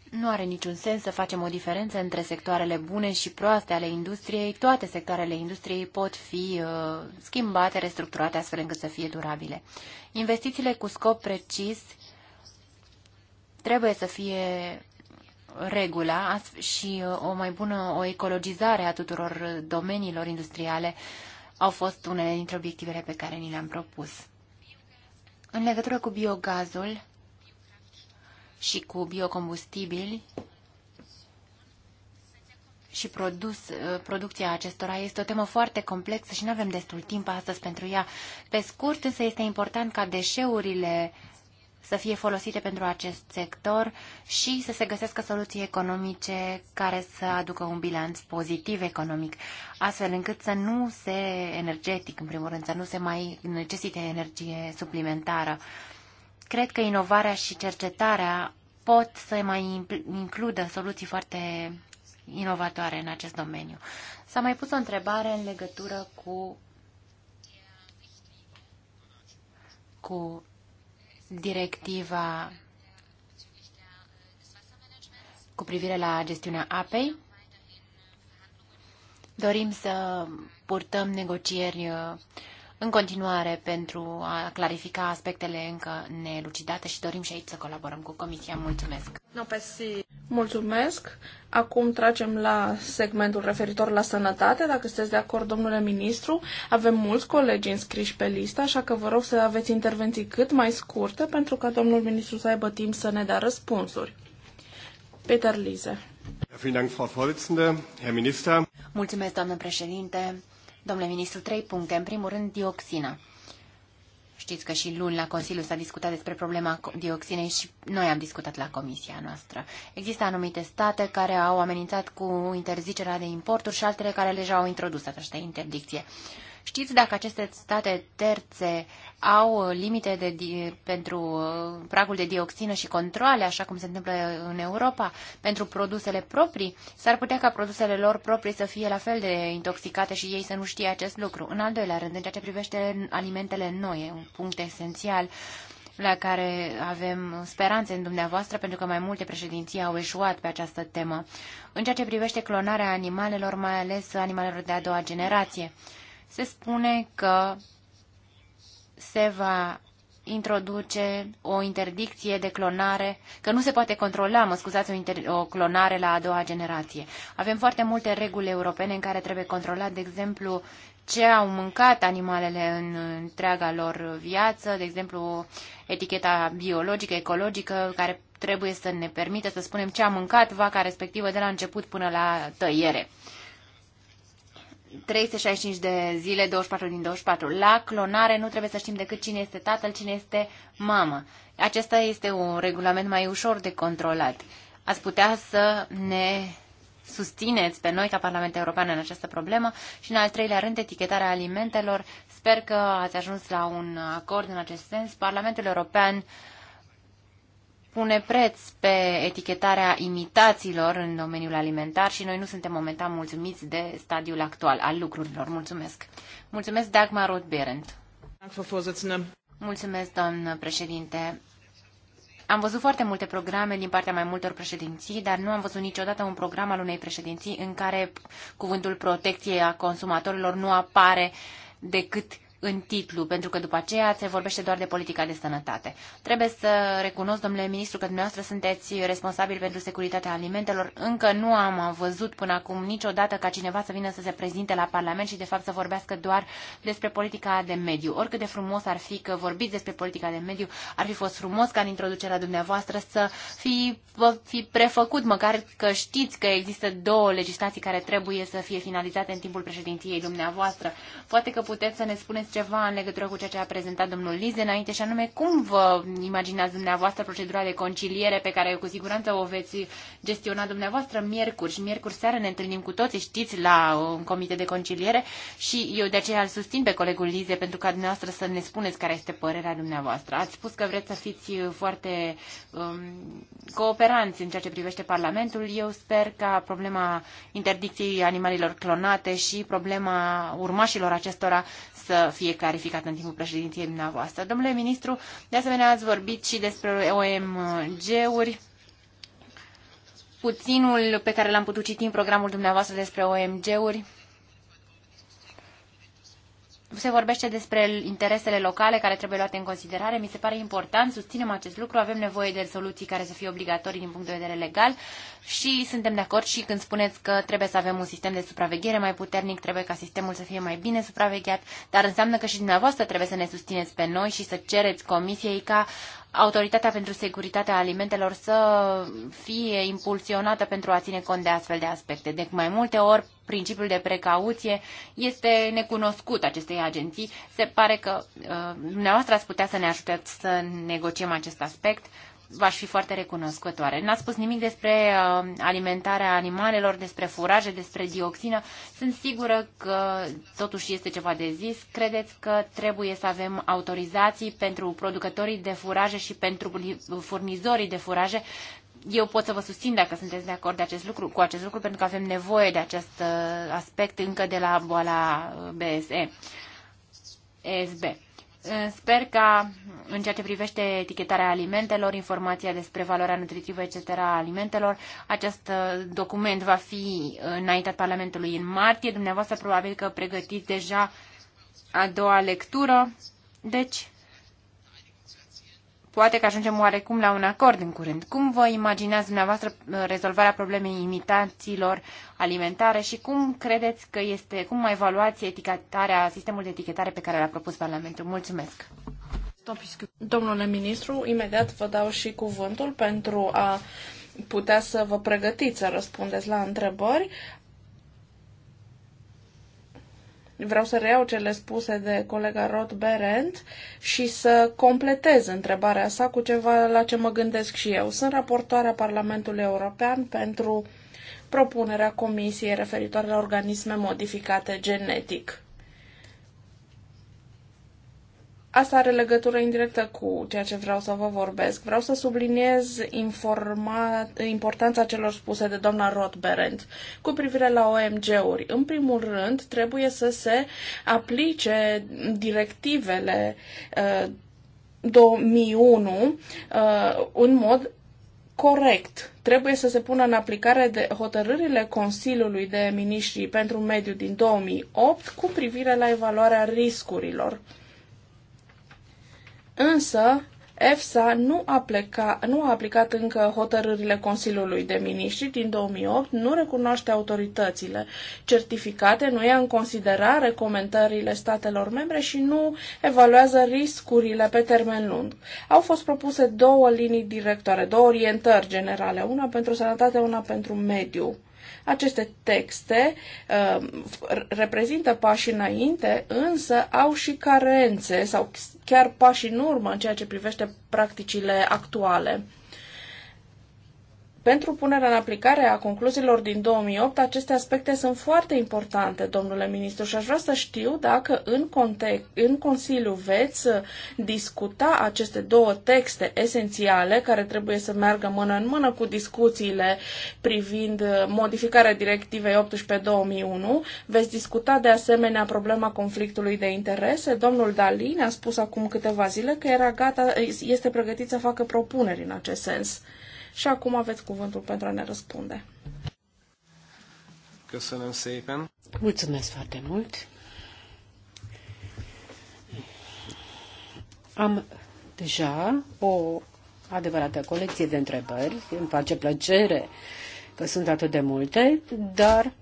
Nu are niciun sens să facem o diferență între sectoarele bune și proaste ale industriei. Toate sectoarele industriei pot fi uh, schimbate, restructurate, astfel încât să fie durabile. Investițiile cu scop precis trebuie să fie regula și uh, o mai bună o ecologizare a tuturor domeniilor industriale au fost unele dintre obiectivele pe care ni le-am propus. În legătură cu biogazul, și cu biocombustibili și produs, uh, producția acestora este o temă foarte complexă și nu avem destul timp astăzi pentru ea. Pe scurt, însă este important ca deșeurile să fie folosite pentru acest sector și să se găsească soluții economice care să aducă un bilanț pozitiv economic, astfel încât să nu se energetic, în primul rând, să nu se mai necesite energie suplimentară. Uh, cred că inovarea și cercetarea pot să mai includă soluții foarte inovatoare în acest domeniu. S-a mai pus o întrebare în legătură cu, cu directiva cu privire la gestiunea apei. Dorim să purtăm negocieri uh, în continuare pentru a clarifica aspectele încă nelucidate și dorim și aici să colaborăm cu Comisia. Mulțumesc! No, Mulțumesc! Acum tragem la segmentul referitor la sănătate. Dacă sunteți de acord, domnule ministru, avem mulți colegi înscriși pe listă, așa că vă rog să aveți intervenții cât mai scurte pentru ca domnul ministru să aibă timp să ne dea răspunsuri. Peter Lise. Mulțumesc, doamnă președinte. Domnule ministru, trei puncte. În primul rând, dioxina. Știți că și luni la Consiliu s-a discutat despre problema dioxinei și noi am discutat la comisia noastră. Există anumite state care au amenințat cu interzicerea de importuri și altele care deja au introdus această interdicție. Uh, Știți dacă aceste state terțe au limite de, pentru uh, pragul de dioxină și controle, așa cum se întâmplă în Europa, pentru produsele proprii? S-ar putea ca produsele lor proprii să fie la fel de intoxicate și ei să nu știe acest lucru. În al doilea rând, în ceea ce privește alimentele noi, un punct esențial la care avem speranțe în dumneavoastră, pentru că mai multe președinții au eșuat pe această temă. În ceea ce privește clonarea animalelor, mai ales animalelor de a doua generație, se spune că se va introduce o interdicție de clonare, că nu se poate controla, mă scuzați, o, inter- o clonare la a doua generație. Avem foarte multe reguli europene în care trebuie controlat, de exemplu, ce au mâncat animalele în întreaga lor viață, de exemplu, eticheta biologică, ecologică, care trebuie să ne permită să spunem ce a mâncat vaca respectivă de la început până la tăiere. 365 de zile, 24 din 24. La clonare nu trebuie să știm decât cine este tatăl, cine este mamă. Acesta este un regulament mai ușor de controlat. Ați putea să ne susțineți pe noi ca Parlament European în această problemă și, în al treilea rând, etichetarea alimentelor. Sper că ați ajuns la un acord în acest sens. Parlamentul European uh, pune preț pe etichetarea imitațiilor în domeniul alimentar și noi nu suntem momentan mulțumiți de stadiul actual al lucrurilor. Mulțumesc! Mulțumesc, Dagmar Roth-Berend! Mulțumesc, doamnă președinte! Am văzut foarte multe programe din partea mai multor președinții, dar nu am văzut niciodată un program al unei președinții în care cuvântul protecție a consumatorilor nu apare decât uh, în titlu, pentru că după aceea se vorbește doar de politica de sănătate. Trebuie să recunosc, domnule ministru, că dumneavoastră sunteți responsabil pentru securitatea alimentelor. Încă nu am văzut până acum niciodată ca cineva să vină să se prezinte la Parlament și, de fapt, să vorbească doar despre politica de mediu. Oricât de frumos ar fi că vorbiți despre politica de mediu, ar fi fost frumos ca în introducerea dumneavoastră să fi, fi prefăcut, măcar că știți că există două legislații care trebuie să fie finalizate în timpul președinției dumneavoastră. Poate că puteți să ne spuneți ceva în legătură cu ceea ce a prezentat domnul Lize înainte și anume cum vă imaginați dumneavoastră procedura de conciliere pe care cu siguranță o veți gestiona dumneavoastră miercuri și miercuri seară ne întâlnim cu toți, știți, la uh, un comite de conciliere și eu de aceea îl susțin pe colegul Lize pentru ca dumneavoastră să ne spuneți care este părerea dumneavoastră. Ați spus că vreți să fiți uh, foarte um, cooperanți în ceea ce privește Parlamentul. Eu sper ca problema interdicției animalelor clonate și problema urmașilor acestora să fie clarificat în timpul președinției dumneavoastră. Domnule ministru, de asemenea ați vorbit și despre OMG-uri puținul pe care l-am putut citi în programul dumneavoastră despre OMG-uri se vorbește despre interesele locale care trebuie luate în considerare. Mi se pare important, susținem acest lucru, avem nevoie de soluții care să fie obligatorii din punct de vedere legal și suntem de acord și când spuneți că trebuie să avem un sistem de supraveghere mai puternic, trebuie ca sistemul să fie mai bine supravegheat, dar înseamnă că și dumneavoastră trebuie să ne susțineți pe noi și să cereți comisiei ca Autoritatea pentru Securitatea Alimentelor să fie impulsionată pentru a ține cont de astfel de aspecte. Deci mai multe ori principiul de precauție este necunoscut acestei agenții. Se pare că uh, dumneavoastră ați putea să ne ajutați să negociem acest aspect. Uh, v-aș fi foarte recunoscătoare. N-ați spus nimic despre uh, alimentarea animalelor, despre furaje, despre dioxină. Sunt sigură că totuși este ceva de zis. Credeți că trebuie să avem autorizații pentru producătorii de furaje și pentru furnizorii de furaje? Eu pot să vă susțin dacă sunteți de acord de acest lucru, cu acest lucru, pentru că avem nevoie de acest uh, aspect încă de la boala uh, BSE, ESB. Sper ca, în ceea ce privește etichetarea alimentelor, informația despre valoarea nutritivă, etc. a alimentelor, acest uh, document va fi înaintat Parlamentului în martie. Dumneavoastră probabil că pregătiți deja a doua lectură. Deci, poate că ajungem oarecum la un acord în curând. Cum vă imaginați dumneavoastră uh, rezolvarea problemei imitațiilor alimentare și cum credeți că este, cum mai evaluați etichetarea, sistemul de etichetare pe care l-a propus Parlamentul? Mulțumesc! Domnule ministru, imediat vă dau și cuvântul pentru a putea să vă pregătiți să răspundeți la întrebări. Vreau să reiau cele spuse de colega Rod Berend și să completez întrebarea sa cu ceva la ce mă gândesc și eu. Sunt raportoarea Parlamentului European pentru propunerea Comisiei referitoare la organisme modificate genetic. Asta are legătură indirectă cu ceea ce vreau să vă vorbesc. Vreau să subliniez informa... importanța celor spuse de doamna Rothberend cu privire la OMG-uri. În primul rând, trebuie să se aplice directivele uh, 2001 uh, în mod corect. Trebuie să se pună în aplicare de hotărârile Consiliului de Ministri pentru Mediu din 2008 cu privire la evaluarea riscurilor. Însă, EFSA nu a, pleca, nu a aplicat încă hotărârile Consiliului de Miniștri din 2008, nu recunoaște autoritățile certificate, nu ia în considerare comentariile statelor membre și nu evaluează riscurile pe termen lung. Au fost propuse două linii directoare, două orientări generale, una pentru sănătate, una pentru mediu. Aceste texte uh, reprezintă pași înainte, însă au și carențe sau chiar pași în urmă în ceea ce privește practicile actuale. Pentru punerea în aplicare a concluziilor din 2008, aceste aspecte sunt foarte importante, domnule ministru, și aș vrea să știu dacă în, context, în Consiliu veți uh, discuta aceste două texte esențiale care trebuie să meargă mână în mână cu discuțiile privind uh, modificarea directivei 18-2001. Veți discuta de asemenea problema conflictului de interese. Domnul Dalin a spus acum câteva zile că era gata, este pregătit să facă propuneri în acest sens și acum aveți cuvântul pentru a ne răspunde. Mulțumesc foarte mult. Am deja o adevărată colecție de întrebări. Îmi face plăcere că sunt atât de multe, dar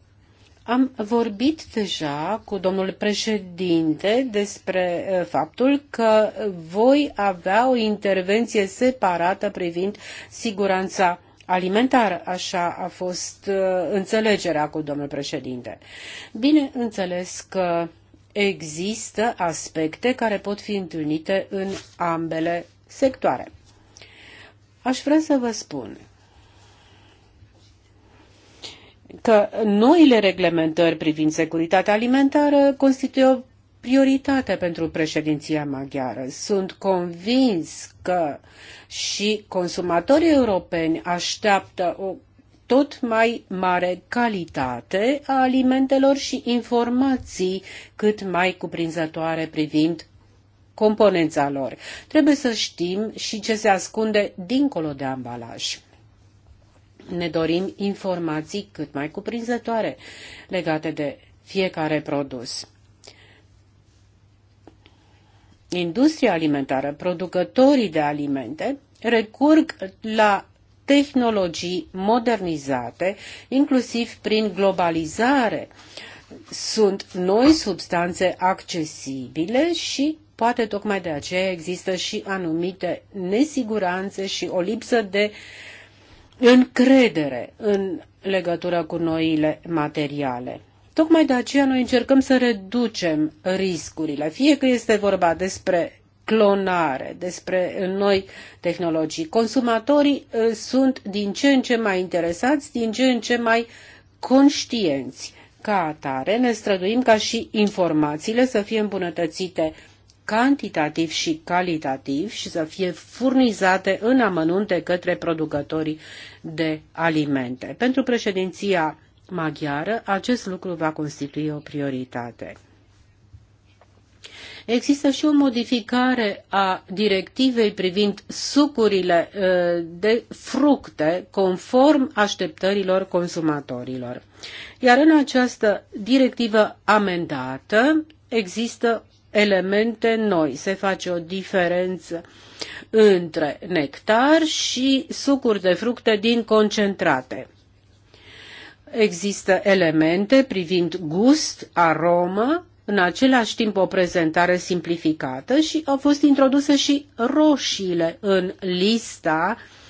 am vorbit deja cu domnul președinte despre eh, faptul că voi avea o intervenție separată privind siguranța alimentară. Așa a fost eh, înțelegerea cu domnul președinte. Bine că există aspecte care pot fi întâlnite în ambele sectoare. Aș vrea să vă spun că noile reglementări privind securitatea alimentară constituie o prioritate pentru președinția maghiară. Sunt convins că și consumatorii europeni așteaptă o tot mai mare calitate a alimentelor și informații cât mai cuprinzătoare privind componența lor. Trebuie să știm și ce se ascunde dincolo de ambalaj ne dorim informații cât mai cuprinzătoare legate de fiecare produs. Industria alimentară, producătorii de alimente, recurg la tehnologii modernizate, inclusiv prin globalizare. Sunt noi substanțe accesibile și poate tocmai de aceea există și anumite nesiguranțe și o lipsă de uh, încredere în legătură cu noile materiale. Tocmai de aceea noi încercăm să reducem riscurile, fie că este vorba despre clonare, despre noi tehnologii. Consumatorii uh, sunt din ce în ce mai interesați, din ce în ce mai conștienți. Ca atare, ne străduim ca și informațiile să fie îmbunătățite cantitativ și calitativ și să fie furnizate în amănunte către producătorii de alimente. Pentru președinția maghiară, acest lucru va constitui o prioritate. Există și o modificare a directivei privind sucurile eh, de fructe conform așteptărilor consumatorilor. Iar în această directivă amendată există elemente noi. Se face o diferență între nectar și sucuri de fructe din concentrate. Există elemente privind gust, aromă, în același timp o prezentare simplificată și au fost introduse și roșiile în lista uh,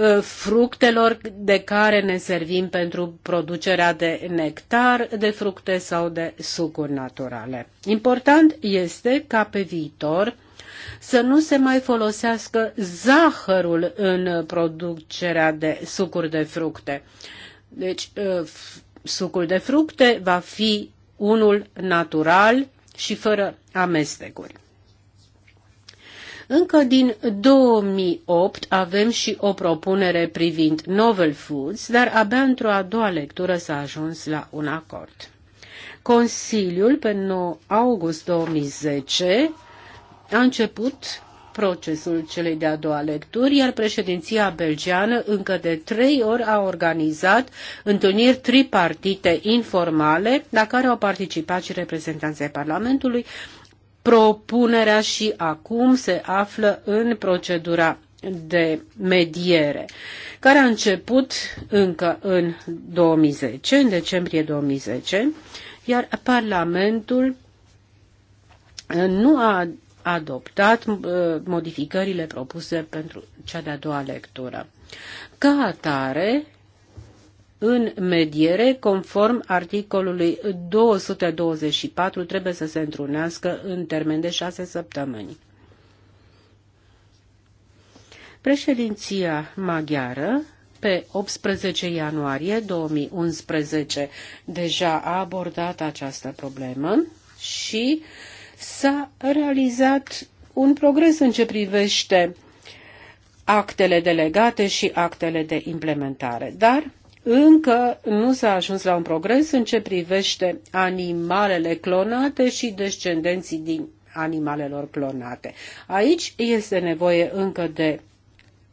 Uh, fructelor de care ne servim pentru producerea de nectar, de fructe sau de sucuri naturale. Important este ca pe viitor să nu se mai folosească zahărul în producerea de sucuri de fructe. Deci, uh, sucul de fructe va fi unul natural și fără amestecuri. Încă din 2008 avem și o propunere privind novel foods, dar abia într-o a doua lectură s-a ajuns la un acord. Consiliul, pe 9 august 2010, a început procesul celei de-a doua lecturi, iar președinția belgeană încă de trei ori a organizat întâlniri tripartite informale la care au participat și reprezentanții Parlamentului, Propunerea și acum se află în procedura de mediere, care a început încă în 2010, în decembrie 2010, iar Parlamentul uh, nu a adoptat uh, modificările propuse pentru cea de-a doua lectură. Ca atare, în mediere, conform articolului 224, trebuie să se întrunească în termen de șase săptămâni. Președinția maghiară pe 18 ianuarie 2011 deja a abordat această problemă și s-a realizat un progres în ce privește actele delegate și actele de implementare, dar încă nu s-a ajuns la un progres în ce privește animalele clonate și descendenții din animalelor clonate. Aici este nevoie încă de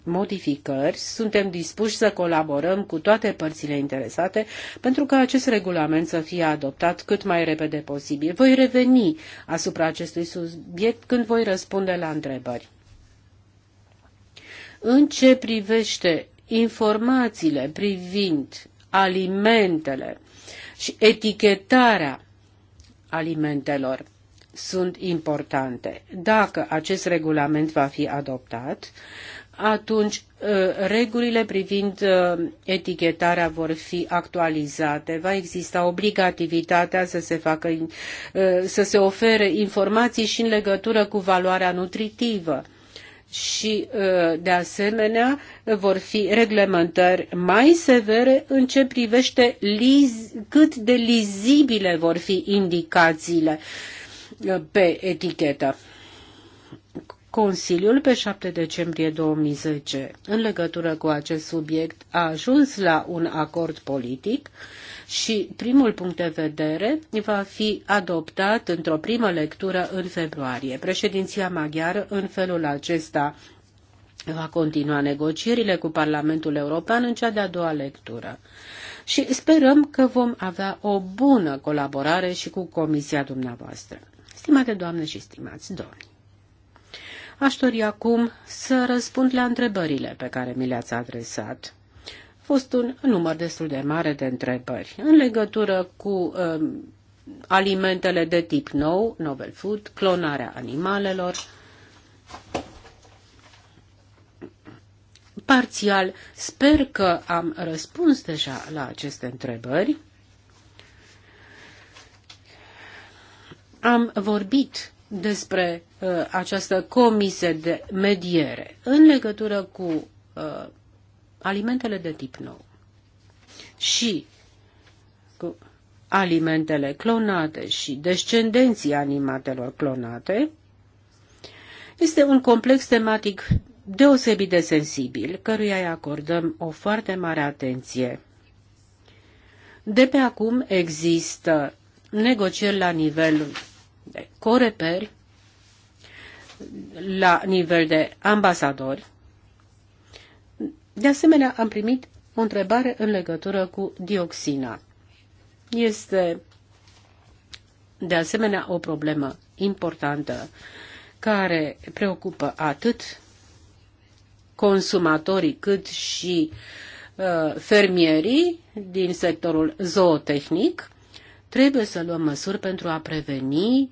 modificări, suntem dispuși să colaborăm cu toate părțile interesate pentru ca acest regulament să fie adoptat cât mai repede posibil. Voi reveni asupra acestui subiect când voi răspunde la întrebări. În ce privește informațiile privind alimentele și etichetarea alimentelor sunt importante. Dacă acest regulament va fi adoptat, atunci uh, regulile privind uh, etichetarea vor fi actualizate, va exista obligativitatea să se, facă, uh, să se ofere informații și în legătură cu valoarea nutritivă și, ă, de asemenea, vor fi reglementări mai severe în ce privește cât de lizibile vor fi indicațiile ă, pe etichetă. Consiliul pe 7 decembrie 2010, în legătură cu acest subiect, a ajuns la un acord politic uh, și primul punct de vedere va fi adoptat într-o primă lectură în februarie. Președinția maghiară în felul acesta va continua negocierile cu Parlamentul European în cea de-a doua lectură. Și sperăm că vom avea o bună colaborare și cu Comisia dumneavoastră. Stimate doamne și stimați domni, aș dori acum să răspund la întrebările pe care mi le-ați adresat fost un număr destul de mare de întrebări în legătură cu um, alimentele de tip nou, novel food, clonarea animalelor, parțial. Sper că am răspuns deja la aceste întrebări. Am vorbit despre uh, această comisie de mediere în legătură cu uh, alimentele de tip nou și cu alimentele clonate și descendenții animatelor clonate, este un complex tematic deosebit de sensibil, căruia îi acordăm o foarte mare atenție. De pe acum există negocieri la nivel de coreperi, la nivel de ambasadori, de asemenea, am primit o întrebare în legătură cu dioxina. Este de asemenea o problemă importantă care preocupă atât consumatorii cât și uh, fermierii din sectorul zootehnic, trebuie să luăm măsuri pentru a preveni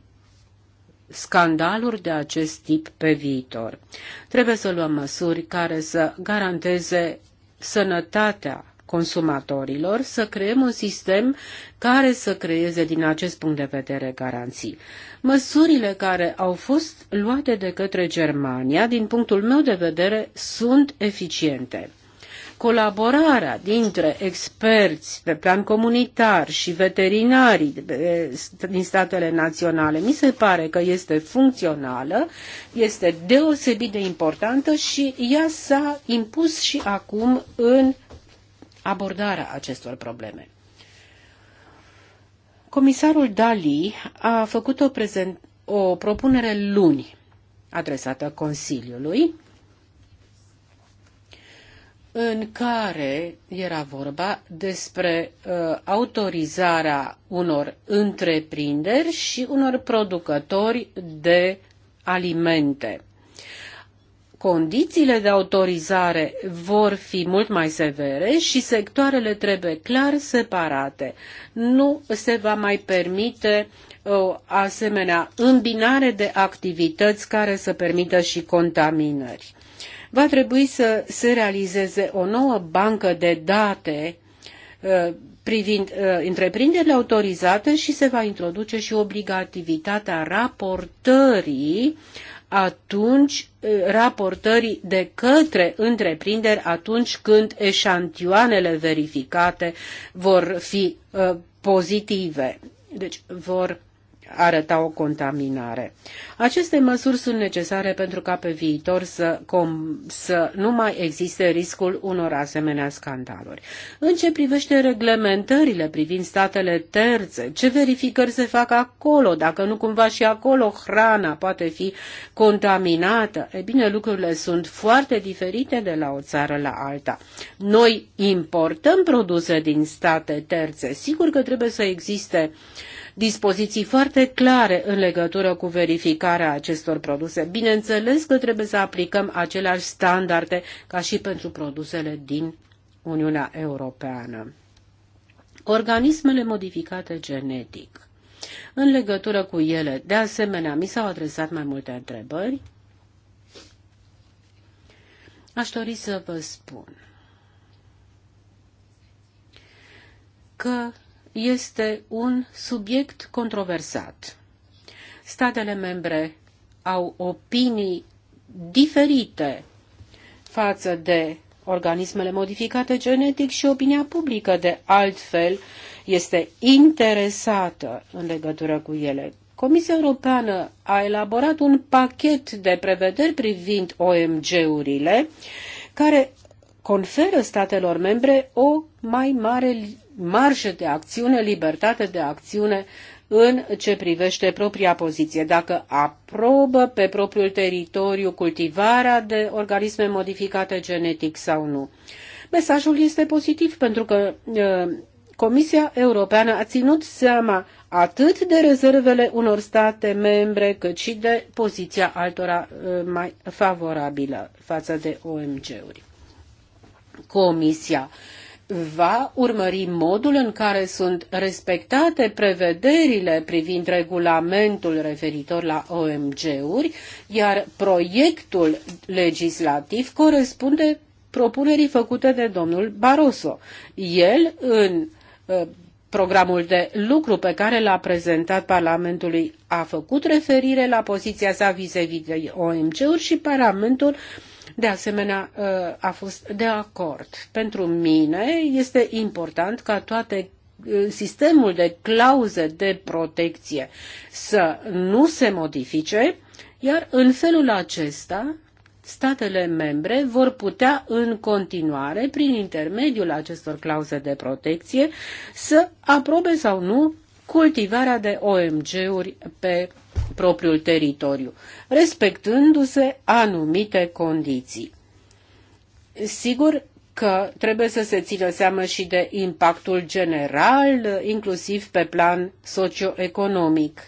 scandaluri de acest tip pe viitor. Trebuie să luăm măsuri care să garanteze sănătatea consumatorilor, să creăm un sistem care să creeze din acest punct de vedere garanții. Măsurile care au fost luate de către Germania, din punctul meu de vedere, sunt eficiente colaborarea dintre experți pe plan comunitar și veterinarii din statele naționale mi se pare că este funcțională, este deosebit de importantă și ea s-a impus și acum în abordarea acestor probleme. Comisarul Dali a făcut o, prezent, o propunere luni adresată Consiliului în care era vorba despre uh, autorizarea unor întreprinderi și unor producători de alimente. Condițiile de autorizare vor fi mult mai severe și sectoarele trebuie clar separate. Nu se va mai permite o uh, asemenea îmbinare de activități care să permită și contaminări Va trebui să se realizeze o nouă bancă de date uh, privind uh, întreprinderile autorizate și se va introduce și obligativitatea raportării atunci uh, raportării de către întreprinderi atunci când eșantioanele verificate vor fi pozitive. Deci vor arăta o contaminare. Aceste măsuri sunt necesare pentru ca pe viitor să, com, să nu mai existe riscul unor asemenea scandaluri. În ce privește reglementările privind statele terțe, ce verificări se fac acolo, dacă nu cumva și acolo hrana poate fi contaminată, e bine, lucrurile sunt foarte diferite de la o țară la alta. Noi importăm produse din state terțe, sigur că trebuie să existe uh, dispoziții foarte clare în legătură cu verificarea acestor produse. Bineînțeles că trebuie să aplicăm aceleași standarde ca și pentru produsele din Uniunea Europeană. Organismele modificate genetic. În legătură cu ele, de asemenea, mi s-au adresat mai multe întrebări. Aș dori să vă spun că este un subiect controversat. Statele membre au opinii diferite față de organismele modificate genetic și opinia publică de altfel este interesată în legătură cu ele. Comisia Europeană a elaborat un pachet de prevederi privind OMG-urile care conferă statelor membre o mai mare marjă de acțiune, libertate de acțiune în ce privește propria poziție. Dacă aprobă pe propriul teritoriu cultivarea de organisme modificate genetic sau nu. Mesajul este pozitiv pentru că Comisia Europeană a ținut seama atât de rezervele unor state membre, cât și de poziția altora mai favorabilă față de OMG-uri. Comisia va urmări modul în care sunt respectate prevederile privind regulamentul referitor la OMG-uri, iar proiectul legislativ corespunde propunerii făcute de domnul Barroso. El, în ă, programul de lucru pe care l-a prezentat Parlamentului, a făcut referire la poziția sa vis-a-vis -vis de OMG-uri și Parlamentul uh, de asemenea ă, a fost de acord. Pentru mine este important ca toate ă, sistemul de clauze de protecție să nu se modifice, iar în felul acesta statele membre vor putea în continuare, prin intermediul acestor clauze de protecție, să aprobe sau nu cultivarea de OMG-uri pe propriul teritoriu, respectându-se anumite condiții. Sigur că trebuie să se țină seamă și de impactul general, inclusiv pe plan socioeconomic.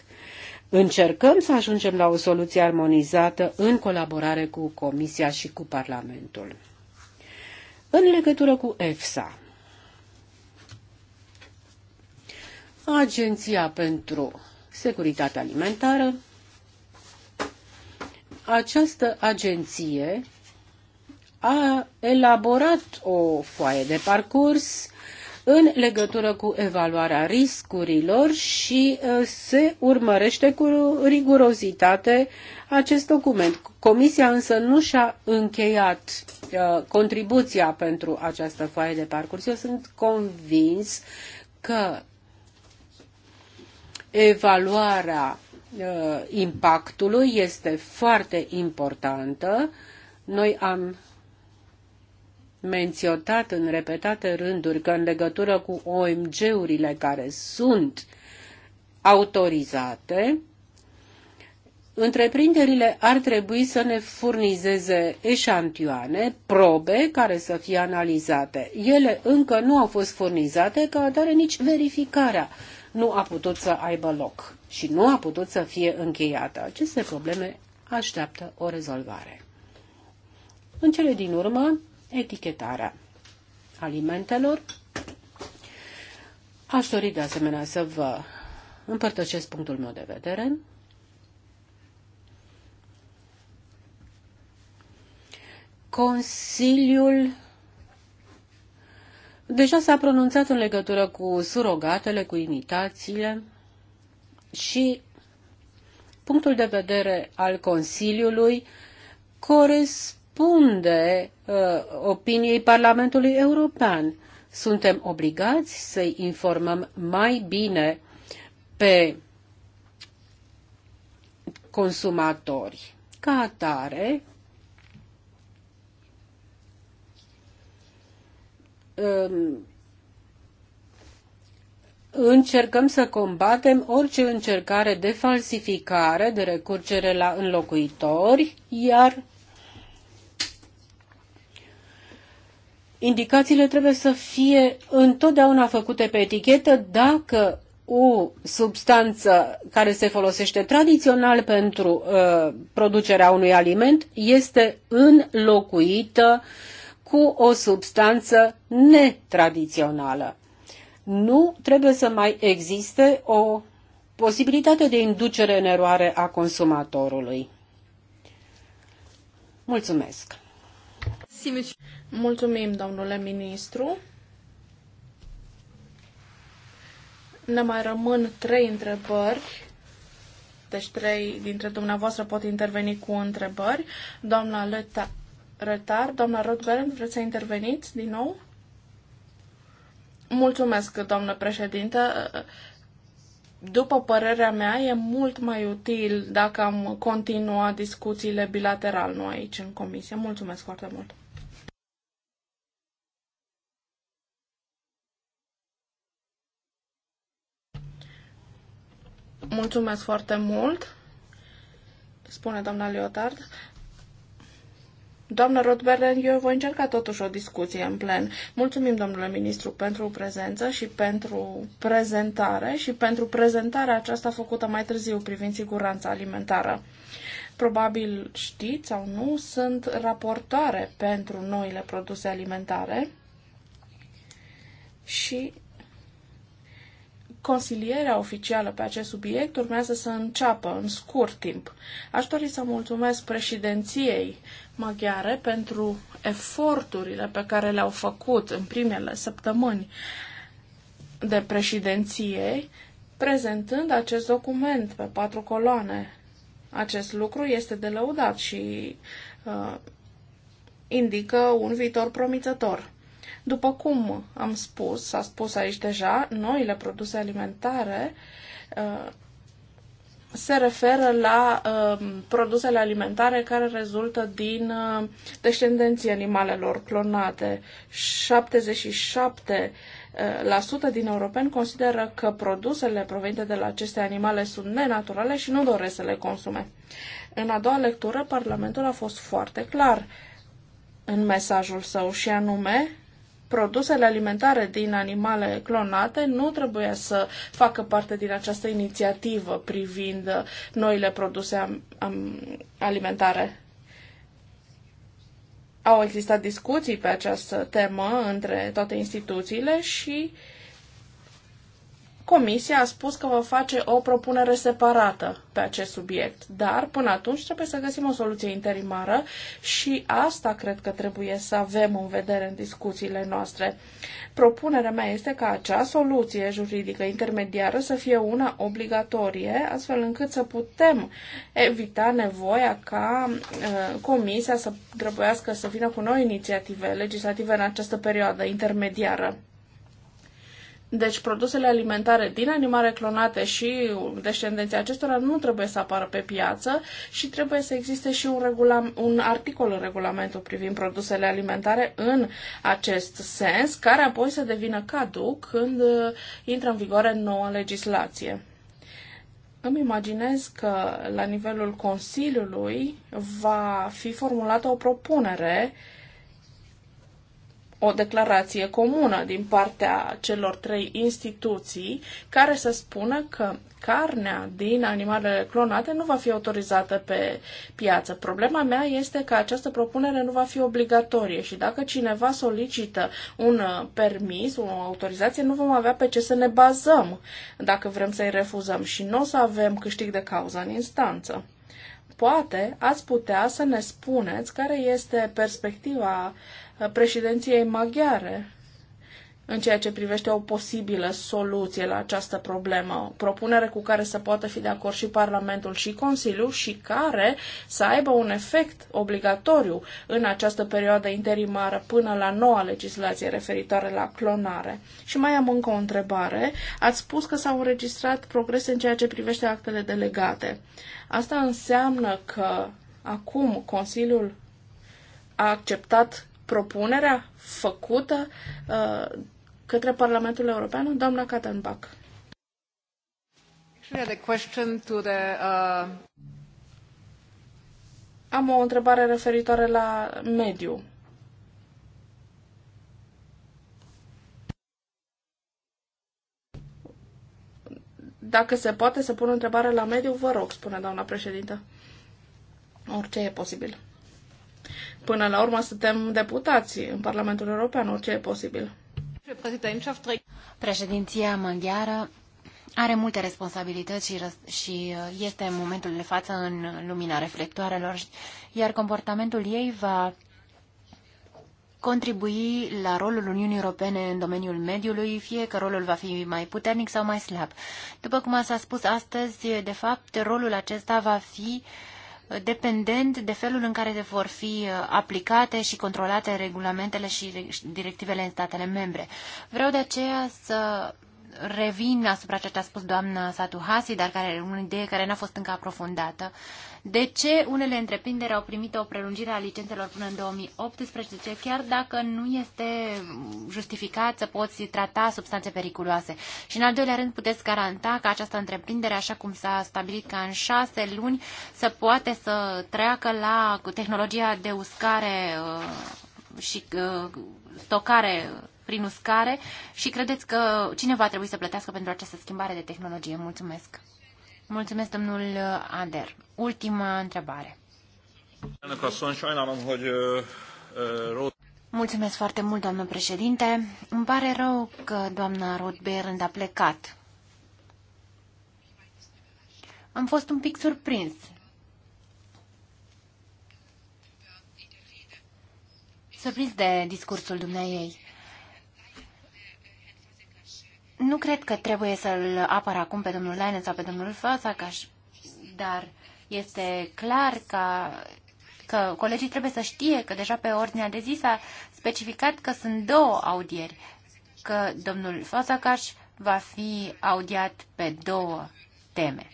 Încercăm să ajungem la o soluție armonizată în colaborare cu Comisia și cu Parlamentul. În legătură cu EFSA, Agenția pentru securitatea alimentară. Această agenție a elaborat o foaie de parcurs în legătură cu evaluarea riscurilor și uh, se urmărește cu rigurozitate acest document. Comisia însă nu și-a încheiat uh, contribuția pentru această foaie de parcurs. Eu sunt convins că evaluarea uh, impactului este foarte importantă. Noi am menționat în repetate rânduri că în legătură cu OMG-urile care sunt autorizate, întreprinderile ar trebui să ne furnizeze eșantioane, probe care să fie analizate. Ele încă nu au fost furnizate, ca atare nici verificarea nu a putut să aibă loc și nu a putut să fie încheiată. Aceste probleme așteaptă o rezolvare. În cele din urmă, etichetarea alimentelor. Aș dori de asemenea să vă împărtășesc punctul meu de vedere. Consiliul deja s-a pronunțat în legătură cu surogatele, cu imitațiile și punctul de vedere al Consiliului corespunde uh, opiniei Parlamentului European. Suntem obligați să-i informăm mai bine pe consumatori. Ca atare, Um, încercăm să combatem orice încercare de falsificare, de recurgere la înlocuitori, iar indicațiile trebuie să fie întotdeauna făcute pe etichetă dacă o substanță care se folosește tradițional pentru uh, producerea unui aliment este înlocuită uh, cu o substanță netradițională. Nu trebuie să mai existe o posibilitate de inducere în eroare a consumatorului. Mulțumesc! Mulțumim, domnule ministru! Ne mai rămân trei întrebări. Deci trei dintre dumneavoastră pot interveni cu întrebări. Doamna Leta Retar, Doamna Rodberend, vreți să interveniți din nou? Mulțumesc, doamnă președintă. După părerea mea, e mult mai util dacă am continua discuțiile bilateral, nu aici, în comisie. Mulțumesc foarte mult. Mulțumesc foarte mult, spune doamna Leotard. Doamnă Rodberlen, eu voi încerca totuși o discuție în plen. Mulțumim, domnule ministru, pentru prezență și pentru prezentare și pentru prezentarea aceasta făcută mai târziu privind siguranța alimentară. Probabil știți sau nu, sunt raportoare pentru noile produse alimentare și Consilierea oficială pe acest subiect urmează să înceapă în scurt timp. Aș dori să mulțumesc președinției maghiare pentru eforturile pe care le-au făcut în primele săptămâni de președinție, prezentând acest document pe patru coloane. Acest lucru este de lăudat și uh, indică un viitor promițător. După cum am spus, s-a spus aici deja, noile produse alimentare uh, se referă la um, produsele alimentare care rezultă din uh, descendenții animalelor clonate. 77 uh, la din europeni consideră că produsele provenite de la aceste animale sunt nenaturale și nu doresc să le consume. În a doua lectură, Parlamentul a fost foarte clar în mesajul său și anume produsele alimentare din animale clonate nu trebuie să facă parte din această inițiativă privind noile produse alimentare. Au existat discuții pe această temă între toate instituțiile și uh, Comisia a spus că va face o propunere separată pe acest subiect, dar până atunci trebuie să găsim o soluție interimară și asta cred că trebuie să avem în vedere în discuțiile noastre. Propunerea mea este ca acea soluție juridică intermediară să fie una obligatorie, astfel încât să putem evita nevoia ca uh, Comisia să grăbească să vină cu noi inițiative legislative în această perioadă intermediară. Deci produsele alimentare din animale clonate și descendenții acestora nu trebuie să apară pe piață și trebuie să existe și un, regula- un articol în regulamentul privind produsele alimentare în acest sens, care apoi să devină caduc când uh, intră în vigoare noua legislație. Îmi imaginez că la nivelul Consiliului va fi formulată o propunere uh, o declarație comună din partea celor trei instituții care să spună că carnea din animalele clonate nu va fi autorizată pe piață. Problema mea este că această propunere nu va fi obligatorie și dacă cineva solicită un uh, permis, o autorizație, nu vom avea pe ce să ne bazăm dacă vrem să-i refuzăm și nu o să avem câștig de cauză în instanță. Poate ați putea să ne spuneți care este perspectiva uh, președinției maghiare în ceea ce privește o posibilă soluție la această problemă, o propunere cu care să poată fi de acord și Parlamentul și Consiliul și care să aibă un efect obligatoriu în această perioadă interimară până la noua legislație referitoare la clonare. Și mai am încă o întrebare. Ați spus că s-au înregistrat progrese în ceea ce privește actele delegate. Asta înseamnă că acum Consiliul a acceptat propunerea făcută uh, către Parlamentul European, doamna Katenbach. question to the, uh, Am o întrebare referitoare la mediu. Dacă se poate să pun o întrebare la mediu, vă rog, spune doamna președintă. Orice e posibil. Până la urmă suntem deputați în Parlamentul European, orice e posibil. Președinția maghiară are multe responsabilități și, și uh, este în momentul de față în lumina reflectoarelor, iar comportamentul ei va contribui la rolul Uniunii Europene în domeniul mediului, fie că rolul va fi mai puternic sau mai slab. După cum s-a spus astăzi, de fapt, rolul acesta va fi uh, dependent de felul în care vor fi uh, aplicate și controlate regulamentele și directivele în statele membre. Vreau de aceea să revin asupra ceea ce a spus doamna Satuhasi, dar care e o idee care n-a fost încă aprofundată. De ce unele întreprinderi au primit o prelungire a licențelor până în 2018, chiar dacă nu este justificat să poți trata substanțe periculoase? Și în al doilea rând puteți garanta că această întreprindere, așa cum s-a stabilit ca în șase luni, să poate să treacă la tehnologia de uscare uh, și uh, stocare prin uscare și credeți că cine va trebui să plătească pentru această schimbare de tehnologie? Mulțumesc! Mulțumesc, domnul uh, Ader. Ultima întrebare. Uh, uh, Mulțumesc foarte mult, doamnă președinte. Îmi pare rău că doamna Berend a plecat. Am fost un pic surprins. Surprins de discursul dumneai ei. Nu cred că trebuie să-l apăr acum pe domnul Leinen sau pe domnul Fățacaș, dar este clar că, că colegii trebuie să știe că deja pe ordinea de zi s-a specificat că sunt două audieri, că domnul Fățacaș va fi audiat pe două teme.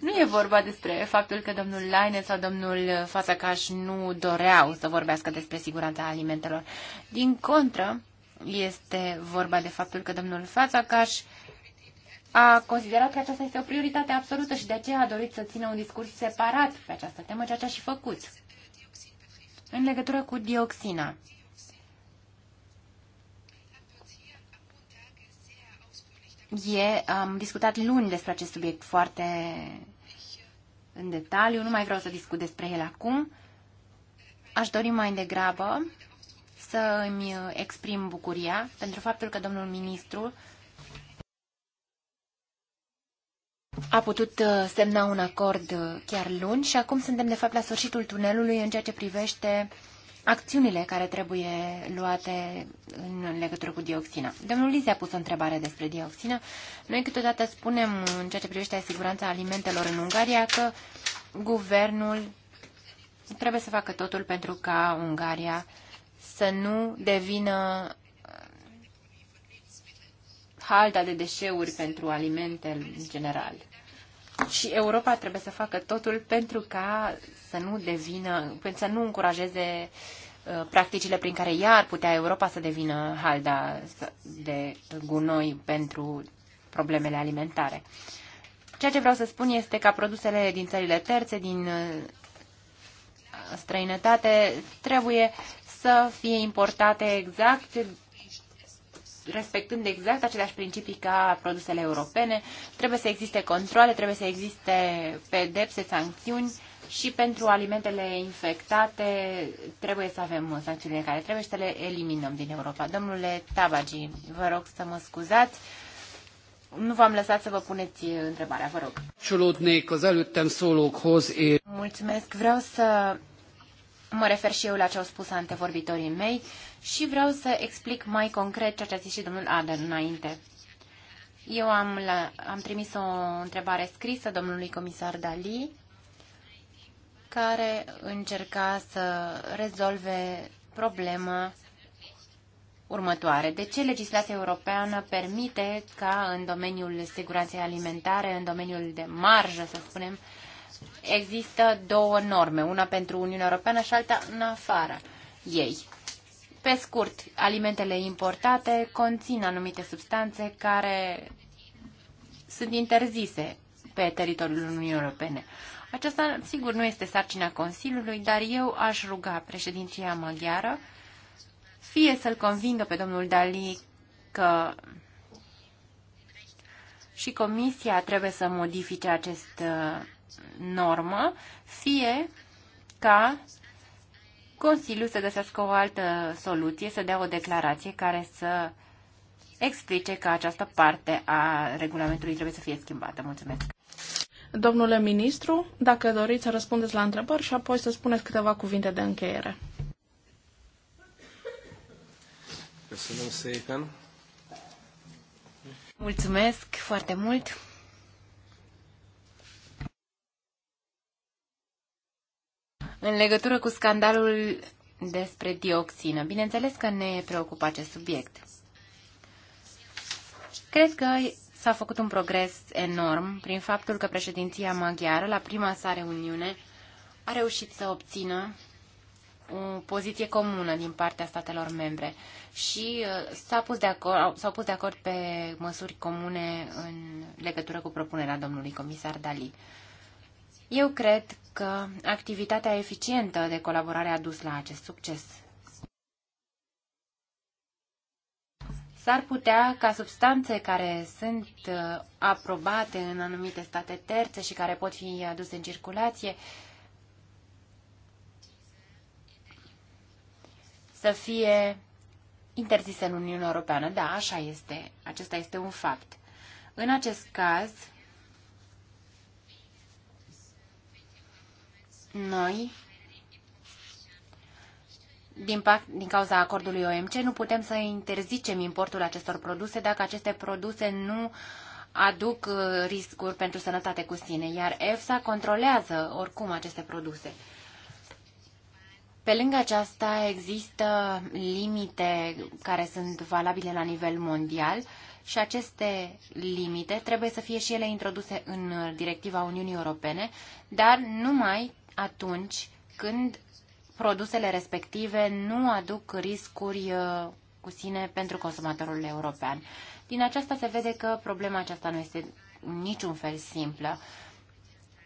Nu e vorba despre faptul că domnul Laine sau domnul Fasacaș nu doreau să vorbească despre siguranța alimentelor. Din contră, este vorba de faptul că domnul Fasacaș a considerat că aceasta este o prioritate absolută și de aceea a dorit să țină un discurs separat pe această temă, ceea ce a și făcut. În legătură cu dioxina, E, am discutat luni despre acest subiect foarte în detaliu, nu mai vreau să discut despre el acum. Aș dori mai degrabă să îmi exprim bucuria pentru faptul că domnul ministru a putut uh, semna un acord uh, chiar luni și acum suntem de fapt la sfârșitul tunelului în ceea ce privește uh, acțiunile care trebuie luate în legătură cu dioxina. Domnul Lise a pus o întrebare despre dioxina. Noi câteodată spunem, în ceea ce privește siguranța alimentelor în Ungaria, că guvernul trebuie să facă totul pentru ca Ungaria să nu devină uh, halda de deșeuri pentru alimente în general și Europa trebuie să facă totul pentru ca să nu devină, să nu încurajeze uh, practicile prin care ea ar putea Europa să devină halda de gunoi pentru problemele alimentare. Ceea ce vreau să spun este ca produsele din țările terțe, din uh, străinătate, trebuie să fie importate exact respectând exact aceleași principii ca produsele europene. Trebuie să existe controle, trebuie să existe pedepse, sancțiuni și pentru alimentele infectate trebuie să avem sancțiunile care trebuie și să le eliminăm din Europa. Domnule Tabagi, vă rog să mă scuzați. Nu v-am lăsat să vă puneți întrebarea, vă rog. Mulțumesc. Vreau să mă refer și eu la ce au spus antevorbitorii mei și vreau să explic mai concret ceea ce a zis și domnul Aden înainte. Eu am, la, am trimis o întrebare scrisă domnului comisar Dali, care încerca să rezolve problema următoare. De ce legislația europeană permite ca în domeniul siguranței alimentare, în domeniul de marjă, să spunem, există două norme, una pentru Uniunea Europeană și alta în afara ei? Pe scurt, alimentele importate conțin anumite substanțe care sunt interzise pe teritoriul Uniunii Europene. Aceasta, sigur, nu este sarcina Consiliului, dar eu aș ruga președinția maghiară fie să-l convingă pe domnul Dali că și Comisia trebuie să modifice acest uh, normă, fie ca Consiliul să găsească o altă soluție, să dea o declarație care să explice că această parte a regulamentului trebuie să fie schimbată. Mulțumesc. Domnule ministru, dacă doriți să răspundeți la întrebări și apoi să spuneți câteva cuvinte de încheiere. Mulțumesc foarte mult. în legătură cu scandalul despre dioxină. Bineînțeles că ne preocupă acest subiect. Cred că s-a făcut un progres enorm prin faptul că președinția maghiară, la prima sa reuniune, a reușit să obțină o poziție comună din partea statelor membre și uh, s-a pus de acord, s-au pus de acord pe măsuri comune în legătură cu propunerea domnului comisar Dali. Eu cred că activitatea eficientă de colaborare a dus la acest succes. S-ar putea ca substanțe care sunt uh, aprobate în anumite state terțe și care pot fi aduse în circulație să fie interzise în Uniunea Europeană. Da, așa este. Acesta este un fapt. În acest caz, Noi, din, pact, din cauza acordului OMC, nu putem să interzicem importul acestor produse dacă aceste produse nu aduc uh, riscuri pentru sănătate cu sine, iar EFSA controlează oricum aceste produse. Pe lângă aceasta există limite care sunt valabile la nivel mondial și aceste limite trebuie să fie și ele introduse în directiva Uniunii Europene, dar numai atunci când produsele respective nu aduc riscuri uh, cu sine pentru consumatorul european. Din aceasta se vede că problema aceasta nu este niciun fel simplă.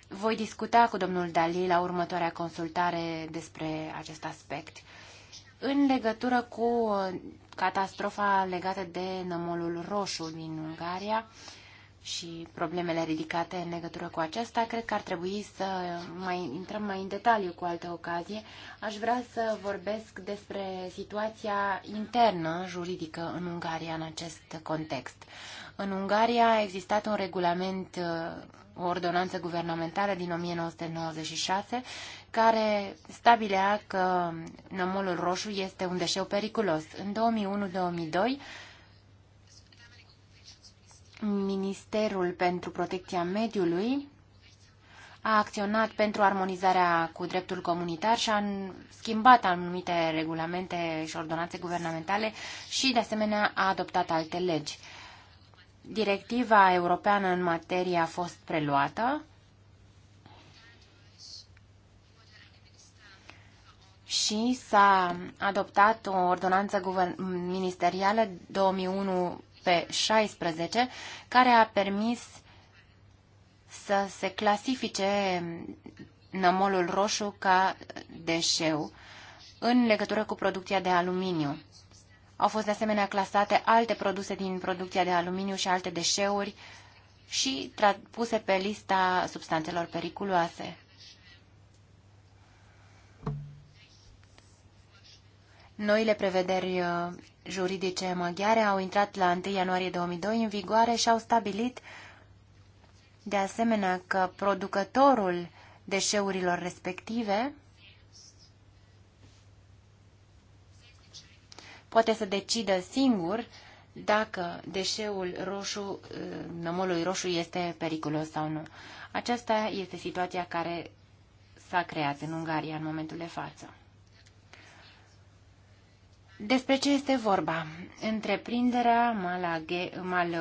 Voi discuta cu domnul Dali la următoarea consultare despre acest aspect. În legătură cu uh, catastrofa legată de nămolul roșu din Ungaria, și problemele ridicate în legătură cu aceasta. Cred că ar trebui să mai intrăm mai în detaliu cu altă ocazie. Aș vrea să vorbesc despre situația internă juridică în Ungaria în acest context. În Ungaria a existat un regulament, o ordonanță guvernamentală din 1996, care stabilea că nămolul roșu este un deșeu periculos. În 2001-2002, Ministerul pentru Protecția Mediului a acționat pentru armonizarea cu dreptul comunitar și a schimbat anumite regulamente și ordonanțe guvernamentale și, de asemenea, a adoptat alte legi. Directiva europeană în materie a fost preluată și s-a adoptat o ordonanță ministerială 2001 pe 16, care a permis să se clasifice nămolul roșu ca deșeu în legătură cu producția de aluminiu. Au fost de asemenea clasate alte produse din producția de aluminiu și alte deșeuri și puse pe lista substanțelor periculoase. Noile prevederi uh, juridice maghiare au intrat la 1 ianuarie 2002 în vigoare și au stabilit de asemenea că producătorul deșeurilor respective poate să decidă singur dacă deșeul roșu, nămolului roșu este periculos sau nu. Aceasta este situația care s-a creat în Ungaria în momentul de față. Despre ce este vorba? Întreprinderea Mal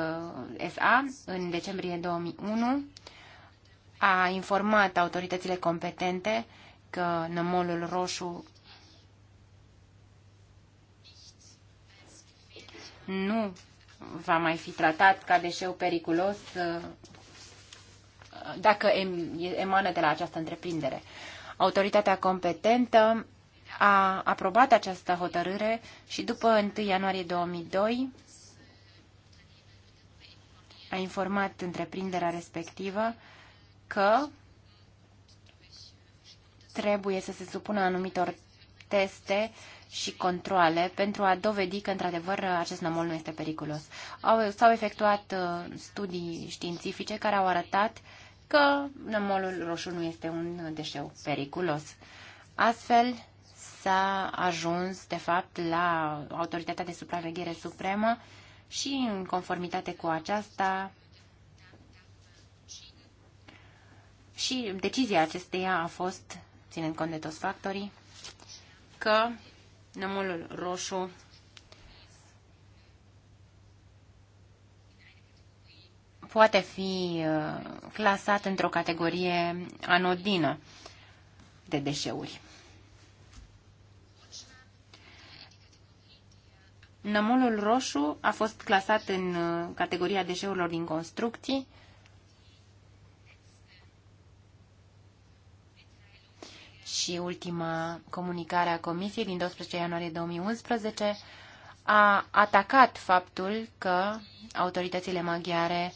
eh, SA în decembrie 2001 a informat autoritățile competente că nămolul roșu nu va mai fi tratat ca deșeu periculos eh, dacă emană de la această întreprindere. Autoritatea competentă a aprobat această hotărâre și după 1 ianuarie 2002 a informat întreprinderea respectivă că trebuie să se supună anumitor teste și controle pentru a dovedi că, într-adevăr, acest namol nu este periculos. S-au efectuat uh, studii științifice care au arătat că namolul roșu nu este un deșeu periculos. Astfel, s-a ajuns, de fapt, la Autoritatea de Supraveghere Supremă și, în conformitate cu aceasta, și decizia acesteia a fost, ținând cont de toți factorii, că nămolul roșu poate fi uh, clasat într-o categorie anodină de deșeuri. Nămolul roșu a fost clasat în uh, categoria deșeurilor din construcții. Și ultima comunicare a Comisiei din 12 ianuarie 2011 a atacat faptul că autoritățile maghiare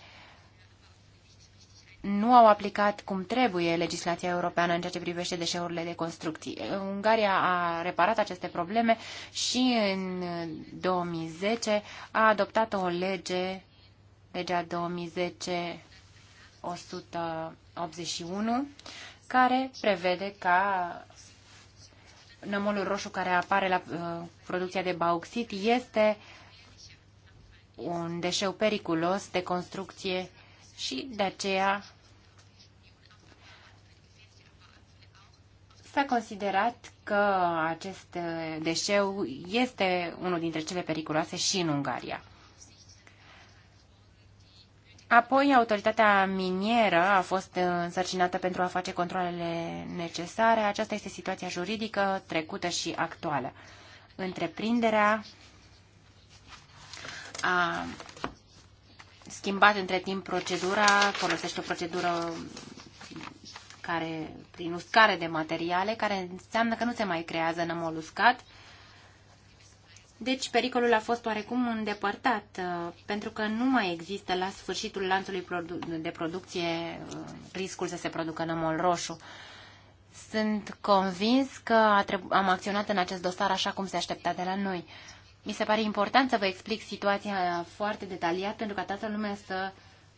nu au aplicat cum trebuie legislația europeană în ceea ce privește deșeurile de construcții. Ungaria a reparat aceste probleme și în 2010 a adoptat o lege, legea 2010 181, care prevede ca nămolul roșu care apare la uh, producția de bauxit este un deșeu periculos de construcție și de aceea s-a considerat că acest deșeu este unul dintre cele periculoase și în Ungaria. Apoi, autoritatea minieră a fost însărcinată pentru a face controlele necesare. Aceasta este situația juridică trecută și actuală. Întreprinderea a schimbat între timp procedura, folosește o procedură care, prin uscare de materiale, care înseamnă că nu se mai creează nămol uscat. Deci pericolul a fost oarecum îndepărtat, uh, pentru că nu mai există la sfârșitul lanțului de producție uh, riscul să se producă nămol roșu. Sunt convins că am acționat în acest dosar așa cum se aștepta de la noi. Mi se pare important să vă explic situația foarte detaliat pentru ca toată lumea să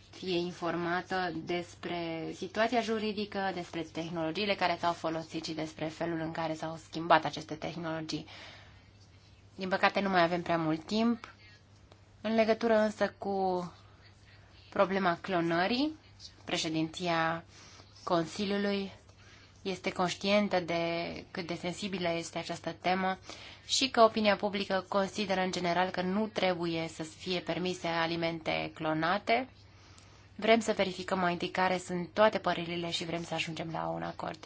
fie informată despre situația juridică, despre tehnologiile care s-au folosit și despre felul în care s-au schimbat aceste tehnologii. Din păcate nu mai avem prea mult timp. În legătură însă cu problema clonării, președinția Consiliului este conștientă de cât de sensibilă este această temă și că opinia publică consideră în general că nu trebuie să fie permise alimente clonate. Vrem să verificăm mai întâi care sunt toate părerile și vrem să ajungem la un acord.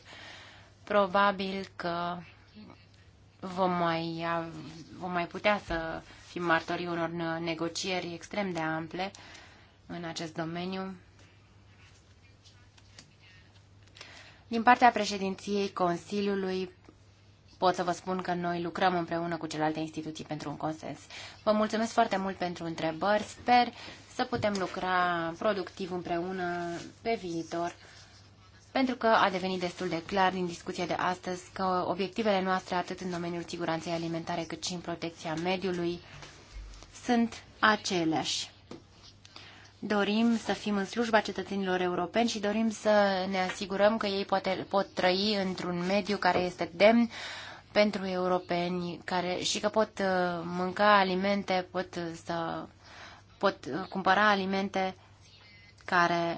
Probabil că vom mai, vom mai putea să fim martorii unor negocieri extrem de ample în acest domeniu. Din partea președinției Consiliului pot să vă spun că noi lucrăm împreună cu celelalte instituții pentru un consens. Vă mulțumesc foarte mult pentru întrebări. Sper să putem lucra productiv împreună pe viitor, pentru că a devenit destul de clar din discuția de astăzi că obiectivele noastre, atât în domeniul siguranței alimentare, cât și în protecția mediului, sunt aceleași. Dorim să fim în slujba cetățenilor europeni și dorim să ne asigurăm că ei poate, pot trăi într-un mediu care este demn uh, pentru europeni care, și că pot uh, mânca alimente, pot, să, pot uh, cumpăra alimente care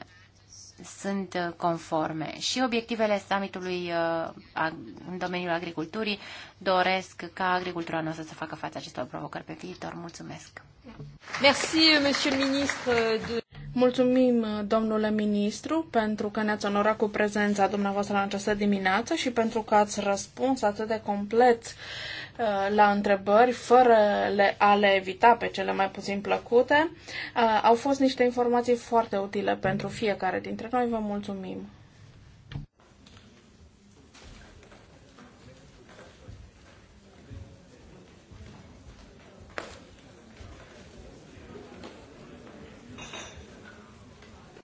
sunt uh, conforme. Și obiectivele summitului în domeniul agriculturii doresc ca agricultura noastră să facă față acestor provocări pe viitor. Mulțumesc! Merci, monsieur le ministre. De... Mulțumim, uh, domnule ministru, pentru că ne-ați onorat cu prezența dumneavoastră în această dimineață și pentru că ați răspuns atât de complet uh, la întrebări, fără a le evita pe cele mai puțin plăcute. Uh, au fost niște informații foarte utile pentru fiecare dintre noi. Vă mulțumim!